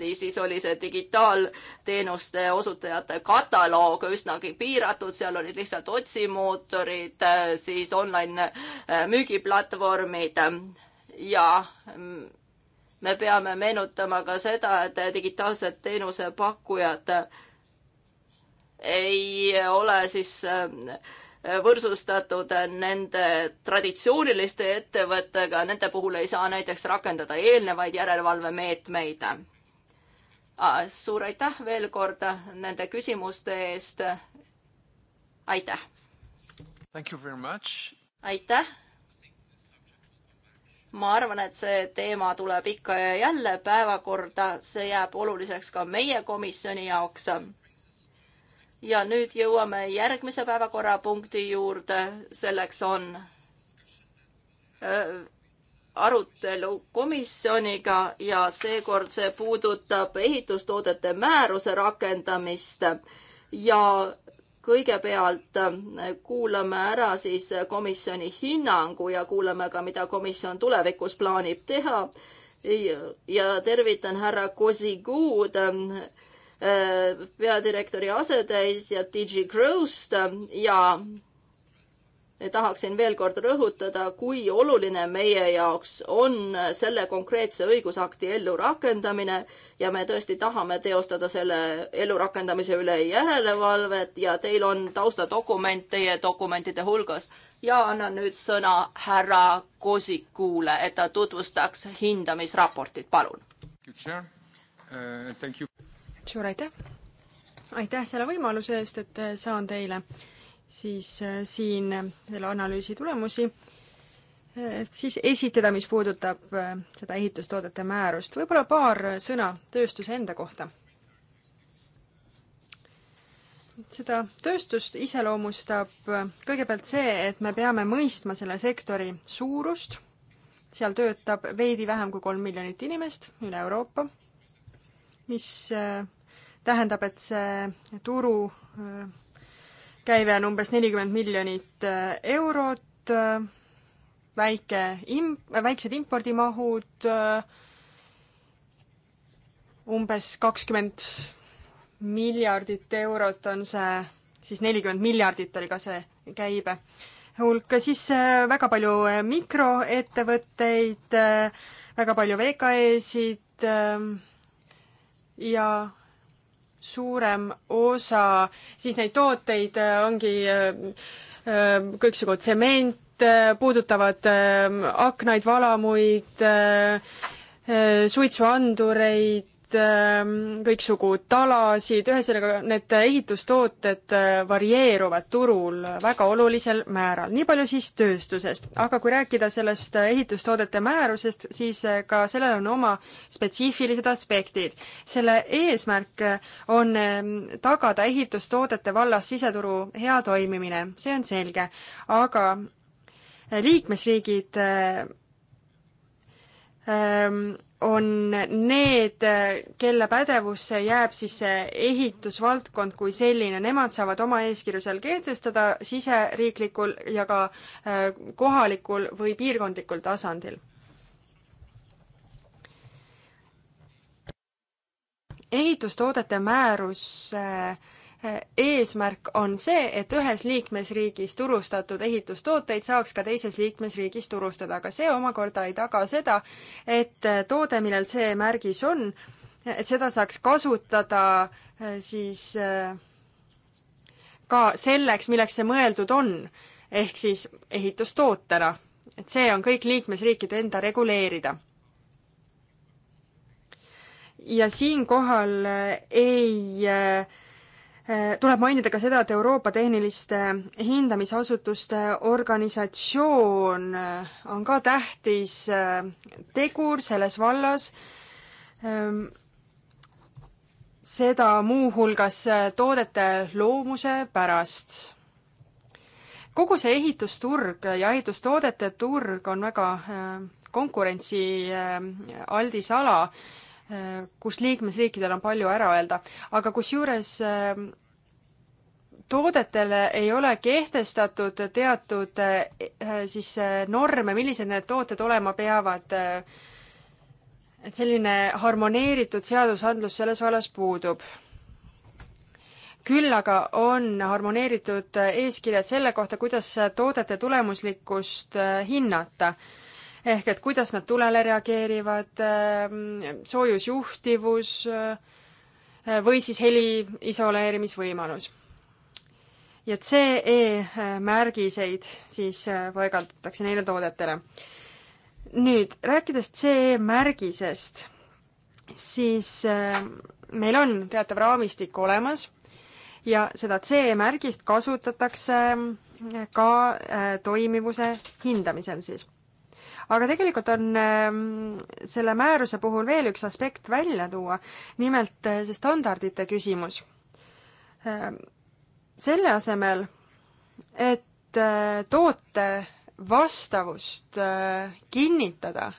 lahti, siis oli see digitaalteenuste osutajate kataloog üsnagi piiratud, seal olid lihtsalt otsimootorid, siis online äh, müügiplatvormid ja mm, me peame meenutama ka seda, et digitaalsed teenusepakkujad ei ole siis äh, võrsustatud nende traditsiooniliste ettevõttega, nende puhul ei saa näiteks rakendada eelnevaid järelevalvemeetmeid Ah, suur aitäh veel kord nende küsimuste eest. aitäh. aitäh. ma arvan, et see teema tuleb ikka ja jälle päevakorda, see jääb oluliseks ka meie komisjoni jaoks. ja nüüd jõuame järgmise päevakorrapunkti juurde, selleks on öö, äh, arutelu komisjoniga ja seekord see puudutab ehitustoodete määruse rakendamist ja kõigepealt äh, kuulame ära siis komisjoni hinnangu ja kuulame ka, mida komisjon tulevikus plaanib teha. ja tervitan härra Kozigud, äh, peadirektori asetäitja DigiGrowst ja äh, tahaksin veel kord rõhutada, kui oluline meie jaoks on selle konkreetse õigusakti ellurakendamine ja me tõesti tahame teostada selle ellurakendamise üle järelevalvet ja teil on taustadokument teie dokumentide hulgas. ja annan nüüd sõna härra Kosikule, et ta tutvustaks hindamisraportit, palun. Uh, suur aitäh! aitäh selle võimaluse eest, et saan teile siis äh, siin selle analüüsi tulemusi äh, siis esitleda, mis puudutab äh, seda ehitustoodete määrust. võib-olla paar sõna tööstuse enda kohta. seda tööstust iseloomustab kõigepealt see, et me peame mõistma selle sektori suurust, seal töötab veidi vähem kui kolm miljonit inimest üle Euroopa, mis tähendab, et see turu käive on umbes nelikümmend miljonit äh, eurot, äh, väike im-, äh, väiksed impordimahud, umbes kakskümmend miljardit eurot on see, siis nelikümmend miljardit oli ka see käibe hulk, siis väga palju mikroettevõtteid, väga palju VKE-sid ja suurem osa siis neid tooteid äh, ongi äh, äh, kõiksugu tsement, puudutavad aknaid, valamuid, suitsuandureid, Ähm, kõiksugu talasid, ühesõnaga need ehitustooted äh, varieeruvad turul väga olulisel määral. nii palju siis tööstusest, aga kui rääkida sellest ehitustoodete määrusest, siis äh, ka sellel on oma spetsiifilised aspektid. selle eesmärk on ähm, tagada ehitustoodete vallas siseturu hea toimimine, see on selge, aga äh, liikmesriigid ähm, on need, kelle pädevusse jääb siis see ehitusvaldkond kui selline, nemad saavad oma eeskirju seal kehtestada siseriiklikul ja ka äh, kohalikul või piirkondlikul tasandil. ehitustoodete määrus äh, eesmärk on see, et ühes liikmesriigis turustatud ehitustooteid saaks ka teises liikmesriigis turustada, aga see omakorda ei taga seda, et toode, millel see märgis on, et seda saaks kasutada äh, siis äh, ka selleks, milleks see mõeldud on, ehk siis ehitustootena. et see on kõik liikmesriikide enda reguleerida ja siinkohal äh, ei äh, Äh, tuleb mainida ka seda, et Euroopa Tehniliste Hindamisasutuste Organisatsioon äh, on ka tähtis äh, tegur selles vallas. Ähm, seda muuhulgas toodete loomuse pärast kogu see ehitusturg ja ehitustoodete turg on väga konkurentsialdis ala kus liikmesriikidel on palju ära öelda, aga kusjuures äh, toodetele ei ole kehtestatud teatud äh, siis äh, norme, millised need tooted olema peavad. et selline harmoneeritud seadusandlus selles vallas puudub küll aga on harmoneeritud eeskirjad selle kohta, kuidas toodete tulemuslikkust hinnata ehk et kuidas nad tulele reageerivad, ähm, soojusjuhtivus äh, või siis heli isoleerimisvõimalus. ja CE äh, märgiseid siis äh, paigaldatakse neile toodetele. nüüd, rääkides CE märgisest, siis meil on teatav raamistik olemas ja seda CE märgist kasutatakse ka toimivuse hindamisel siis aga tegelikult on ehm, selle määruse puhul veel üks aspekt välja tuua, nimelt eh, see standardite küsimus. Ehm, selle asemel, et eh, toote vastavust eh, kinnitada,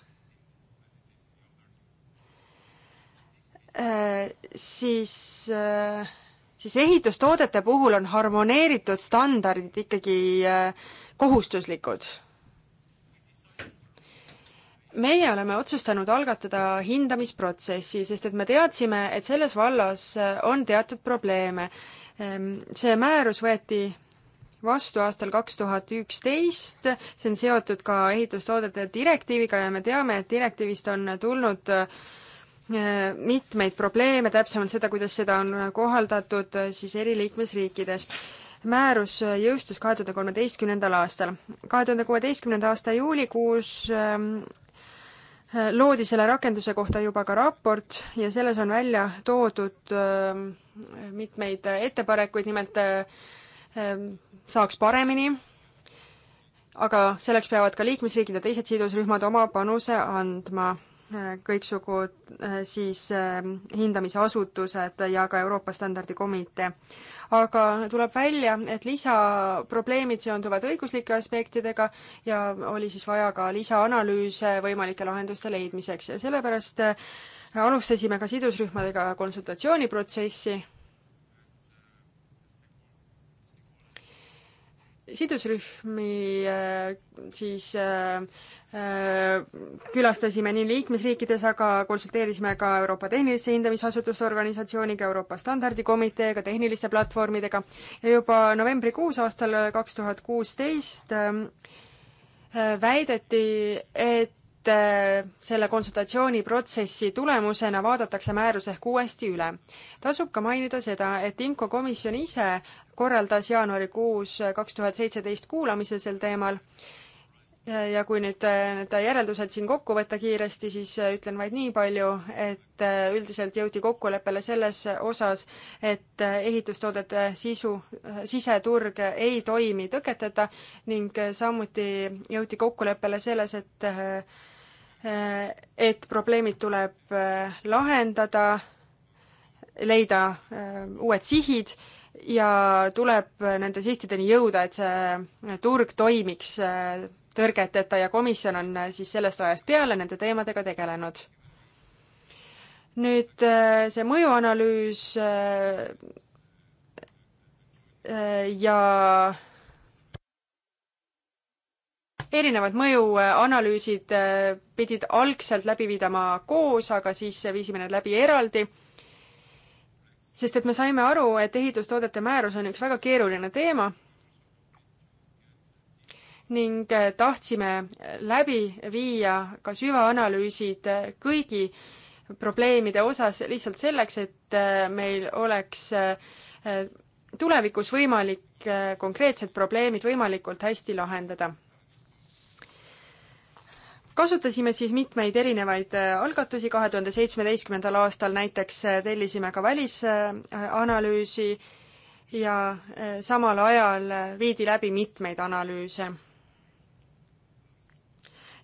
siis, siis ehitustoodete puhul on harmoneeritud standardid ikkagi kohustuslikud meie oleme otsustanud algatada hindamisprotsessi, sest et me teadsime, et selles vallas äh, on teatud probleeme. Ähm, see määrus võeti vastu aastal kaks tuhat üksteist, see on seotud ka ehitustoodete direktiiviga ja me teame, et direktiivist on tulnud äh, mitmeid probleeme, täpsemalt seda, kuidas seda on kohaldatud äh, siis eri liikmesriikides määrus jõustus kahe tuhande kolmeteistkümnendal aastal. kahe tuhande kuueteistkümnenda aasta juulikuus ähm, loodi selle rakenduse kohta juba ka raport ja selles on välja toodud ähm, mitmeid ettepanekuid, nimelt äh, ähm, saaks paremini, aga selleks peavad ka liikmesriigid ja teised sidusrühmad oma panuse andma. Äh, kõiksugu äh, siis äh, hindamisasutused ja ka Euroopa Standardikomitee. aga tuleb välja, et lisaprobleemid seonduvad õiguslike aspektidega ja oli siis vaja ka lisaanalüüse võimalike lahenduste leidmiseks ja sellepärast alustasime ka sidusrühmadega konsultatsiooniprotsessi sidusrühmi äh, siis äh, äh, külastasime nii liikmesriikides, aga konsulteerisime ka Euroopa Tehnilise Hindamisasutuste Organisatsiooniga, Euroopa Standardikomiteega, tehniliste platvormidega ja juba novembrikuus aastal kaks tuhat kuusteist väideti, et selle konsultatsiooniprotsessi tulemusena vaadatakse määrus ehk uuesti üle. tasub ka mainida seda, et IMCO komisjon ise korraldas jaanuarikuus eh, kaks tuhat seitseteist kuulamise sel teemal. Eh, ja kui nüüd eh, need järeldused siin kokku võtta kiiresti, siis ütlen vaid nii palju, et üldiselt jõuti kokkuleppele selles osas, et ehitustoodete sisu, siseturg ei toimi tõketeta ning samuti jõuti kokkuleppele selles, et et probleemid tuleb lahendada, leida uued sihid ja tuleb nende sihtideni jõuda, et see turg toimiks äh, tõrgeteta ja komisjon on äh, siis sellest ajast peale nende teemadega tegelenud. nüüd äh, see mõjuanalüüs ja erinevad mõjuanalüüsid pidid algselt läbi viidama koos, aga siis viisime need läbi eraldi sest et me saime aru, et ehitustoodete määrus on üks väga keeruline teema ning äh, tahtsime läbi viia ka süvaanalüüsid äh, kõigi probleemide osas lihtsalt selleks, et äh, meil oleks tulevikus võimalik konkreetsed probleemid võimalikult hästi lahendada kasutasime siis mitmeid erinevaid äh, algatusi, kahe tuhande seitsmeteistkümnendal aastal näiteks äh, tellisime ka välisanalüüsi ja äh, samal ajal viidi läbi mitmeid analüüse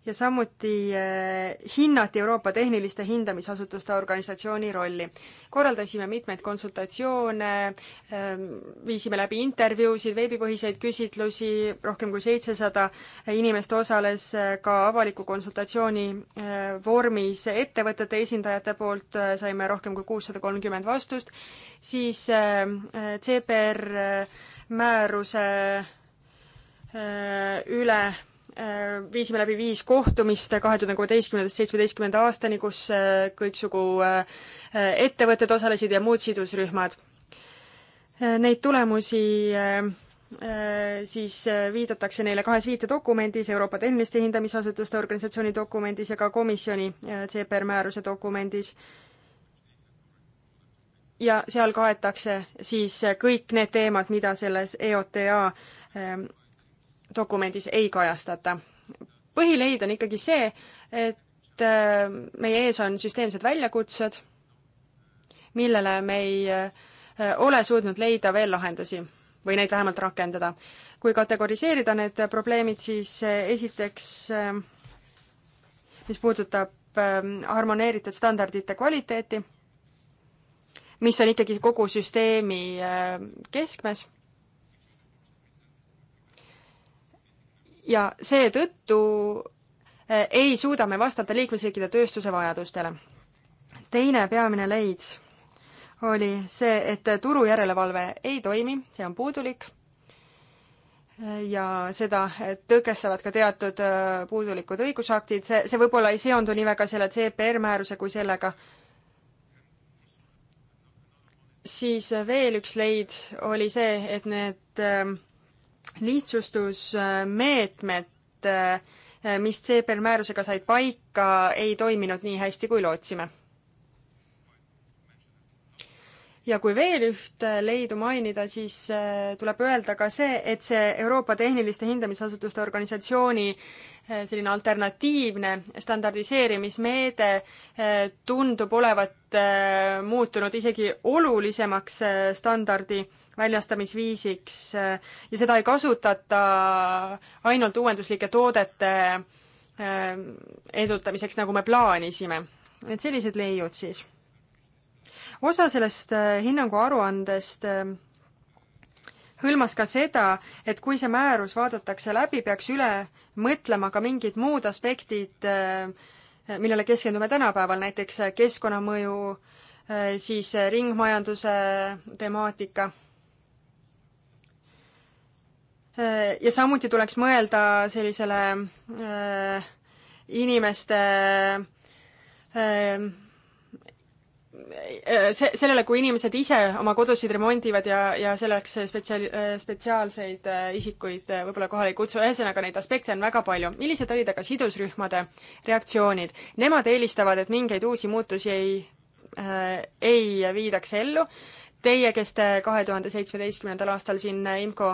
ja samuti eh, hinnati Euroopa Tehniliste Hindamisasutuste Organisatsiooni rolli. korraldasime mitmeid konsultatsioone, ehm, viisime läbi intervjuusid, veebipõhiseid küsitlusi, rohkem kui seitsesada inimest osales eh, ka avaliku konsultatsiooni eh, vormis ettevõtete esindajate poolt, saime rohkem kui kuussada kolmkümmend vastust, siis CPR määruse üle Äh, viisime läbi viis kohtumist kahe tuhande kuueteistkümnendast seitsmeteistkümnenda aastani, kus äh, kõiksugu äh, ettevõtted osalesid ja muud sidusrühmad. Neid tulemusi siis viidatakse neile kahes viitedokumendis, Euroopa Tehniliste Hindamisasutuste Organisatsiooni dokumendis ja ka komisjoni CPR määruse dokumendis. ja seal kaetakse siis kõik need teemad, mida selles EOTA ähm, dokumendis ei kajastata. põhileid on ikkagi see, et äh, meie ees on süsteemsed väljakutsed, millele me ei äh, ole suutnud leida veel lahendusi või neid vähemalt rakendada. kui kategoriseerida need probleemid, siis äh, esiteks mis puudutab ähm, harmoneeritud standardite kvaliteeti, mis on ikkagi kogu süsteemi keskmes ja seetõttu äh, ei suuda me vastata liikmesriikide tööstuse vajadustele. teine peamine leid oli see, et turu järelevalve ei toimi, see on puudulik ja seda tõkestavad ka teatud äh, puudulikud õigusaktid, see, see võib-olla ei seondu nii väga selle CPR määruse kui sellega. siis veel üks leid oli see, et need äh, lihtsustusmeetmed, eh, mis CPR määrusega said paika, ei toiminud nii hästi, kui lootsime. ja kui veel ühte leidu mainida, siis eh, tuleb öelda ka see, et see Euroopa Tehniliste Hindamisasutuste Organisatsiooni Eh, selline alternatiivne standardiseerimismeede eh, tundub olevat eh, muutunud isegi olulisemaks standardi väljastamisviisiks ja seda ei kasutata ainult uuenduslike toodete edutamiseks, nagu me plaanisime. et sellised leiud siis. osa sellest hinnangu aruandest hõlmas ka seda, et kui see määrus vaadatakse läbi, peaks üle mõtlema ka mingid muud aspektid, äh, millele keskendume tänapäeval, näiteks keskkonnamõju, äh, siis ringmajanduse temaatika. Äh, ja samuti tuleks mõelda sellisele inimeste Äh, see, sellele, kui inimesed ise oma kodusid remondivad ja, ja selleks äh, spetsiaal, äh, spetsiaalseid isikuid võib-olla kohale ei kutsu, ühesõnaga neid aspekte on väga palju. millised olid aga sidusrühmade reaktsioonid? Nemad eelistavad, et mingeid uusi muutusi ei äh,, ei viidaks ellu. Teie, kes te kahe tuhande seitsmeteistkümnendal aastal siin IMCO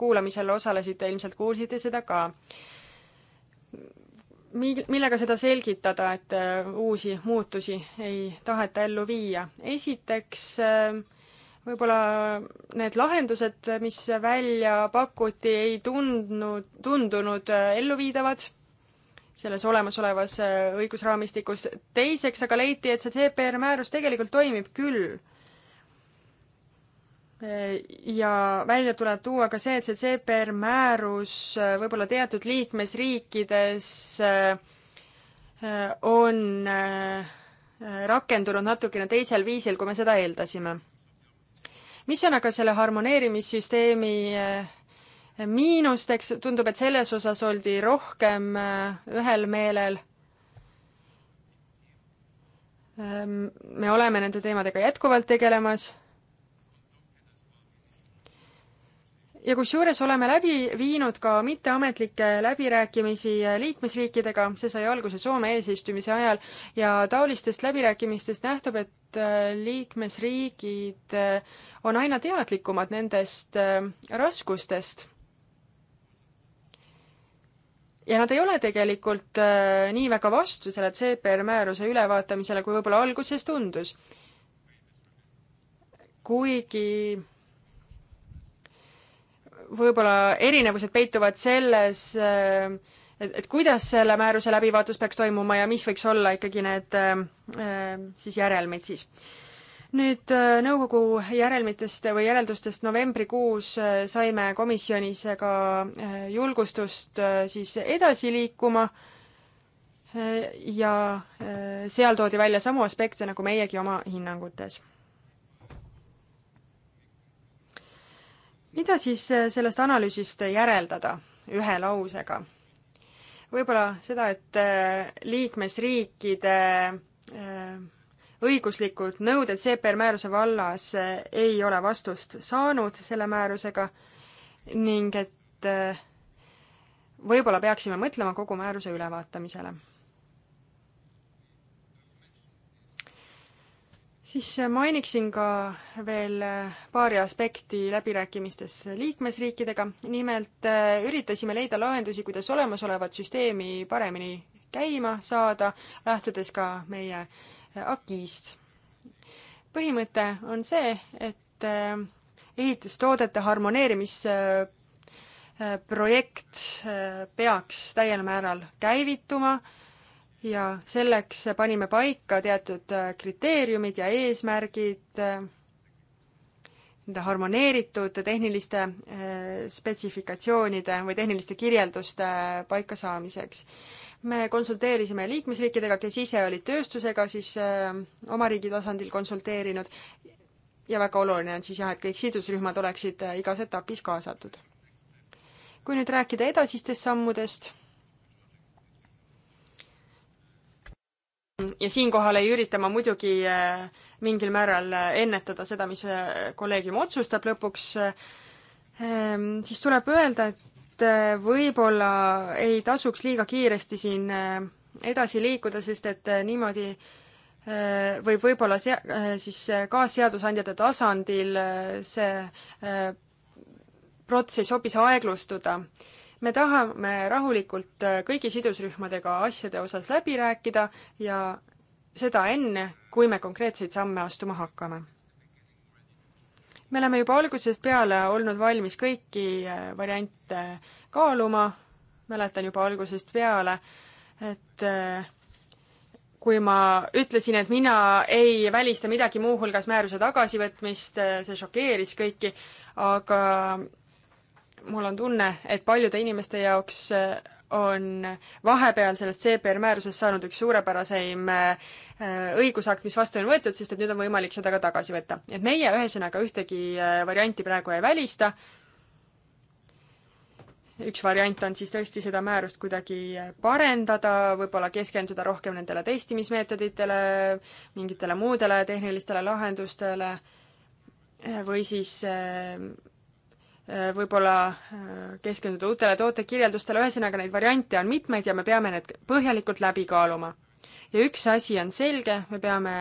kuulamisel osalesite, ilmselt kuulsite seda ka mil-, millega seda selgitada, et äh, uusi muutusi ei taheta ellu viia? esiteks äh, võib-olla need lahendused, mis välja pakuti, ei tundnud, tundunud äh, elluviidavad selles olemasolevas õigusraamistikus. teiseks aga leiti, et see CPR määrus tegelikult toimib küll ja välja tuleb tuua ka see, et see CPR määrus äh, võib-olla teatud liikmesriikides äh, äh, on rakendunud natukene teisel viisil, kui me seda eeldasime. mis on aga selle harmoneerimissüsteemi miinusteks, tundub, et selles osas oldi rohkem ühel meelel me oleme nende teemadega jätkuvalt tegelemas ja kusjuures oleme läbi viinud ka mitteametlikke läbirääkimisi liikmesriikidega, see sai alguse Soome eesistumise ajal ja taolistest läbirääkimistest nähtub, et äh, liikmesriigid äh, on aina teadlikumad nendest äh, raskustest. ja nad ei ole tegelikult nii väga vastu selle CPR määruse ülevaatamisele, kui võib-olla alguses tundus. kuigi võib-olla erinevused peituvad selles, äh, et, et kuidas selle määruse läbivaatus peaks toimuma ja mis võiks olla ikkagi need äh, äh, siis järelmid siis. nüüd nõukogu järelmitest või järeldustest novembrikuus saime komisjonis ka julgustust siis edasi liikuma ja seal toodi välja samu aspekte nagu meiegi oma hinnangutes mida siis äh, sellest analüüsist järeldada ühe lausega? võib-olla seda, et äh, liikmesriikide äh, õiguslikud nõuded CPR määruse vallas ei ole vastust saanud selle määrusega ning et võib-olla peaksime mõtlema kogu määruse ülevaatamisele siis äh, mainiksin ka veel äh, paari aspekti läbirääkimistes liikmesriikidega. nimelt äh, üritasime leida lahendusi, kuidas olemasolevat süsteemi paremini käima saada, lähtudes ka meie AKI-st. põhimõte on see, et ehitustoodete harmoneerimisprojekt peaks täiel määral käivituma ja selleks panime paika teatud äh, kriteeriumid ja eesmärgid, äh, nende harmoneeritud tehniliste äh, spetsifikatsioonide või tehniliste kirjelduste paikasaamiseks. me konsulteerisime liikmesriikidega, kes ise olid tööstusega siis oma riigi tasandil konsulteerinud ja väga oluline on siis jah, et kõik sidusrühmad oleksid igas etapis kaasatud. kui nüüd rääkida edasistest sammudest ja siinkohal ei ürita ma muidugi äh, mingil määral äh, ennetada seda, mis äh, kolleegium otsustab lõpuks, ähm, siis tuleb öelda, et võib-olla ei tasuks liiga kiiresti siin edasi liikuda, sest et niimoodi võib võib-olla sea-, siis kaasseadusandjate tasandil see protsess hoopis aeglustuda me tahame rahulikult kõigi sidusrühmadega asjade osas läbi rääkida ja seda enne, kui me konkreetseid samme astuma hakkame. me oleme juba algusest peale olnud valmis kõiki äh, variante kaaluma, mäletan juba algusest peale, et äh, kui ma ütlesin, et mina ei välista midagi muuhulgas määruse tagasivõtmist, äh, see šokeeris kõiki, aga mul on tunne, et paljude inimeste jaoks on vahepeal sellest CPR määrusest saanud üks suurepäraseim äh, õigusakt, mis vastu on võetud, sest et nüüd on võimalik seda ka tagasi võtta. et meie ühesõnaga ühtegi äh, varianti praegu ei välista. üks variant on siis tõesti seda määrust kuidagi parendada, võib-olla keskenduda rohkem nendele testimismeetoditele, mingitele muudele tehnilistele lahendustele äh, või siis Äh, võib-olla äh, keskenduda uutele tootekirjeldustele, ühesõnaga neid variante on mitmeid ja me peame need põhjalikult läbi kaaluma. ja üks asi on selge, me peame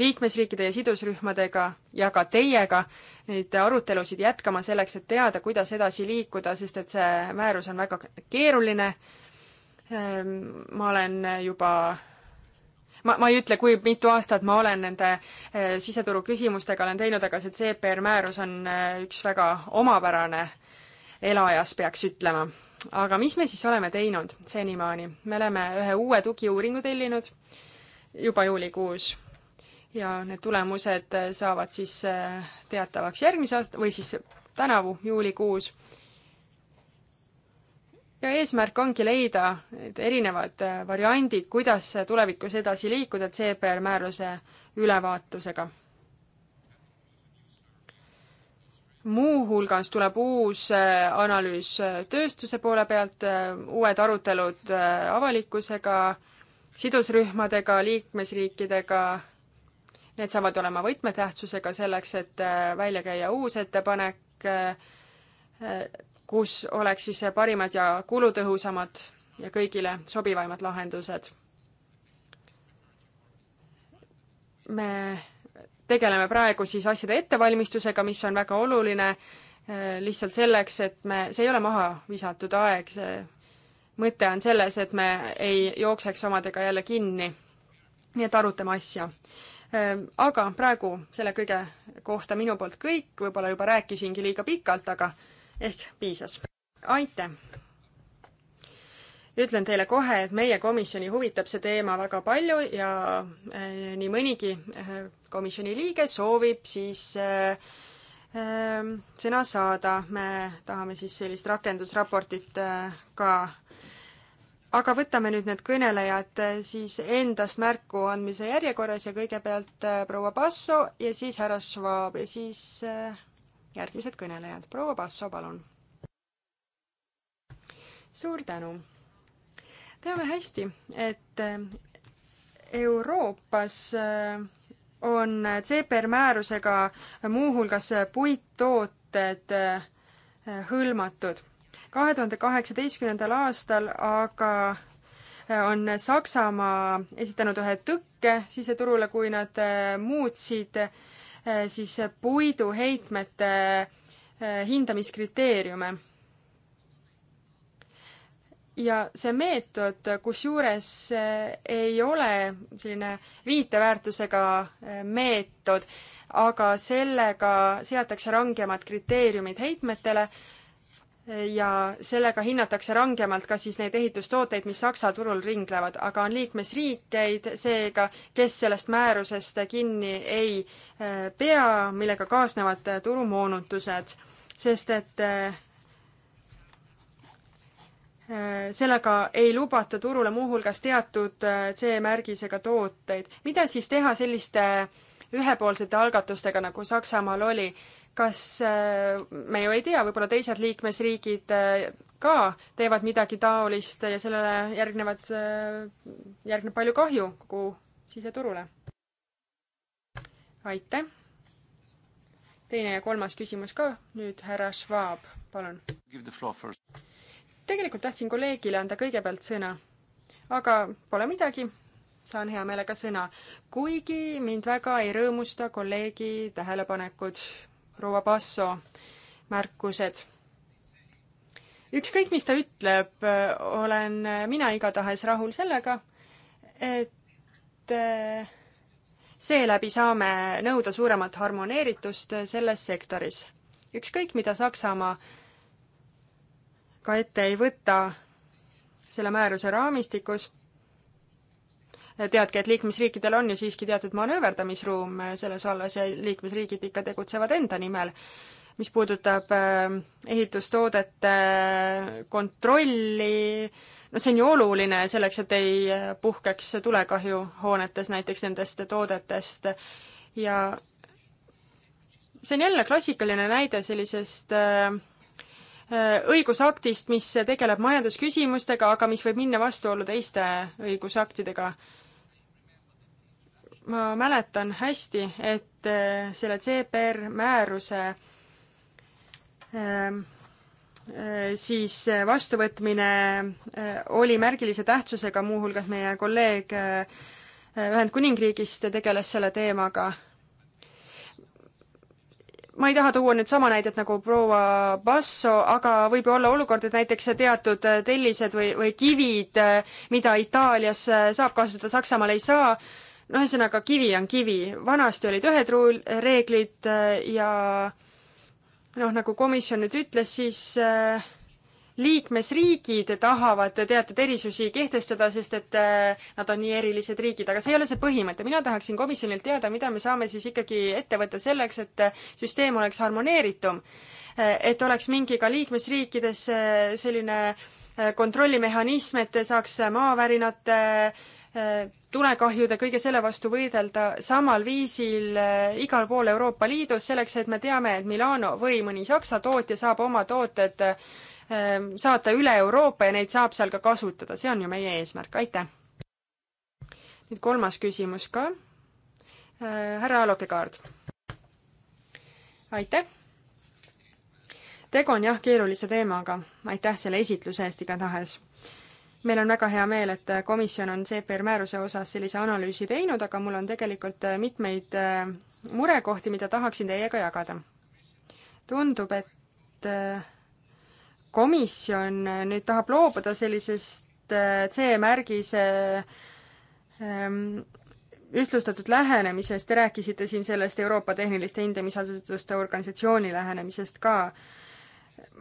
liikmesriikide ja sidusrühmadega ja ka teiega neid arutelusid jätkama selleks, et teada, kuidas edasi liikuda, sest et see määrus on väga keeruline. Äh, ma olen juba ma, ma ei ütle, kui mitu aastat ma olen nende eh, siseturu küsimustega olen teinud, aga see CPR määrus on eh, üks väga omapärane elajas, peaks ütlema. aga mis me siis oleme teinud senimaani? me oleme ühe uue tugiuuringu tellinud juba juulikuus ja need tulemused eh, saavad siis teatavaks järgmise aasta või siis tänavu juulikuus ja eesmärk ongi leida need erinevad äh, variandid, kuidas tulevikus edasi liikuda CPR määruse ülevaatusega. muuhulgas tuleb uus äh, analüüs äh, tööstuse poole pealt, uued arutelud avalikkusega, sidusrühmadega, liikmesriikidega, need saavad olema võtmetähtsusega selleks, et välja käia uus ettepanek, kus oleks siis parimad ja kulutõhusamad ja kõigile sobivaimad lahendused. me tegeleme praegu siis asjade ettevalmistusega, mis on väga oluline eh, lihtsalt selleks, et me, see ei ole maha visatud aeg, see mõte on selles, et me ei jookseks omadega jälle kinni. nii et arutame asja eh, aga praegu selle kõige kohta minu poolt kõik, võib-olla juba rääkisingi liiga pikalt, aga ehk piisas. aitäh! ütlen teile kohe, et meie komisjoni huvitab see teema väga palju ja eh, nii mõnigi eh, komisjoni liige soovib siis eh, sõna saada. me tahame siis sellist rakendusraportit ka. aga võtame nüüd need kõnelejad siis endast märku andmise järjekorras ja kõigepealt proua Basso ja siis härra Schwab ja siis järgmised kõnelejad. proua Basso, palun. suur tänu. teame hästi, et äh, Euroopas äh, on CPR määrusega muuhulgas puittooted äh, hõlmatud. kahe tuhande kaheksateistkümnendal aastal aga on Saksamaa esitanud ühe tõkke siseturule, kui nad muutsid äh, Eh, siis puiduheitmete eh, hindamiskriteeriume. ja see meetod, kusjuures eh, ei ole selline viiteväärtusega meetod, aga sellega seatakse rangemad kriteeriumid heitmetele ja sellega hinnatakse rangemalt ka siis neid ehitustooteid, mis Saksa turul ringlevad, aga on liikmesriikeid seega, kes sellest määrusest kinni ei eh, pea, millega kaasnevad eh, turumoonutused, sest et eh, sellega ei lubata turule muuhulgas teatud C-märgisega tooteid. mida siis teha selliste ühepoolsete algatustega, nagu Saksamaal oli, kas äh, me ju ei tea, võib-olla teised liikmesriigid äh, ka teevad midagi taolist ja sellele järgnevad, äh, järgneb palju kahju kogu siseturule. aitäh. teine ja kolmas küsimus ka nüüd härra Schwab, palun. tegelikult tahtsin kolleegile anda kõigepealt sõna, aga pole midagi saan hea meelega sõna, kuigi mind väga ei rõõmusta kolleegi tähelepanekud proua Basso märkused. ükskõik, mis ta ütleb, olen mina igatahes rahul sellega, et eh, seeläbi saame nõuda suuremat harmoneeritust selles sektoris. ükskõik, mida Saksamaa ka ette ei võta selle määruse raamistikus teadke, et liikmesriikidel on ju siiski teatud manööverdamisruum äh, selles vallas ja liikmesriigid ikka tegutsevad enda nimel. mis puudutab äh, ehitustoodete äh, kontrolli, no see on ju oluline selleks, et ei puhkeks tulekahju hoonetes näiteks nendest toodetest ja see on jälle klassikaline näide sellisest õigusaktist, mis tegeleb majandusküsimustega, aga mis võib minna vastuollu teiste õigusaktidega ma mäletan hästi, et äh, selle CPR määruse ähm, äh, siis vastuvõtmine äh, oli märgilise tähtsusega, muuhulgas meie kolleeg Ühendkuningriigist tegeles selle teemaga. ma ei taha tuua nüüd sama näidet nagu proua Basso, aga võib ju olla olukord, et näiteks teatud tellised või, või kivid, mida Itaalias saab kasutada, Saksamaal ei saa, no ühesõnaga, kivi on kivi, vanasti olid ühed ruul-, reeglid äh, ja noh, nagu komisjon nüüd ütles, siis äh, liikmesriigid tahavad teatud erisusi kehtestada, sest et äh, nad on nii erilised riigid, aga see ei ole see põhimõte. mina tahaksin komisjonilt teada, mida me saame siis ikkagi ette võtta selleks, et süsteem oleks harmoneeritum. et oleks mingi ka liikmesriikides selline kontrollimehhanism, et saaks maavärinate tulekahjude, kõige selle vastu võidelda samal viisil eh, igal pool Euroopa Liidus, selleks et me teame, et Milano või mõni Saksa tootja saab oma tooted eh, saata üle Euroopa ja neid saab seal ka kasutada, see on ju meie eesmärk, aitäh! nüüd kolmas küsimus ka. Eh, härra Alokekaard. aitäh! tegu on jah, keerulise teemaga, aitäh selle esitluse eest igatahes meil on väga hea meel, et äh, komisjon on CPR määruse osas sellise analüüsi teinud, aga mul on tegelikult äh, mitmeid äh, murekohti, mida tahaksin teiega jagada. tundub, et komisjon nüüd tahab loobuda sellisest C-märgise ähm, ühtlustatud lähenemisest, te rääkisite siin sellest Euroopa Tehniliste Hindamisasutuste Organisatsiooni lähenemisest ka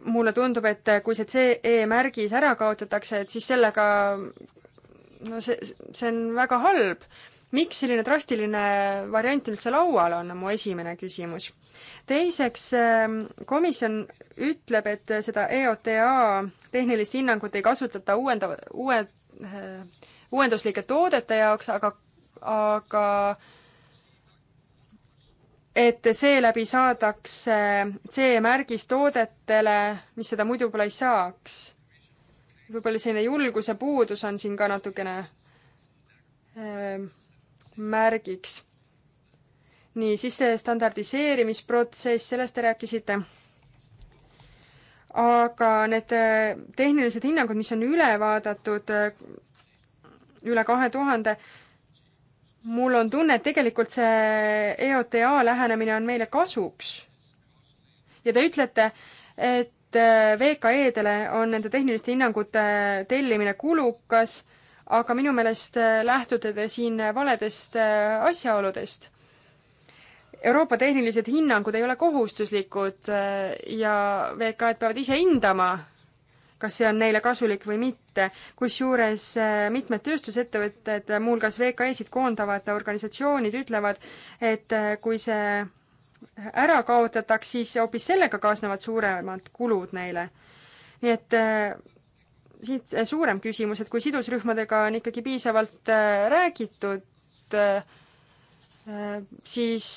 mulle tundub, et kui see CE märgis ära kaotatakse, et siis sellega no see, see on väga halb. miks selline drastiline variant üldse laual on, on mu esimene küsimus. teiseks, ähm, komisjon ütleb, et seda EOTA tehnilist hinnangut ei kasutata uuenda, uue, äh, uuenduslike toodete jaoks, aga, aga äh, et seeläbi saadakse C-märgis toodetele, mis seda muidu võib-olla ei saaks. võib-olla selline julguse puudus on siin ka natukene äh, märgiks. nii, siis see standardiseerimisprotsess, sellest te rääkisite. aga need äh, tehnilised hinnangud, mis on üle vaadatud, äh, üle kahe tuhande, mul on tunne, et tegelikult see EOTA lähenemine on meile kasuks. ja te ütlete, et äh, VKE-dele on nende tehniliste hinnangute äh, tellimine kulukas, aga minu meelest äh, lähtute te siin valedest asjaoludest. Euroopa tehnilised hinnangud ei ole kohustuslikud ja VKE-d peavad ise hindama, kas see on neile kasulik või mitte. kusjuures äh, mitmed tööstusettevõtted, muuhulgas VKE-sid koondavad organisatsioonid ütlevad, et äh, kui see ära kaotataks, siis hoopis sellega kaasnevad suuremad kulud neile. nii et äh, siit suurem küsimus, et kui sidusrühmadega on ikkagi piisavalt räägitud, siis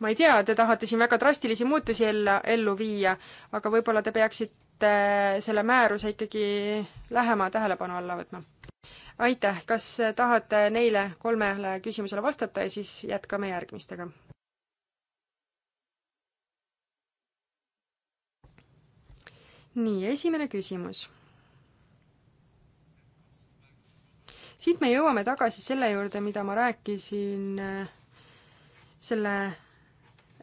ma ei tea, te tahate siin väga drastilisi muutusi ellu, ellu viia, aga võib-olla te peaksite peate selle määruse ikkagi lähema tähelepanu alla võtma. aitäh, kas tahate neile kolmele küsimusele vastata ja siis jätkame järgmistega? nii, esimene küsimus. siit me jõuame tagasi selle juurde, mida ma rääkisin äh, selle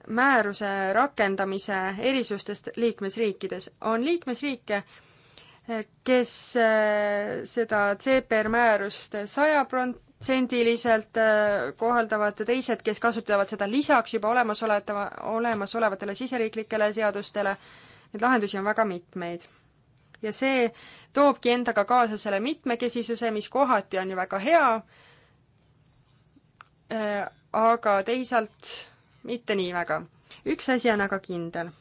määruse rakendamise erisustest liikmesriikides. on liikmesriike, kes eh, seda CPR määrust sajaprotsendiliselt eh, kohaldavad, teised, kes kasutavad seda lisaks juba olemasoletava, olemasolevatele siseriiklikele seadustele. Neid lahendusi on väga mitmeid. ja see toobki endaga kaasa selle mitmekesisuse, mis kohati on ju väga hea, eh, aga teisalt mitte nii väga. üks asi on aga kindel.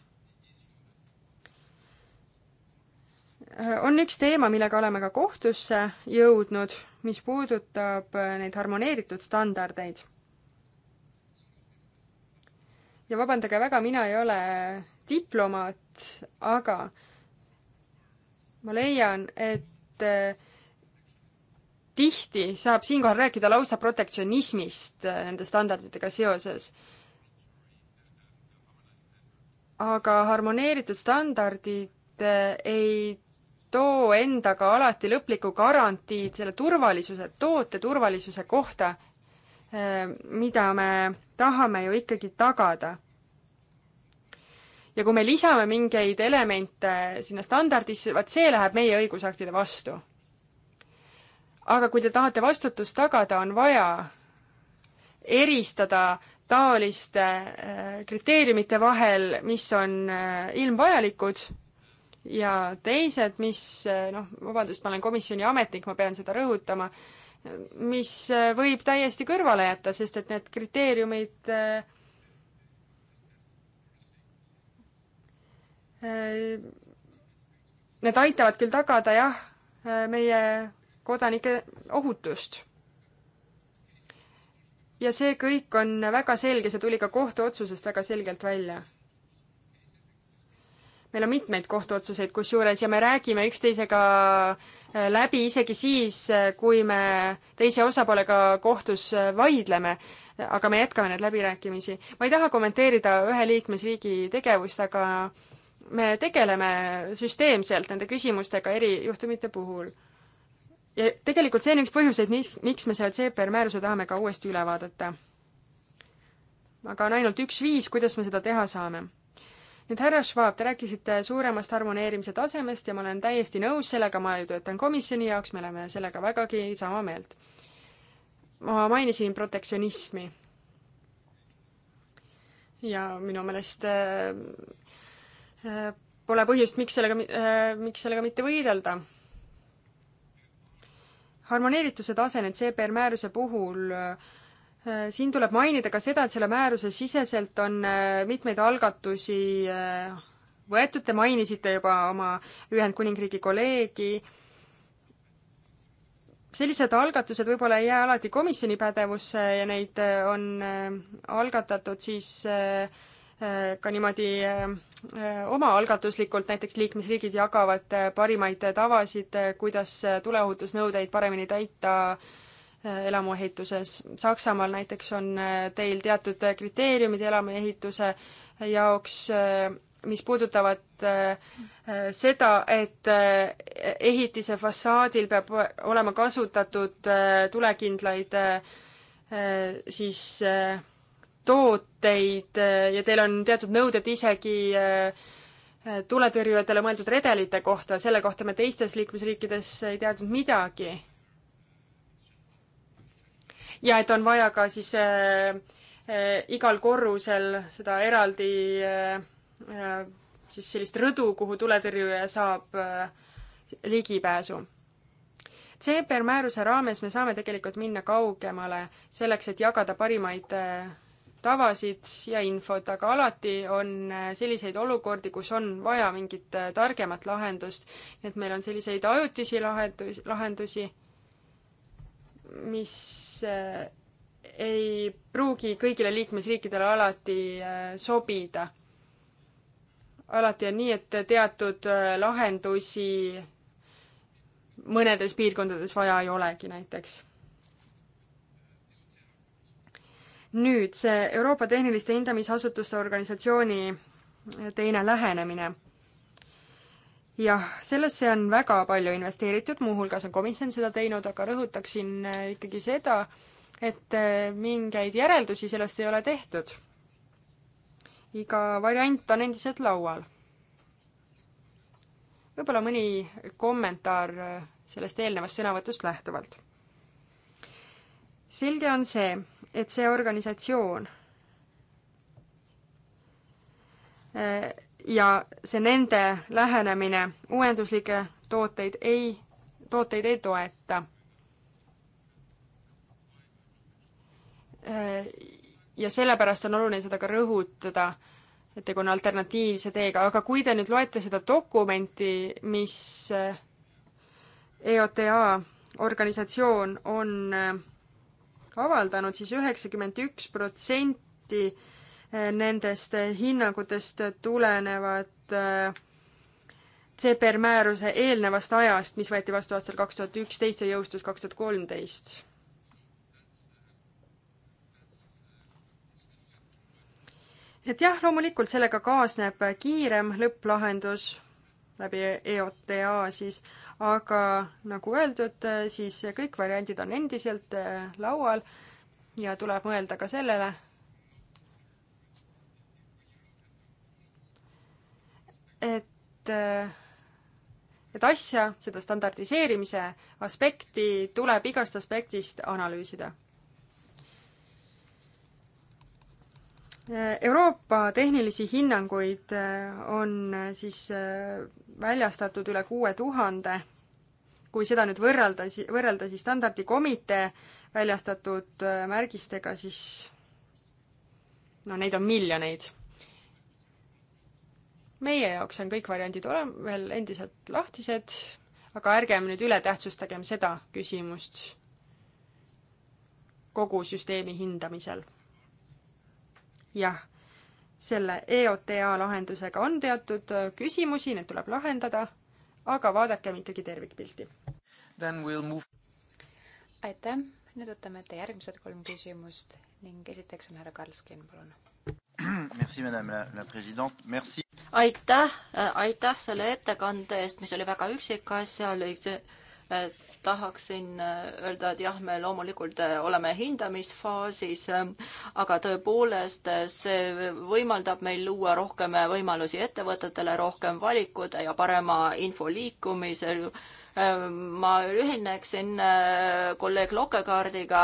on üks teema, millega oleme ka kohtusse jõudnud, mis puudutab neid harmoneeritud standardeid. ja vabandage väga, mina ei ole diplomaat, aga ma leian, et eh, tihti saab siinkohal rääkida lausa protektsionismist eh, nende standarditega seoses aga harmoneeritud standardid eh, ei too endaga alati lõplikku garantiid selle turvalisuse, toote turvalisuse kohta, eh, mida me tahame ju ikkagi tagada. ja kui me lisame mingeid elemente sinna standardisse, vaat see läheb meie õigusaktide vastu. aga kui te tahate vastutust tagada, on vaja eristada taoliste äh, kriteeriumite vahel, mis on äh, ilmvajalikud ja teised, mis äh, noh, vabandust, ma olen komisjoni ametnik, ma pean seda rõhutama, mis võib täiesti kõrvale jätta, sest et need kriteeriumid Need aitavad küll tagada jah, meie kodanike ohutust ja see kõik on väga selge, see tuli ka kohtuotsusest väga selgelt välja. meil on mitmeid kohtuotsuseid kusjuures ja me räägime üksteisega äh, läbi isegi siis, äh, kui me teise osapoolega kohtus äh, vaidleme, aga me jätkame neid läbirääkimisi. ma ei taha kommenteerida ühe liikmesriigi tegevust, aga me tegeleme süsteemselt nende küsimustega erijuhtumite puhul ja tegelikult see on üks põhjuseid, mis, miks me selle CPR määruse tahame ka uuesti üle vaadata. aga on ainult üks viis, kuidas me seda teha saame. nüüd härra Schwab, te rääkisite suuremast harmoneerimise tasemest ja ma olen täiesti nõus sellega, ma ju töötan komisjoni jaoks, me oleme sellega vägagi sama meelt. ma mainisin protektsionismi. ja minu meelest äh, äh, pole põhjust, miks sellega äh,, miks sellega mitte võidelda harmoneerituse tase nüüd CPR määruse puhul, äh, siin tuleb mainida ka seda, et selle määruse siseselt on äh, mitmeid algatusi äh, võetud, te mainisite juba oma Ühendkuningriigi kolleegi, sellised algatused võib-olla ei jää alati komisjoni pädevusse ja neid on algatatud siis äh, Äh, ka niimoodi äh, äh, omaalgatuslikult, näiteks liikmesriigid jagavad parimaid tavasid, kuidas tuleohutusnõudeid paremini täita elamuehituses. Saksamaal näiteks on teil teatud kriteeriumid elamuehituse jaoks, mis puudutavad seda, et ehitise fassaadil peab olema kasutatud tulekindlaid siis tooteid eh, ja teil on teatud nõuded isegi eh, eh, tuletõrjujatele mõeldud redelite kohta, selle kohta me teistes liikmesriikides ei teadnud midagi. ja et on vaja ka siis äh, äh, igal korrusel seda eraldi äh, siis sellist rõdu, kuhu tuletõrjuja saab äh, ligipääsu CPR määruse raames me saame tegelikult minna kaugemale selleks, et jagada parimaid tavasid ja infot, aga alati on äh, selliseid olukordi, kus on vaja mingit äh, targemat lahendust. et meil on selliseid ajutisi lahendus, lahendusi, mis äh, ei pruugi kõigile liikmesriikidele alati sobida. alati on nii, et teatud lahendusi mõnedes piirkondades vaja ei olegi näiteks nüüd see Euroopa Tehniliste Hindamisasutuste Organisatsiooni eh, teine lähenemine. jah, sellesse on väga palju investeeritud, muuhulgas on komisjon seda teinud, aga rõhutaksin eh, ikkagi seda, et eh, mingeid järeldusi sellest ei ole tehtud. iga variant on endiselt laual. võib-olla mõni kommentaar sellest eelnevast sõnavõtust lähtuvalt. selge on see, et see organisatsioon äh, ja see nende lähenemine uuenduslikke tooteid ei, tooteid ei toeta. Äh, ja sellepärast on oluline seda ka rõhutada et tegu on alternatiivse teega, aga kui te nüüd loete seda dokumenti, mis äh, EOTA organisatsioon on avaldanud siis, siis üheksakümmend üks protsenti eh, nendest eh, hinnangutest tulenevad eh, CPR määruse eelnevast ajast, mis võeti vastu aastal kaks tuhat üksteist ja jõustus kaks tuhat kolmteist. et jah, loomulikult sellega kaasneb kiirem lõpplahendus läbi EOTA siis, aga nagu öeldud, äh, siis kõik variandid on endiselt äh, laual ja tuleb mõelda ka sellele, et, äh, et asja, seda standardiseerimise aspekti tuleb igast aspektist analüüsida. Euroopa tehnilisi hinnanguid on siis väljastatud üle kuue tuhande. kui seda nüüd võrrelda, võrrelda siis standardikomitee väljastatud äh, märgistega, siis no neid on miljoneid. meie jaoks on kõik variandid ole-, veel endiselt lahtised, aga ärgem nüüd üle tähtsustagem seda küsimust kogu süsteemi hindamisel. jah selle EOTA lahendusega on teatud äh, küsimusi, need tuleb lahendada, aga vaadakem ikkagi tervikpilti. We'll aitäh, nüüd võtame ette järgmised kolm küsimust ning esiteks on härra Karlskin, palun. Merci, madame la, la president, merci. aitäh, äh, aitäh selle ettekande eest, mis oli väga üksikasjalik tahaksin äh, öelda, et jah, me loomulikult äh, oleme hindamisfaasis, ähm, aga tõepoolest äh, see võimaldab meil luua rohkem võimalusi ettevõtetele, rohkem valikud ja parema info liikumisel. Ähm, ma ühineksin kolleeg Lokekaardiga,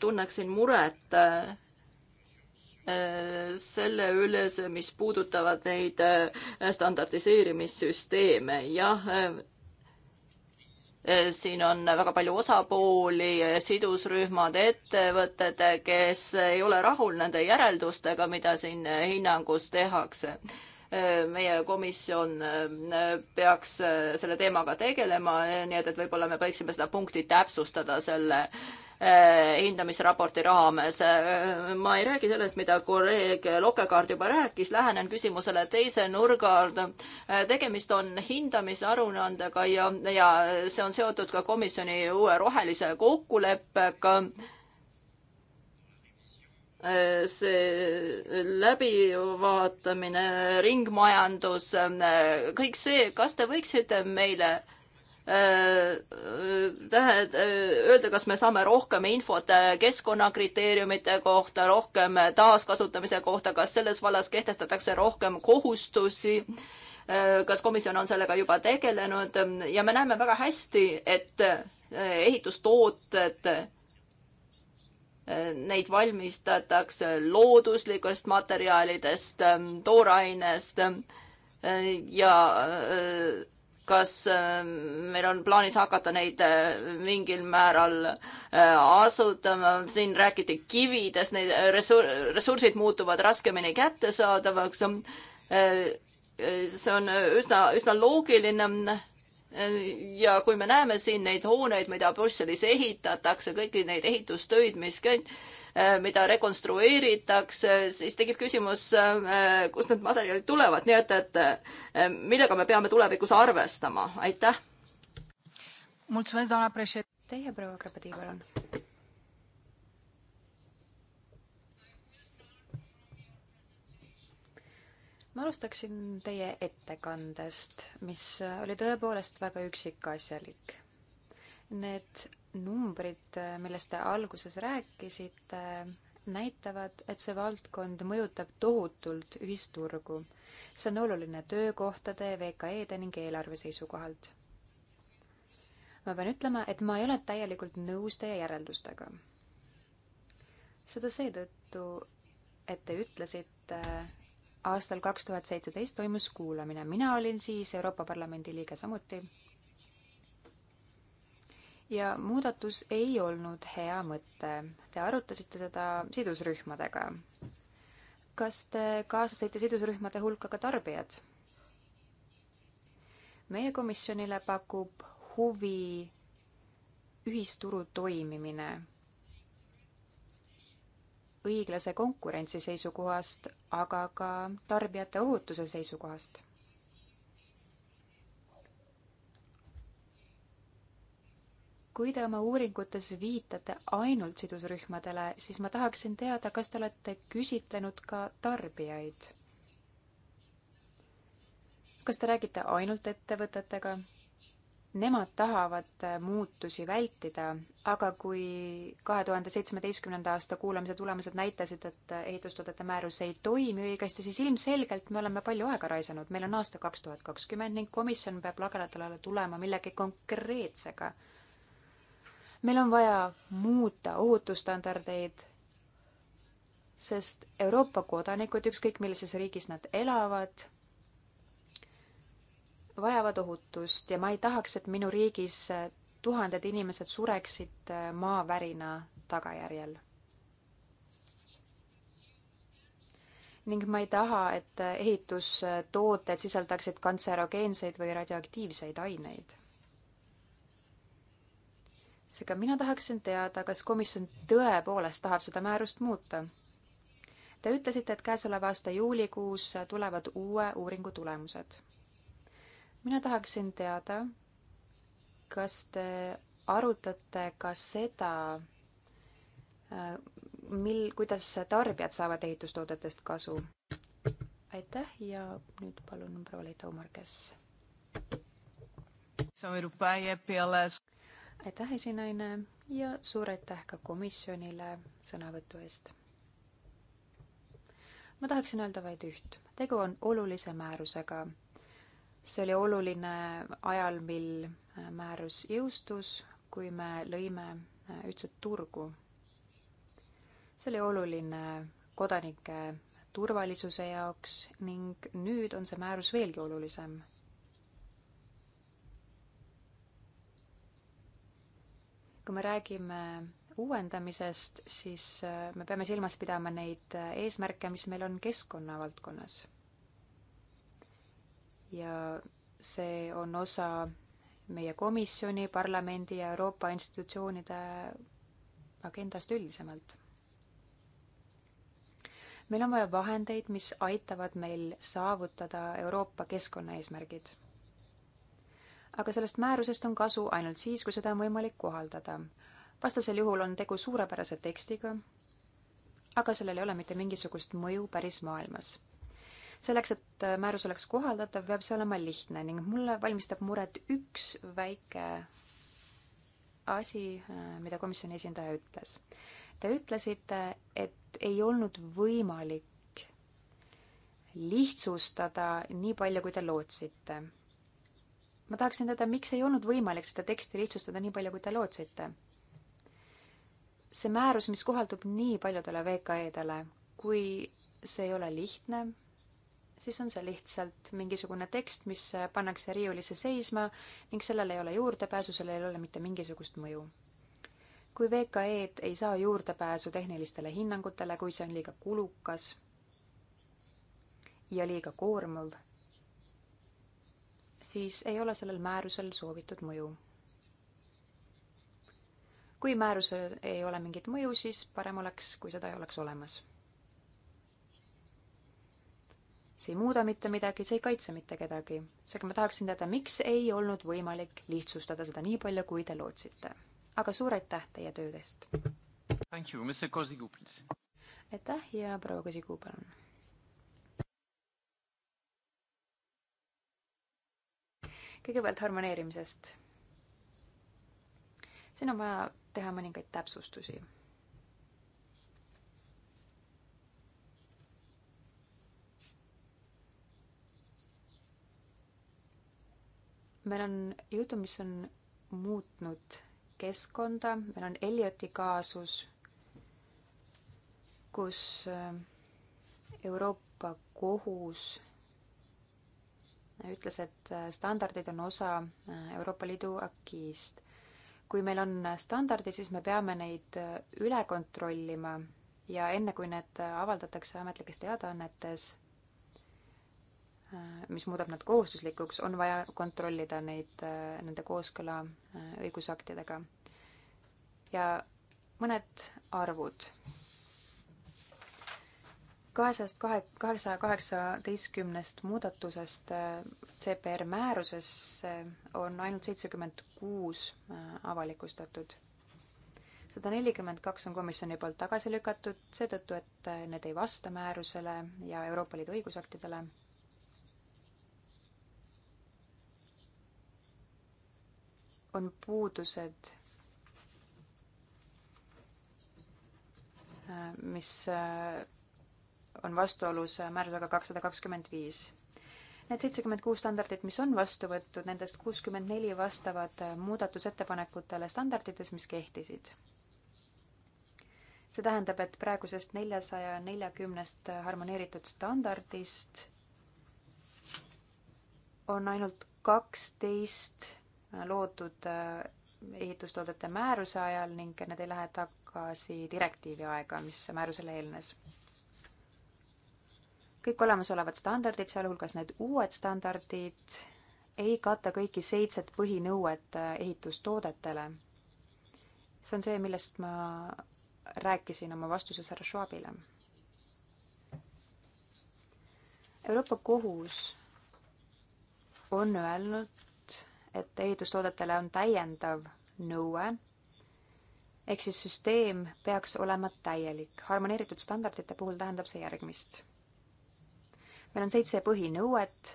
tunneksin muret selle üles, mis puudutavad neid standardiseerimissüsteeme. jah, Äh, siin on väga palju osapooli, sidusrühmad, ettevõtted, kes ei ole rahul nende järeldustega, mida siin hinnangus tehakse. Äh, meie komisjon äh, peaks selle teemaga tegelema, nii et, et võib-olla me võiksime seda punkti täpsustada selle äh, Äh, hindamisraporti raames. Äh, ma ei räägi sellest, mida kolleeg Lokekaart juba rääkis, lähenen küsimusele teise nurga alt. Äh, tegemist on hindamisaruandega ja, ja see on seotud ka komisjoni uue rohelise kokkuleppega see läbivaatamine, ringmajandus, kõik see, kas te võiksite meile äh, Äh, äh, tähed, äh, öelda, kas me saame rohkem infot keskkonnakriteeriumite kohta, rohkem taaskasutamise kohta, kas selles vallas kehtestatakse rohkem kohustusi, kas komisjon on sellega juba tegelenud ja me näeme väga hästi, et ehitustooted, neid valmistatakse looduslikest materjalidest, toorainest ja kas ähm, meil on plaanis hakata neid äh, mingil määral äh, asutama, siin räägiti kividest, neid ressur-, ressursid muutuvad raskemini kättesaadavaks. Äh, see on üsna, üsna loogiline ja kui me näeme siin neid hooneid, mida Brüsselis ehitatakse, kõiki neid ehitustöid, mis käi-, Äh, mida rekonstrueeritakse, siis tekib küsimus, äh, kust need materjalid tulevad, nii et, et äh, millega me peame tulevikus arvestama, aitäh. Teie proua Krapati, palun. ma alustaksin teie ettekandest, mis oli tõepoolest väga üksikasjalik. Need numbrid, millest te alguses rääkisite, näitavad, et see valdkond mõjutab tohutult ühisturgu. see on oluline töökohtade, VKE-de ning eelarve seisukohalt. ma pean ütlema, et ma ei ole täielikult nõus teie järeldustega. seda seetõttu, et te ütlesite, aastal kaks tuhat seitseteist toimus kuulamine, mina olin siis Euroopa Parlamendi liige samuti ja muudatus ei olnud hea mõte. Te arutasite seda sidusrühmadega. kas te kaasasite sidusrühmade hulka ka tarbijad? meie komisjonile pakub huvi ühisturu toimimine õiglase konkurentsi seisukohast, aga ka tarbijate ohutuse seisukohast. kui te oma uuringutes viitate ainult sidusrühmadele, siis ma tahaksin teada, kas te olete küsitlenud ka tarbijaid? kas te räägite ainult ettevõtetega? Nemad tahavad muutusi vältida, aga kui kahe tuhande seitsmeteistkümnenda aasta kuulamise tulemused näitasid, et ehitustoodete määrus ei toimi õigesti, siis ilmselgelt me oleme palju aega raisanud. meil on aasta kaks tuhat kakskümmend ning komisjon peab lagedale tulema millegi konkreetsega meil on vaja muuta ohutusstandardeid, sest Euroopa kodanikud, ükskõik millises riigis nad elavad, vajavad ohutust ja ma ei tahaks, et minu riigis tuhanded inimesed sureksid maavärina tagajärjel. ning ma ei taha, et ehitustooted sisaldaksid kantserogeenseid või radioaktiivseid aineid seega mina tahaksin teada, kas komisjon tõepoolest tahab seda määrust muuta. Te ütlesite, et käesoleva aasta juulikuus tulevad uue uuringu tulemused. mina tahaksin teada, kas te arutate ka seda, mil, kuidas tarbijad saavad ehitustoodetest kasu? aitäh ja nüüd palun proua Leita Umar, kes aitäh, esinaine ja suur aitäh ka komisjonile sõnavõtu eest. ma tahaksin öelda vaid üht, tegu on olulise määrusega. see oli oluline ajal, mil äh, määrus jõustus, kui me lõime äh, ühtset turgu. see oli oluline kodanike turvalisuse jaoks ning nüüd on see määrus veelgi olulisem kui me räägime uuendamisest, siis äh, me peame silmas pidama neid äh, eesmärke, mis meil on keskkonna valdkonnas. ja see on osa meie komisjoni, parlamendi ja Euroopa institutsioonide agendast üldisemalt. meil on vaja vahendeid, mis aitavad meil saavutada Euroopa keskkonnaeesmärgid aga sellest määrusest on kasu ainult siis, kui seda on võimalik kohaldada. vastasel juhul on tegu suurepärase tekstiga, aga sellel ei ole mitte mingisugust mõju päris maailmas. selleks, et äh, määrus oleks kohaldatav, peab see olema lihtne ning mulle valmistab muret üks väike asi, äh, mida komisjoni esindaja ütles. Te ütlesite, et ei olnud võimalik lihtsustada nii palju, kui te lootsite ma tahaksin teada, miks ei olnud võimalik seda teksti lihtsustada nii palju, kui te lootsite. see määrus, mis kohaldub nii paljudele VKE-dele, kui see ei ole lihtne, siis on see lihtsalt mingisugune tekst, mis pannakse riiulisse seisma ning sellel ei ole juurdepääsu, sellel ei ole mitte mingisugust mõju. kui VKE-d ei saa juurdepääsu tehnilistele hinnangutele, kui see on liiga kulukas ja liiga koormav siis ei ole sellel määrusel soovitud mõju. kui määrusel ei ole mingit mõju, siis parem oleks, kui seda ei oleks olemas. see ei muuda mitte midagi, see ei kaitse mitte kedagi. seega ma tahaksin teada, miks ei olnud võimalik lihtsustada seda nii palju, kui te lootsite. aga suur aitäh teie tööd eest! aitäh ja proua Kõsikuu, palun! kõigepealt harmoneerimisest. siin on vaja teha mõningaid täpsustusi. meil on jutu, mis on muutnud keskkonda, meil on Elioti kaasus, kus äh, Euroopa Kohus ütles, et äh, standardid on osa äh, Euroopa Liidu akiist. kui meil on standardid, siis me peame neid äh, üle kontrollima ja enne, kui need avaldatakse ametlikes teadaannetes, mis muudab nad kohustuslikuks, on vaja kontrollida neid, nende kooskõla õigusaktidega. ja mõned arvud kahesajast kahe, kaheksasaja kaheksateistkümnest muudatusest äh, CPR määruses on ainult seitsekümmend kuus äh, avalikustatud. sada nelikümmend kaks on komisjoni poolt tagasi lükatud seetõttu, et äh, need ei vasta määrusele ja Euroopa Liidu õigusaktidele on puudused, mis on vastuolus äh, määrusega kakssada kakskümmend viis. Need seitsekümmend kuus standardit, mis on vastu võetud, nendest kuuskümmend neli vastavad äh, muudatusettepanekutele standardites, mis kehtisid. see tähendab, et praegusest neljasaja neljakümnest äh, harmoneeritud standardist on ainult kaksteist loodud ehitustoodete määruse ajal ning need ei lähe tagasi direktiivi aega, mis määrusele eelnes kõik olemasolevad standardid, sealhulgas need uued standardid, ei kata kõiki seitset põhinõuet äh, ehitustoodetele. see on see, millest ma rääkisin oma vastuses härra Schwabile. Euroopa Kohus on öelnud, et ehitustoodetele on täiendav nõue ehk siis süsteem peaks olema täielik. harmoneeritud standardite puhul tähendab see järgmist meil on seitse põhinõuet,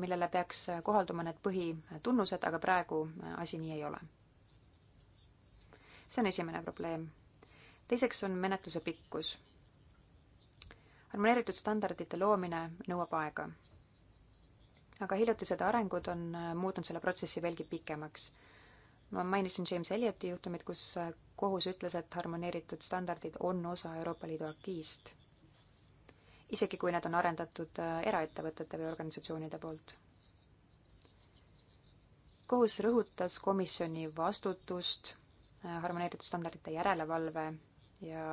millele peaks kohalduma need põhitunnused, aga praegu asi nii ei ole. see on esimene probleem. teiseks on menetluse pikkus. harmoneeritud standardite loomine nõuab aega. aga hiljutised arengud on muutnud selle protsessi veelgi pikemaks. ma mainisin James Ellioti juhtumit, kus kohus ütles, et harmoneeritud standardid on osa Euroopa Liidu akiist isegi kui need on arendatud äh, eraettevõtete või organisatsioonide poolt. kohus rõhutas komisjoni vastutust äh, harmoneeritud standardite järelevalve ja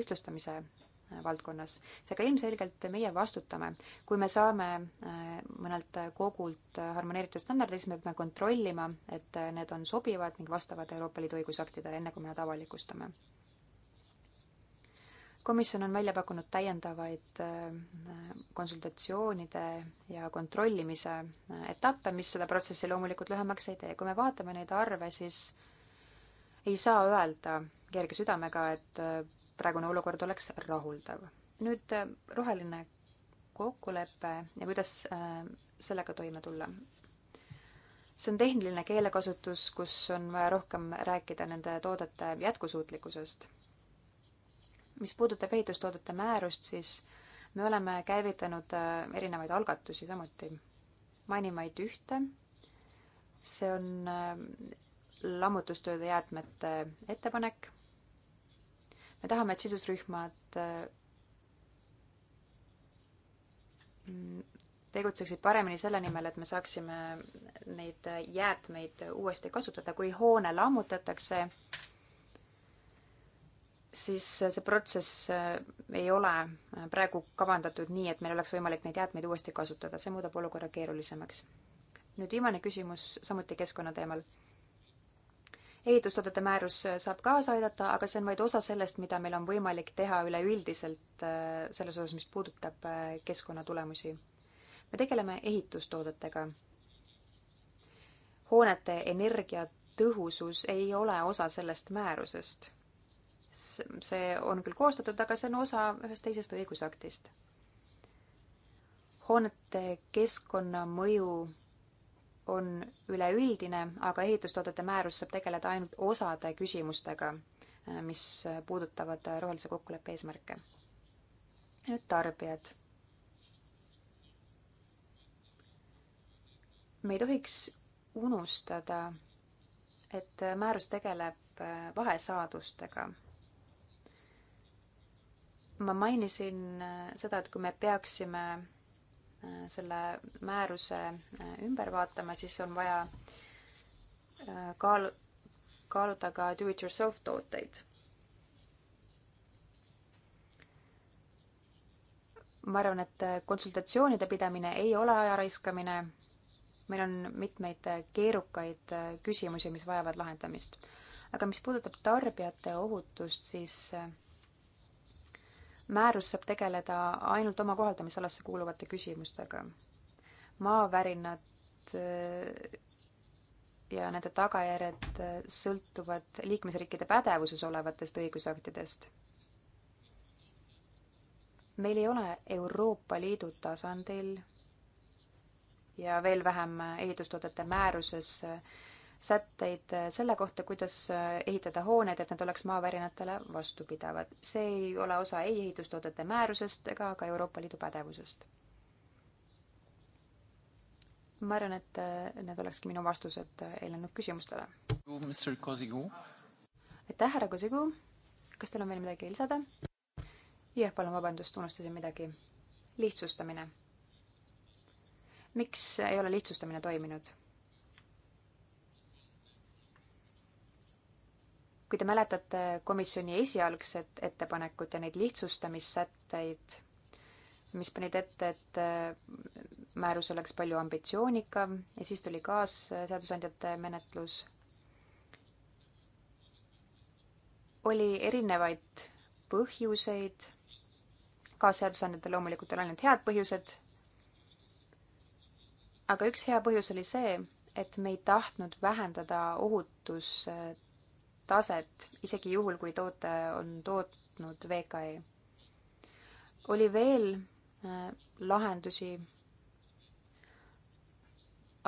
ühtlustamise äh, valdkonnas. seega ilmselgelt meie vastutame. kui me saame mõnelt kogult harmoneeritud standardi, siis me peame kontrollima, et need on sobivad ning vastavad Euroopa Liidu õigusaktidele, enne kui me nad avalikustame komisjon on välja pakkunud täiendavaid äh, konsultatsioonide ja kontrollimise äh, etappe, mis seda protsessi loomulikult lühemaks ei tee. kui me vaatame neid arve, siis ei saa öelda kerge südamega, et äh, praegune olukord oleks rahuldav. nüüd roheline kokkulepe ja kuidas sellega toime tulla. see on tehniline keelekasutus, kus on vaja rohkem rääkida nende toodete jätkusuutlikkusest mis puudutab ehitustoodete määrust, siis me oleme käivitanud äh, erinevaid algatusi samuti. mainin vaid ühte, see on äh, lammutustööde jäätmete ettepanek. me tahame, et sidusrühmad äh, tegutseksid paremini selle nimel, et me saaksime neid jäätmeid uuesti kasutada, kui hoone lammutatakse siis see protsess äh, ei ole äh, praegu kavandatud nii, et meil oleks võimalik neid jäätmeid uuesti kasutada, see muudab olukorra keerulisemaks. nüüd viimane küsimus samuti keskkonna teemal. ehitustoodete määrus äh, saab kaasa aidata, aga see on vaid osa sellest, mida meil on võimalik teha üleüldiselt selles osas, mis puudutab keskkonnatulemusi. me tegeleme ehitustoodetega. hoonete energiatõhusus ei ole osa sellest määrusest see on küll koostatud, aga see on osa ühest teisest õigusaktist. hoonete keskkonnamõju on üleüldine, aga ehitustoodete määrus saab tegeleda ainult osade küsimustega, mis puudutavad rohelise kokkuleppe eesmärke. nüüd tarbijad. me ei tohiks unustada, et määrus tegeleb vahesaadustega ma mainisin äh, seda, et kui me peaksime äh, selle määruse äh, ümber vaatama, siis on vaja kaalu-, kaaluda ka do it yourself tooteid. ma arvan, et konsultatsioonide pidamine ei ole aja raiskamine. meil on mitmeid keerukaid küsimusi, mis vajavad lahendamist. aga mis puudutab tarbijate ohutust, siis määrus saab tegeleda ainult oma kohaldamisalasse kuuluvate küsimustega. maavärinad äh, ja nende tagajärjed äh, sõltuvad liikmesriikide pädevuses olevatest õigusaktidest. meil ei ole Euroopa Liidu tasandil ja veel vähem ehitustoodete määruses äh, sätteid äh, selle kohta, kuidas äh, ehitada hooneid, et nad oleks maavärinatele vastupidavad. see ei ole osa ei ehitustoodete määrusest ega ka Euroopa Liidu pädevusest. ma arvan, et äh, need olekski minu vastused eelnenud küsimustele. aitäh, härra Kosigu. kas teil on veel midagi lisada? jah, palun vabandust, unustasin midagi. lihtsustamine. miks ei ole lihtsustamine toiminud? kui te mäletate komisjoni esialgset ettepanekut ja neid lihtsustamissätteid, mis panid ette, et äh, määrus oleks palju ambitsioonikam ja siis tuli kaasseadusandjate äh, menetlus, oli erinevaid põhjuseid, kaasseadusandjatel loomulikult on ainult head põhjused, aga üks hea põhjus oli see, et me ei tahtnud vähendada ohutus taset, isegi juhul, kui toote on tootnud VKE. oli veel äh, lahendusi,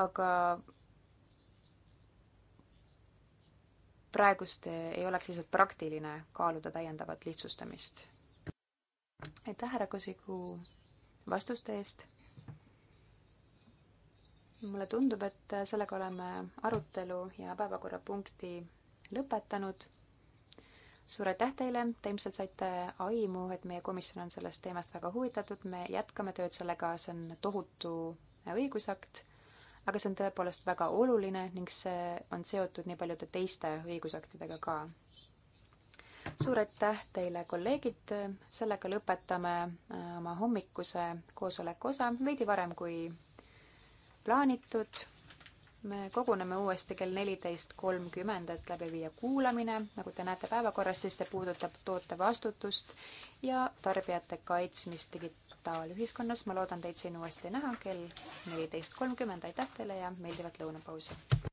aga praegust ei oleks lihtsalt praktiline kaaluda täiendavat lihtsustamist. aitäh, härra Kosiku vastuste eest. mulle tundub, et sellega oleme arutelu ja päevakorrapunkti lõpetanud. suur aitäh teile, te ilmselt saite aimu, et meie komisjon on sellest teemast väga huvitatud, me jätkame tööd sellega, see on tohutu õigusakt, aga see on tõepoolest väga oluline ning see on seotud nii paljude teiste õigusaktidega ka. suur aitäh teile, kolleegid, sellega lõpetame äh, oma hommikuse koosoleku osa veidi varem kui plaanitud me koguneme uuesti kell neliteist kolmkümmend, et läbi viia kuulamine, nagu te näete päevakorras, siis see puudutab toote vastutust ja tarbijate kaitsmist digitaalühiskonnas. ma loodan teid siin uuesti näha kell neliteist kolmkümmend, aitäh teile ja meeldivat lõunapausi!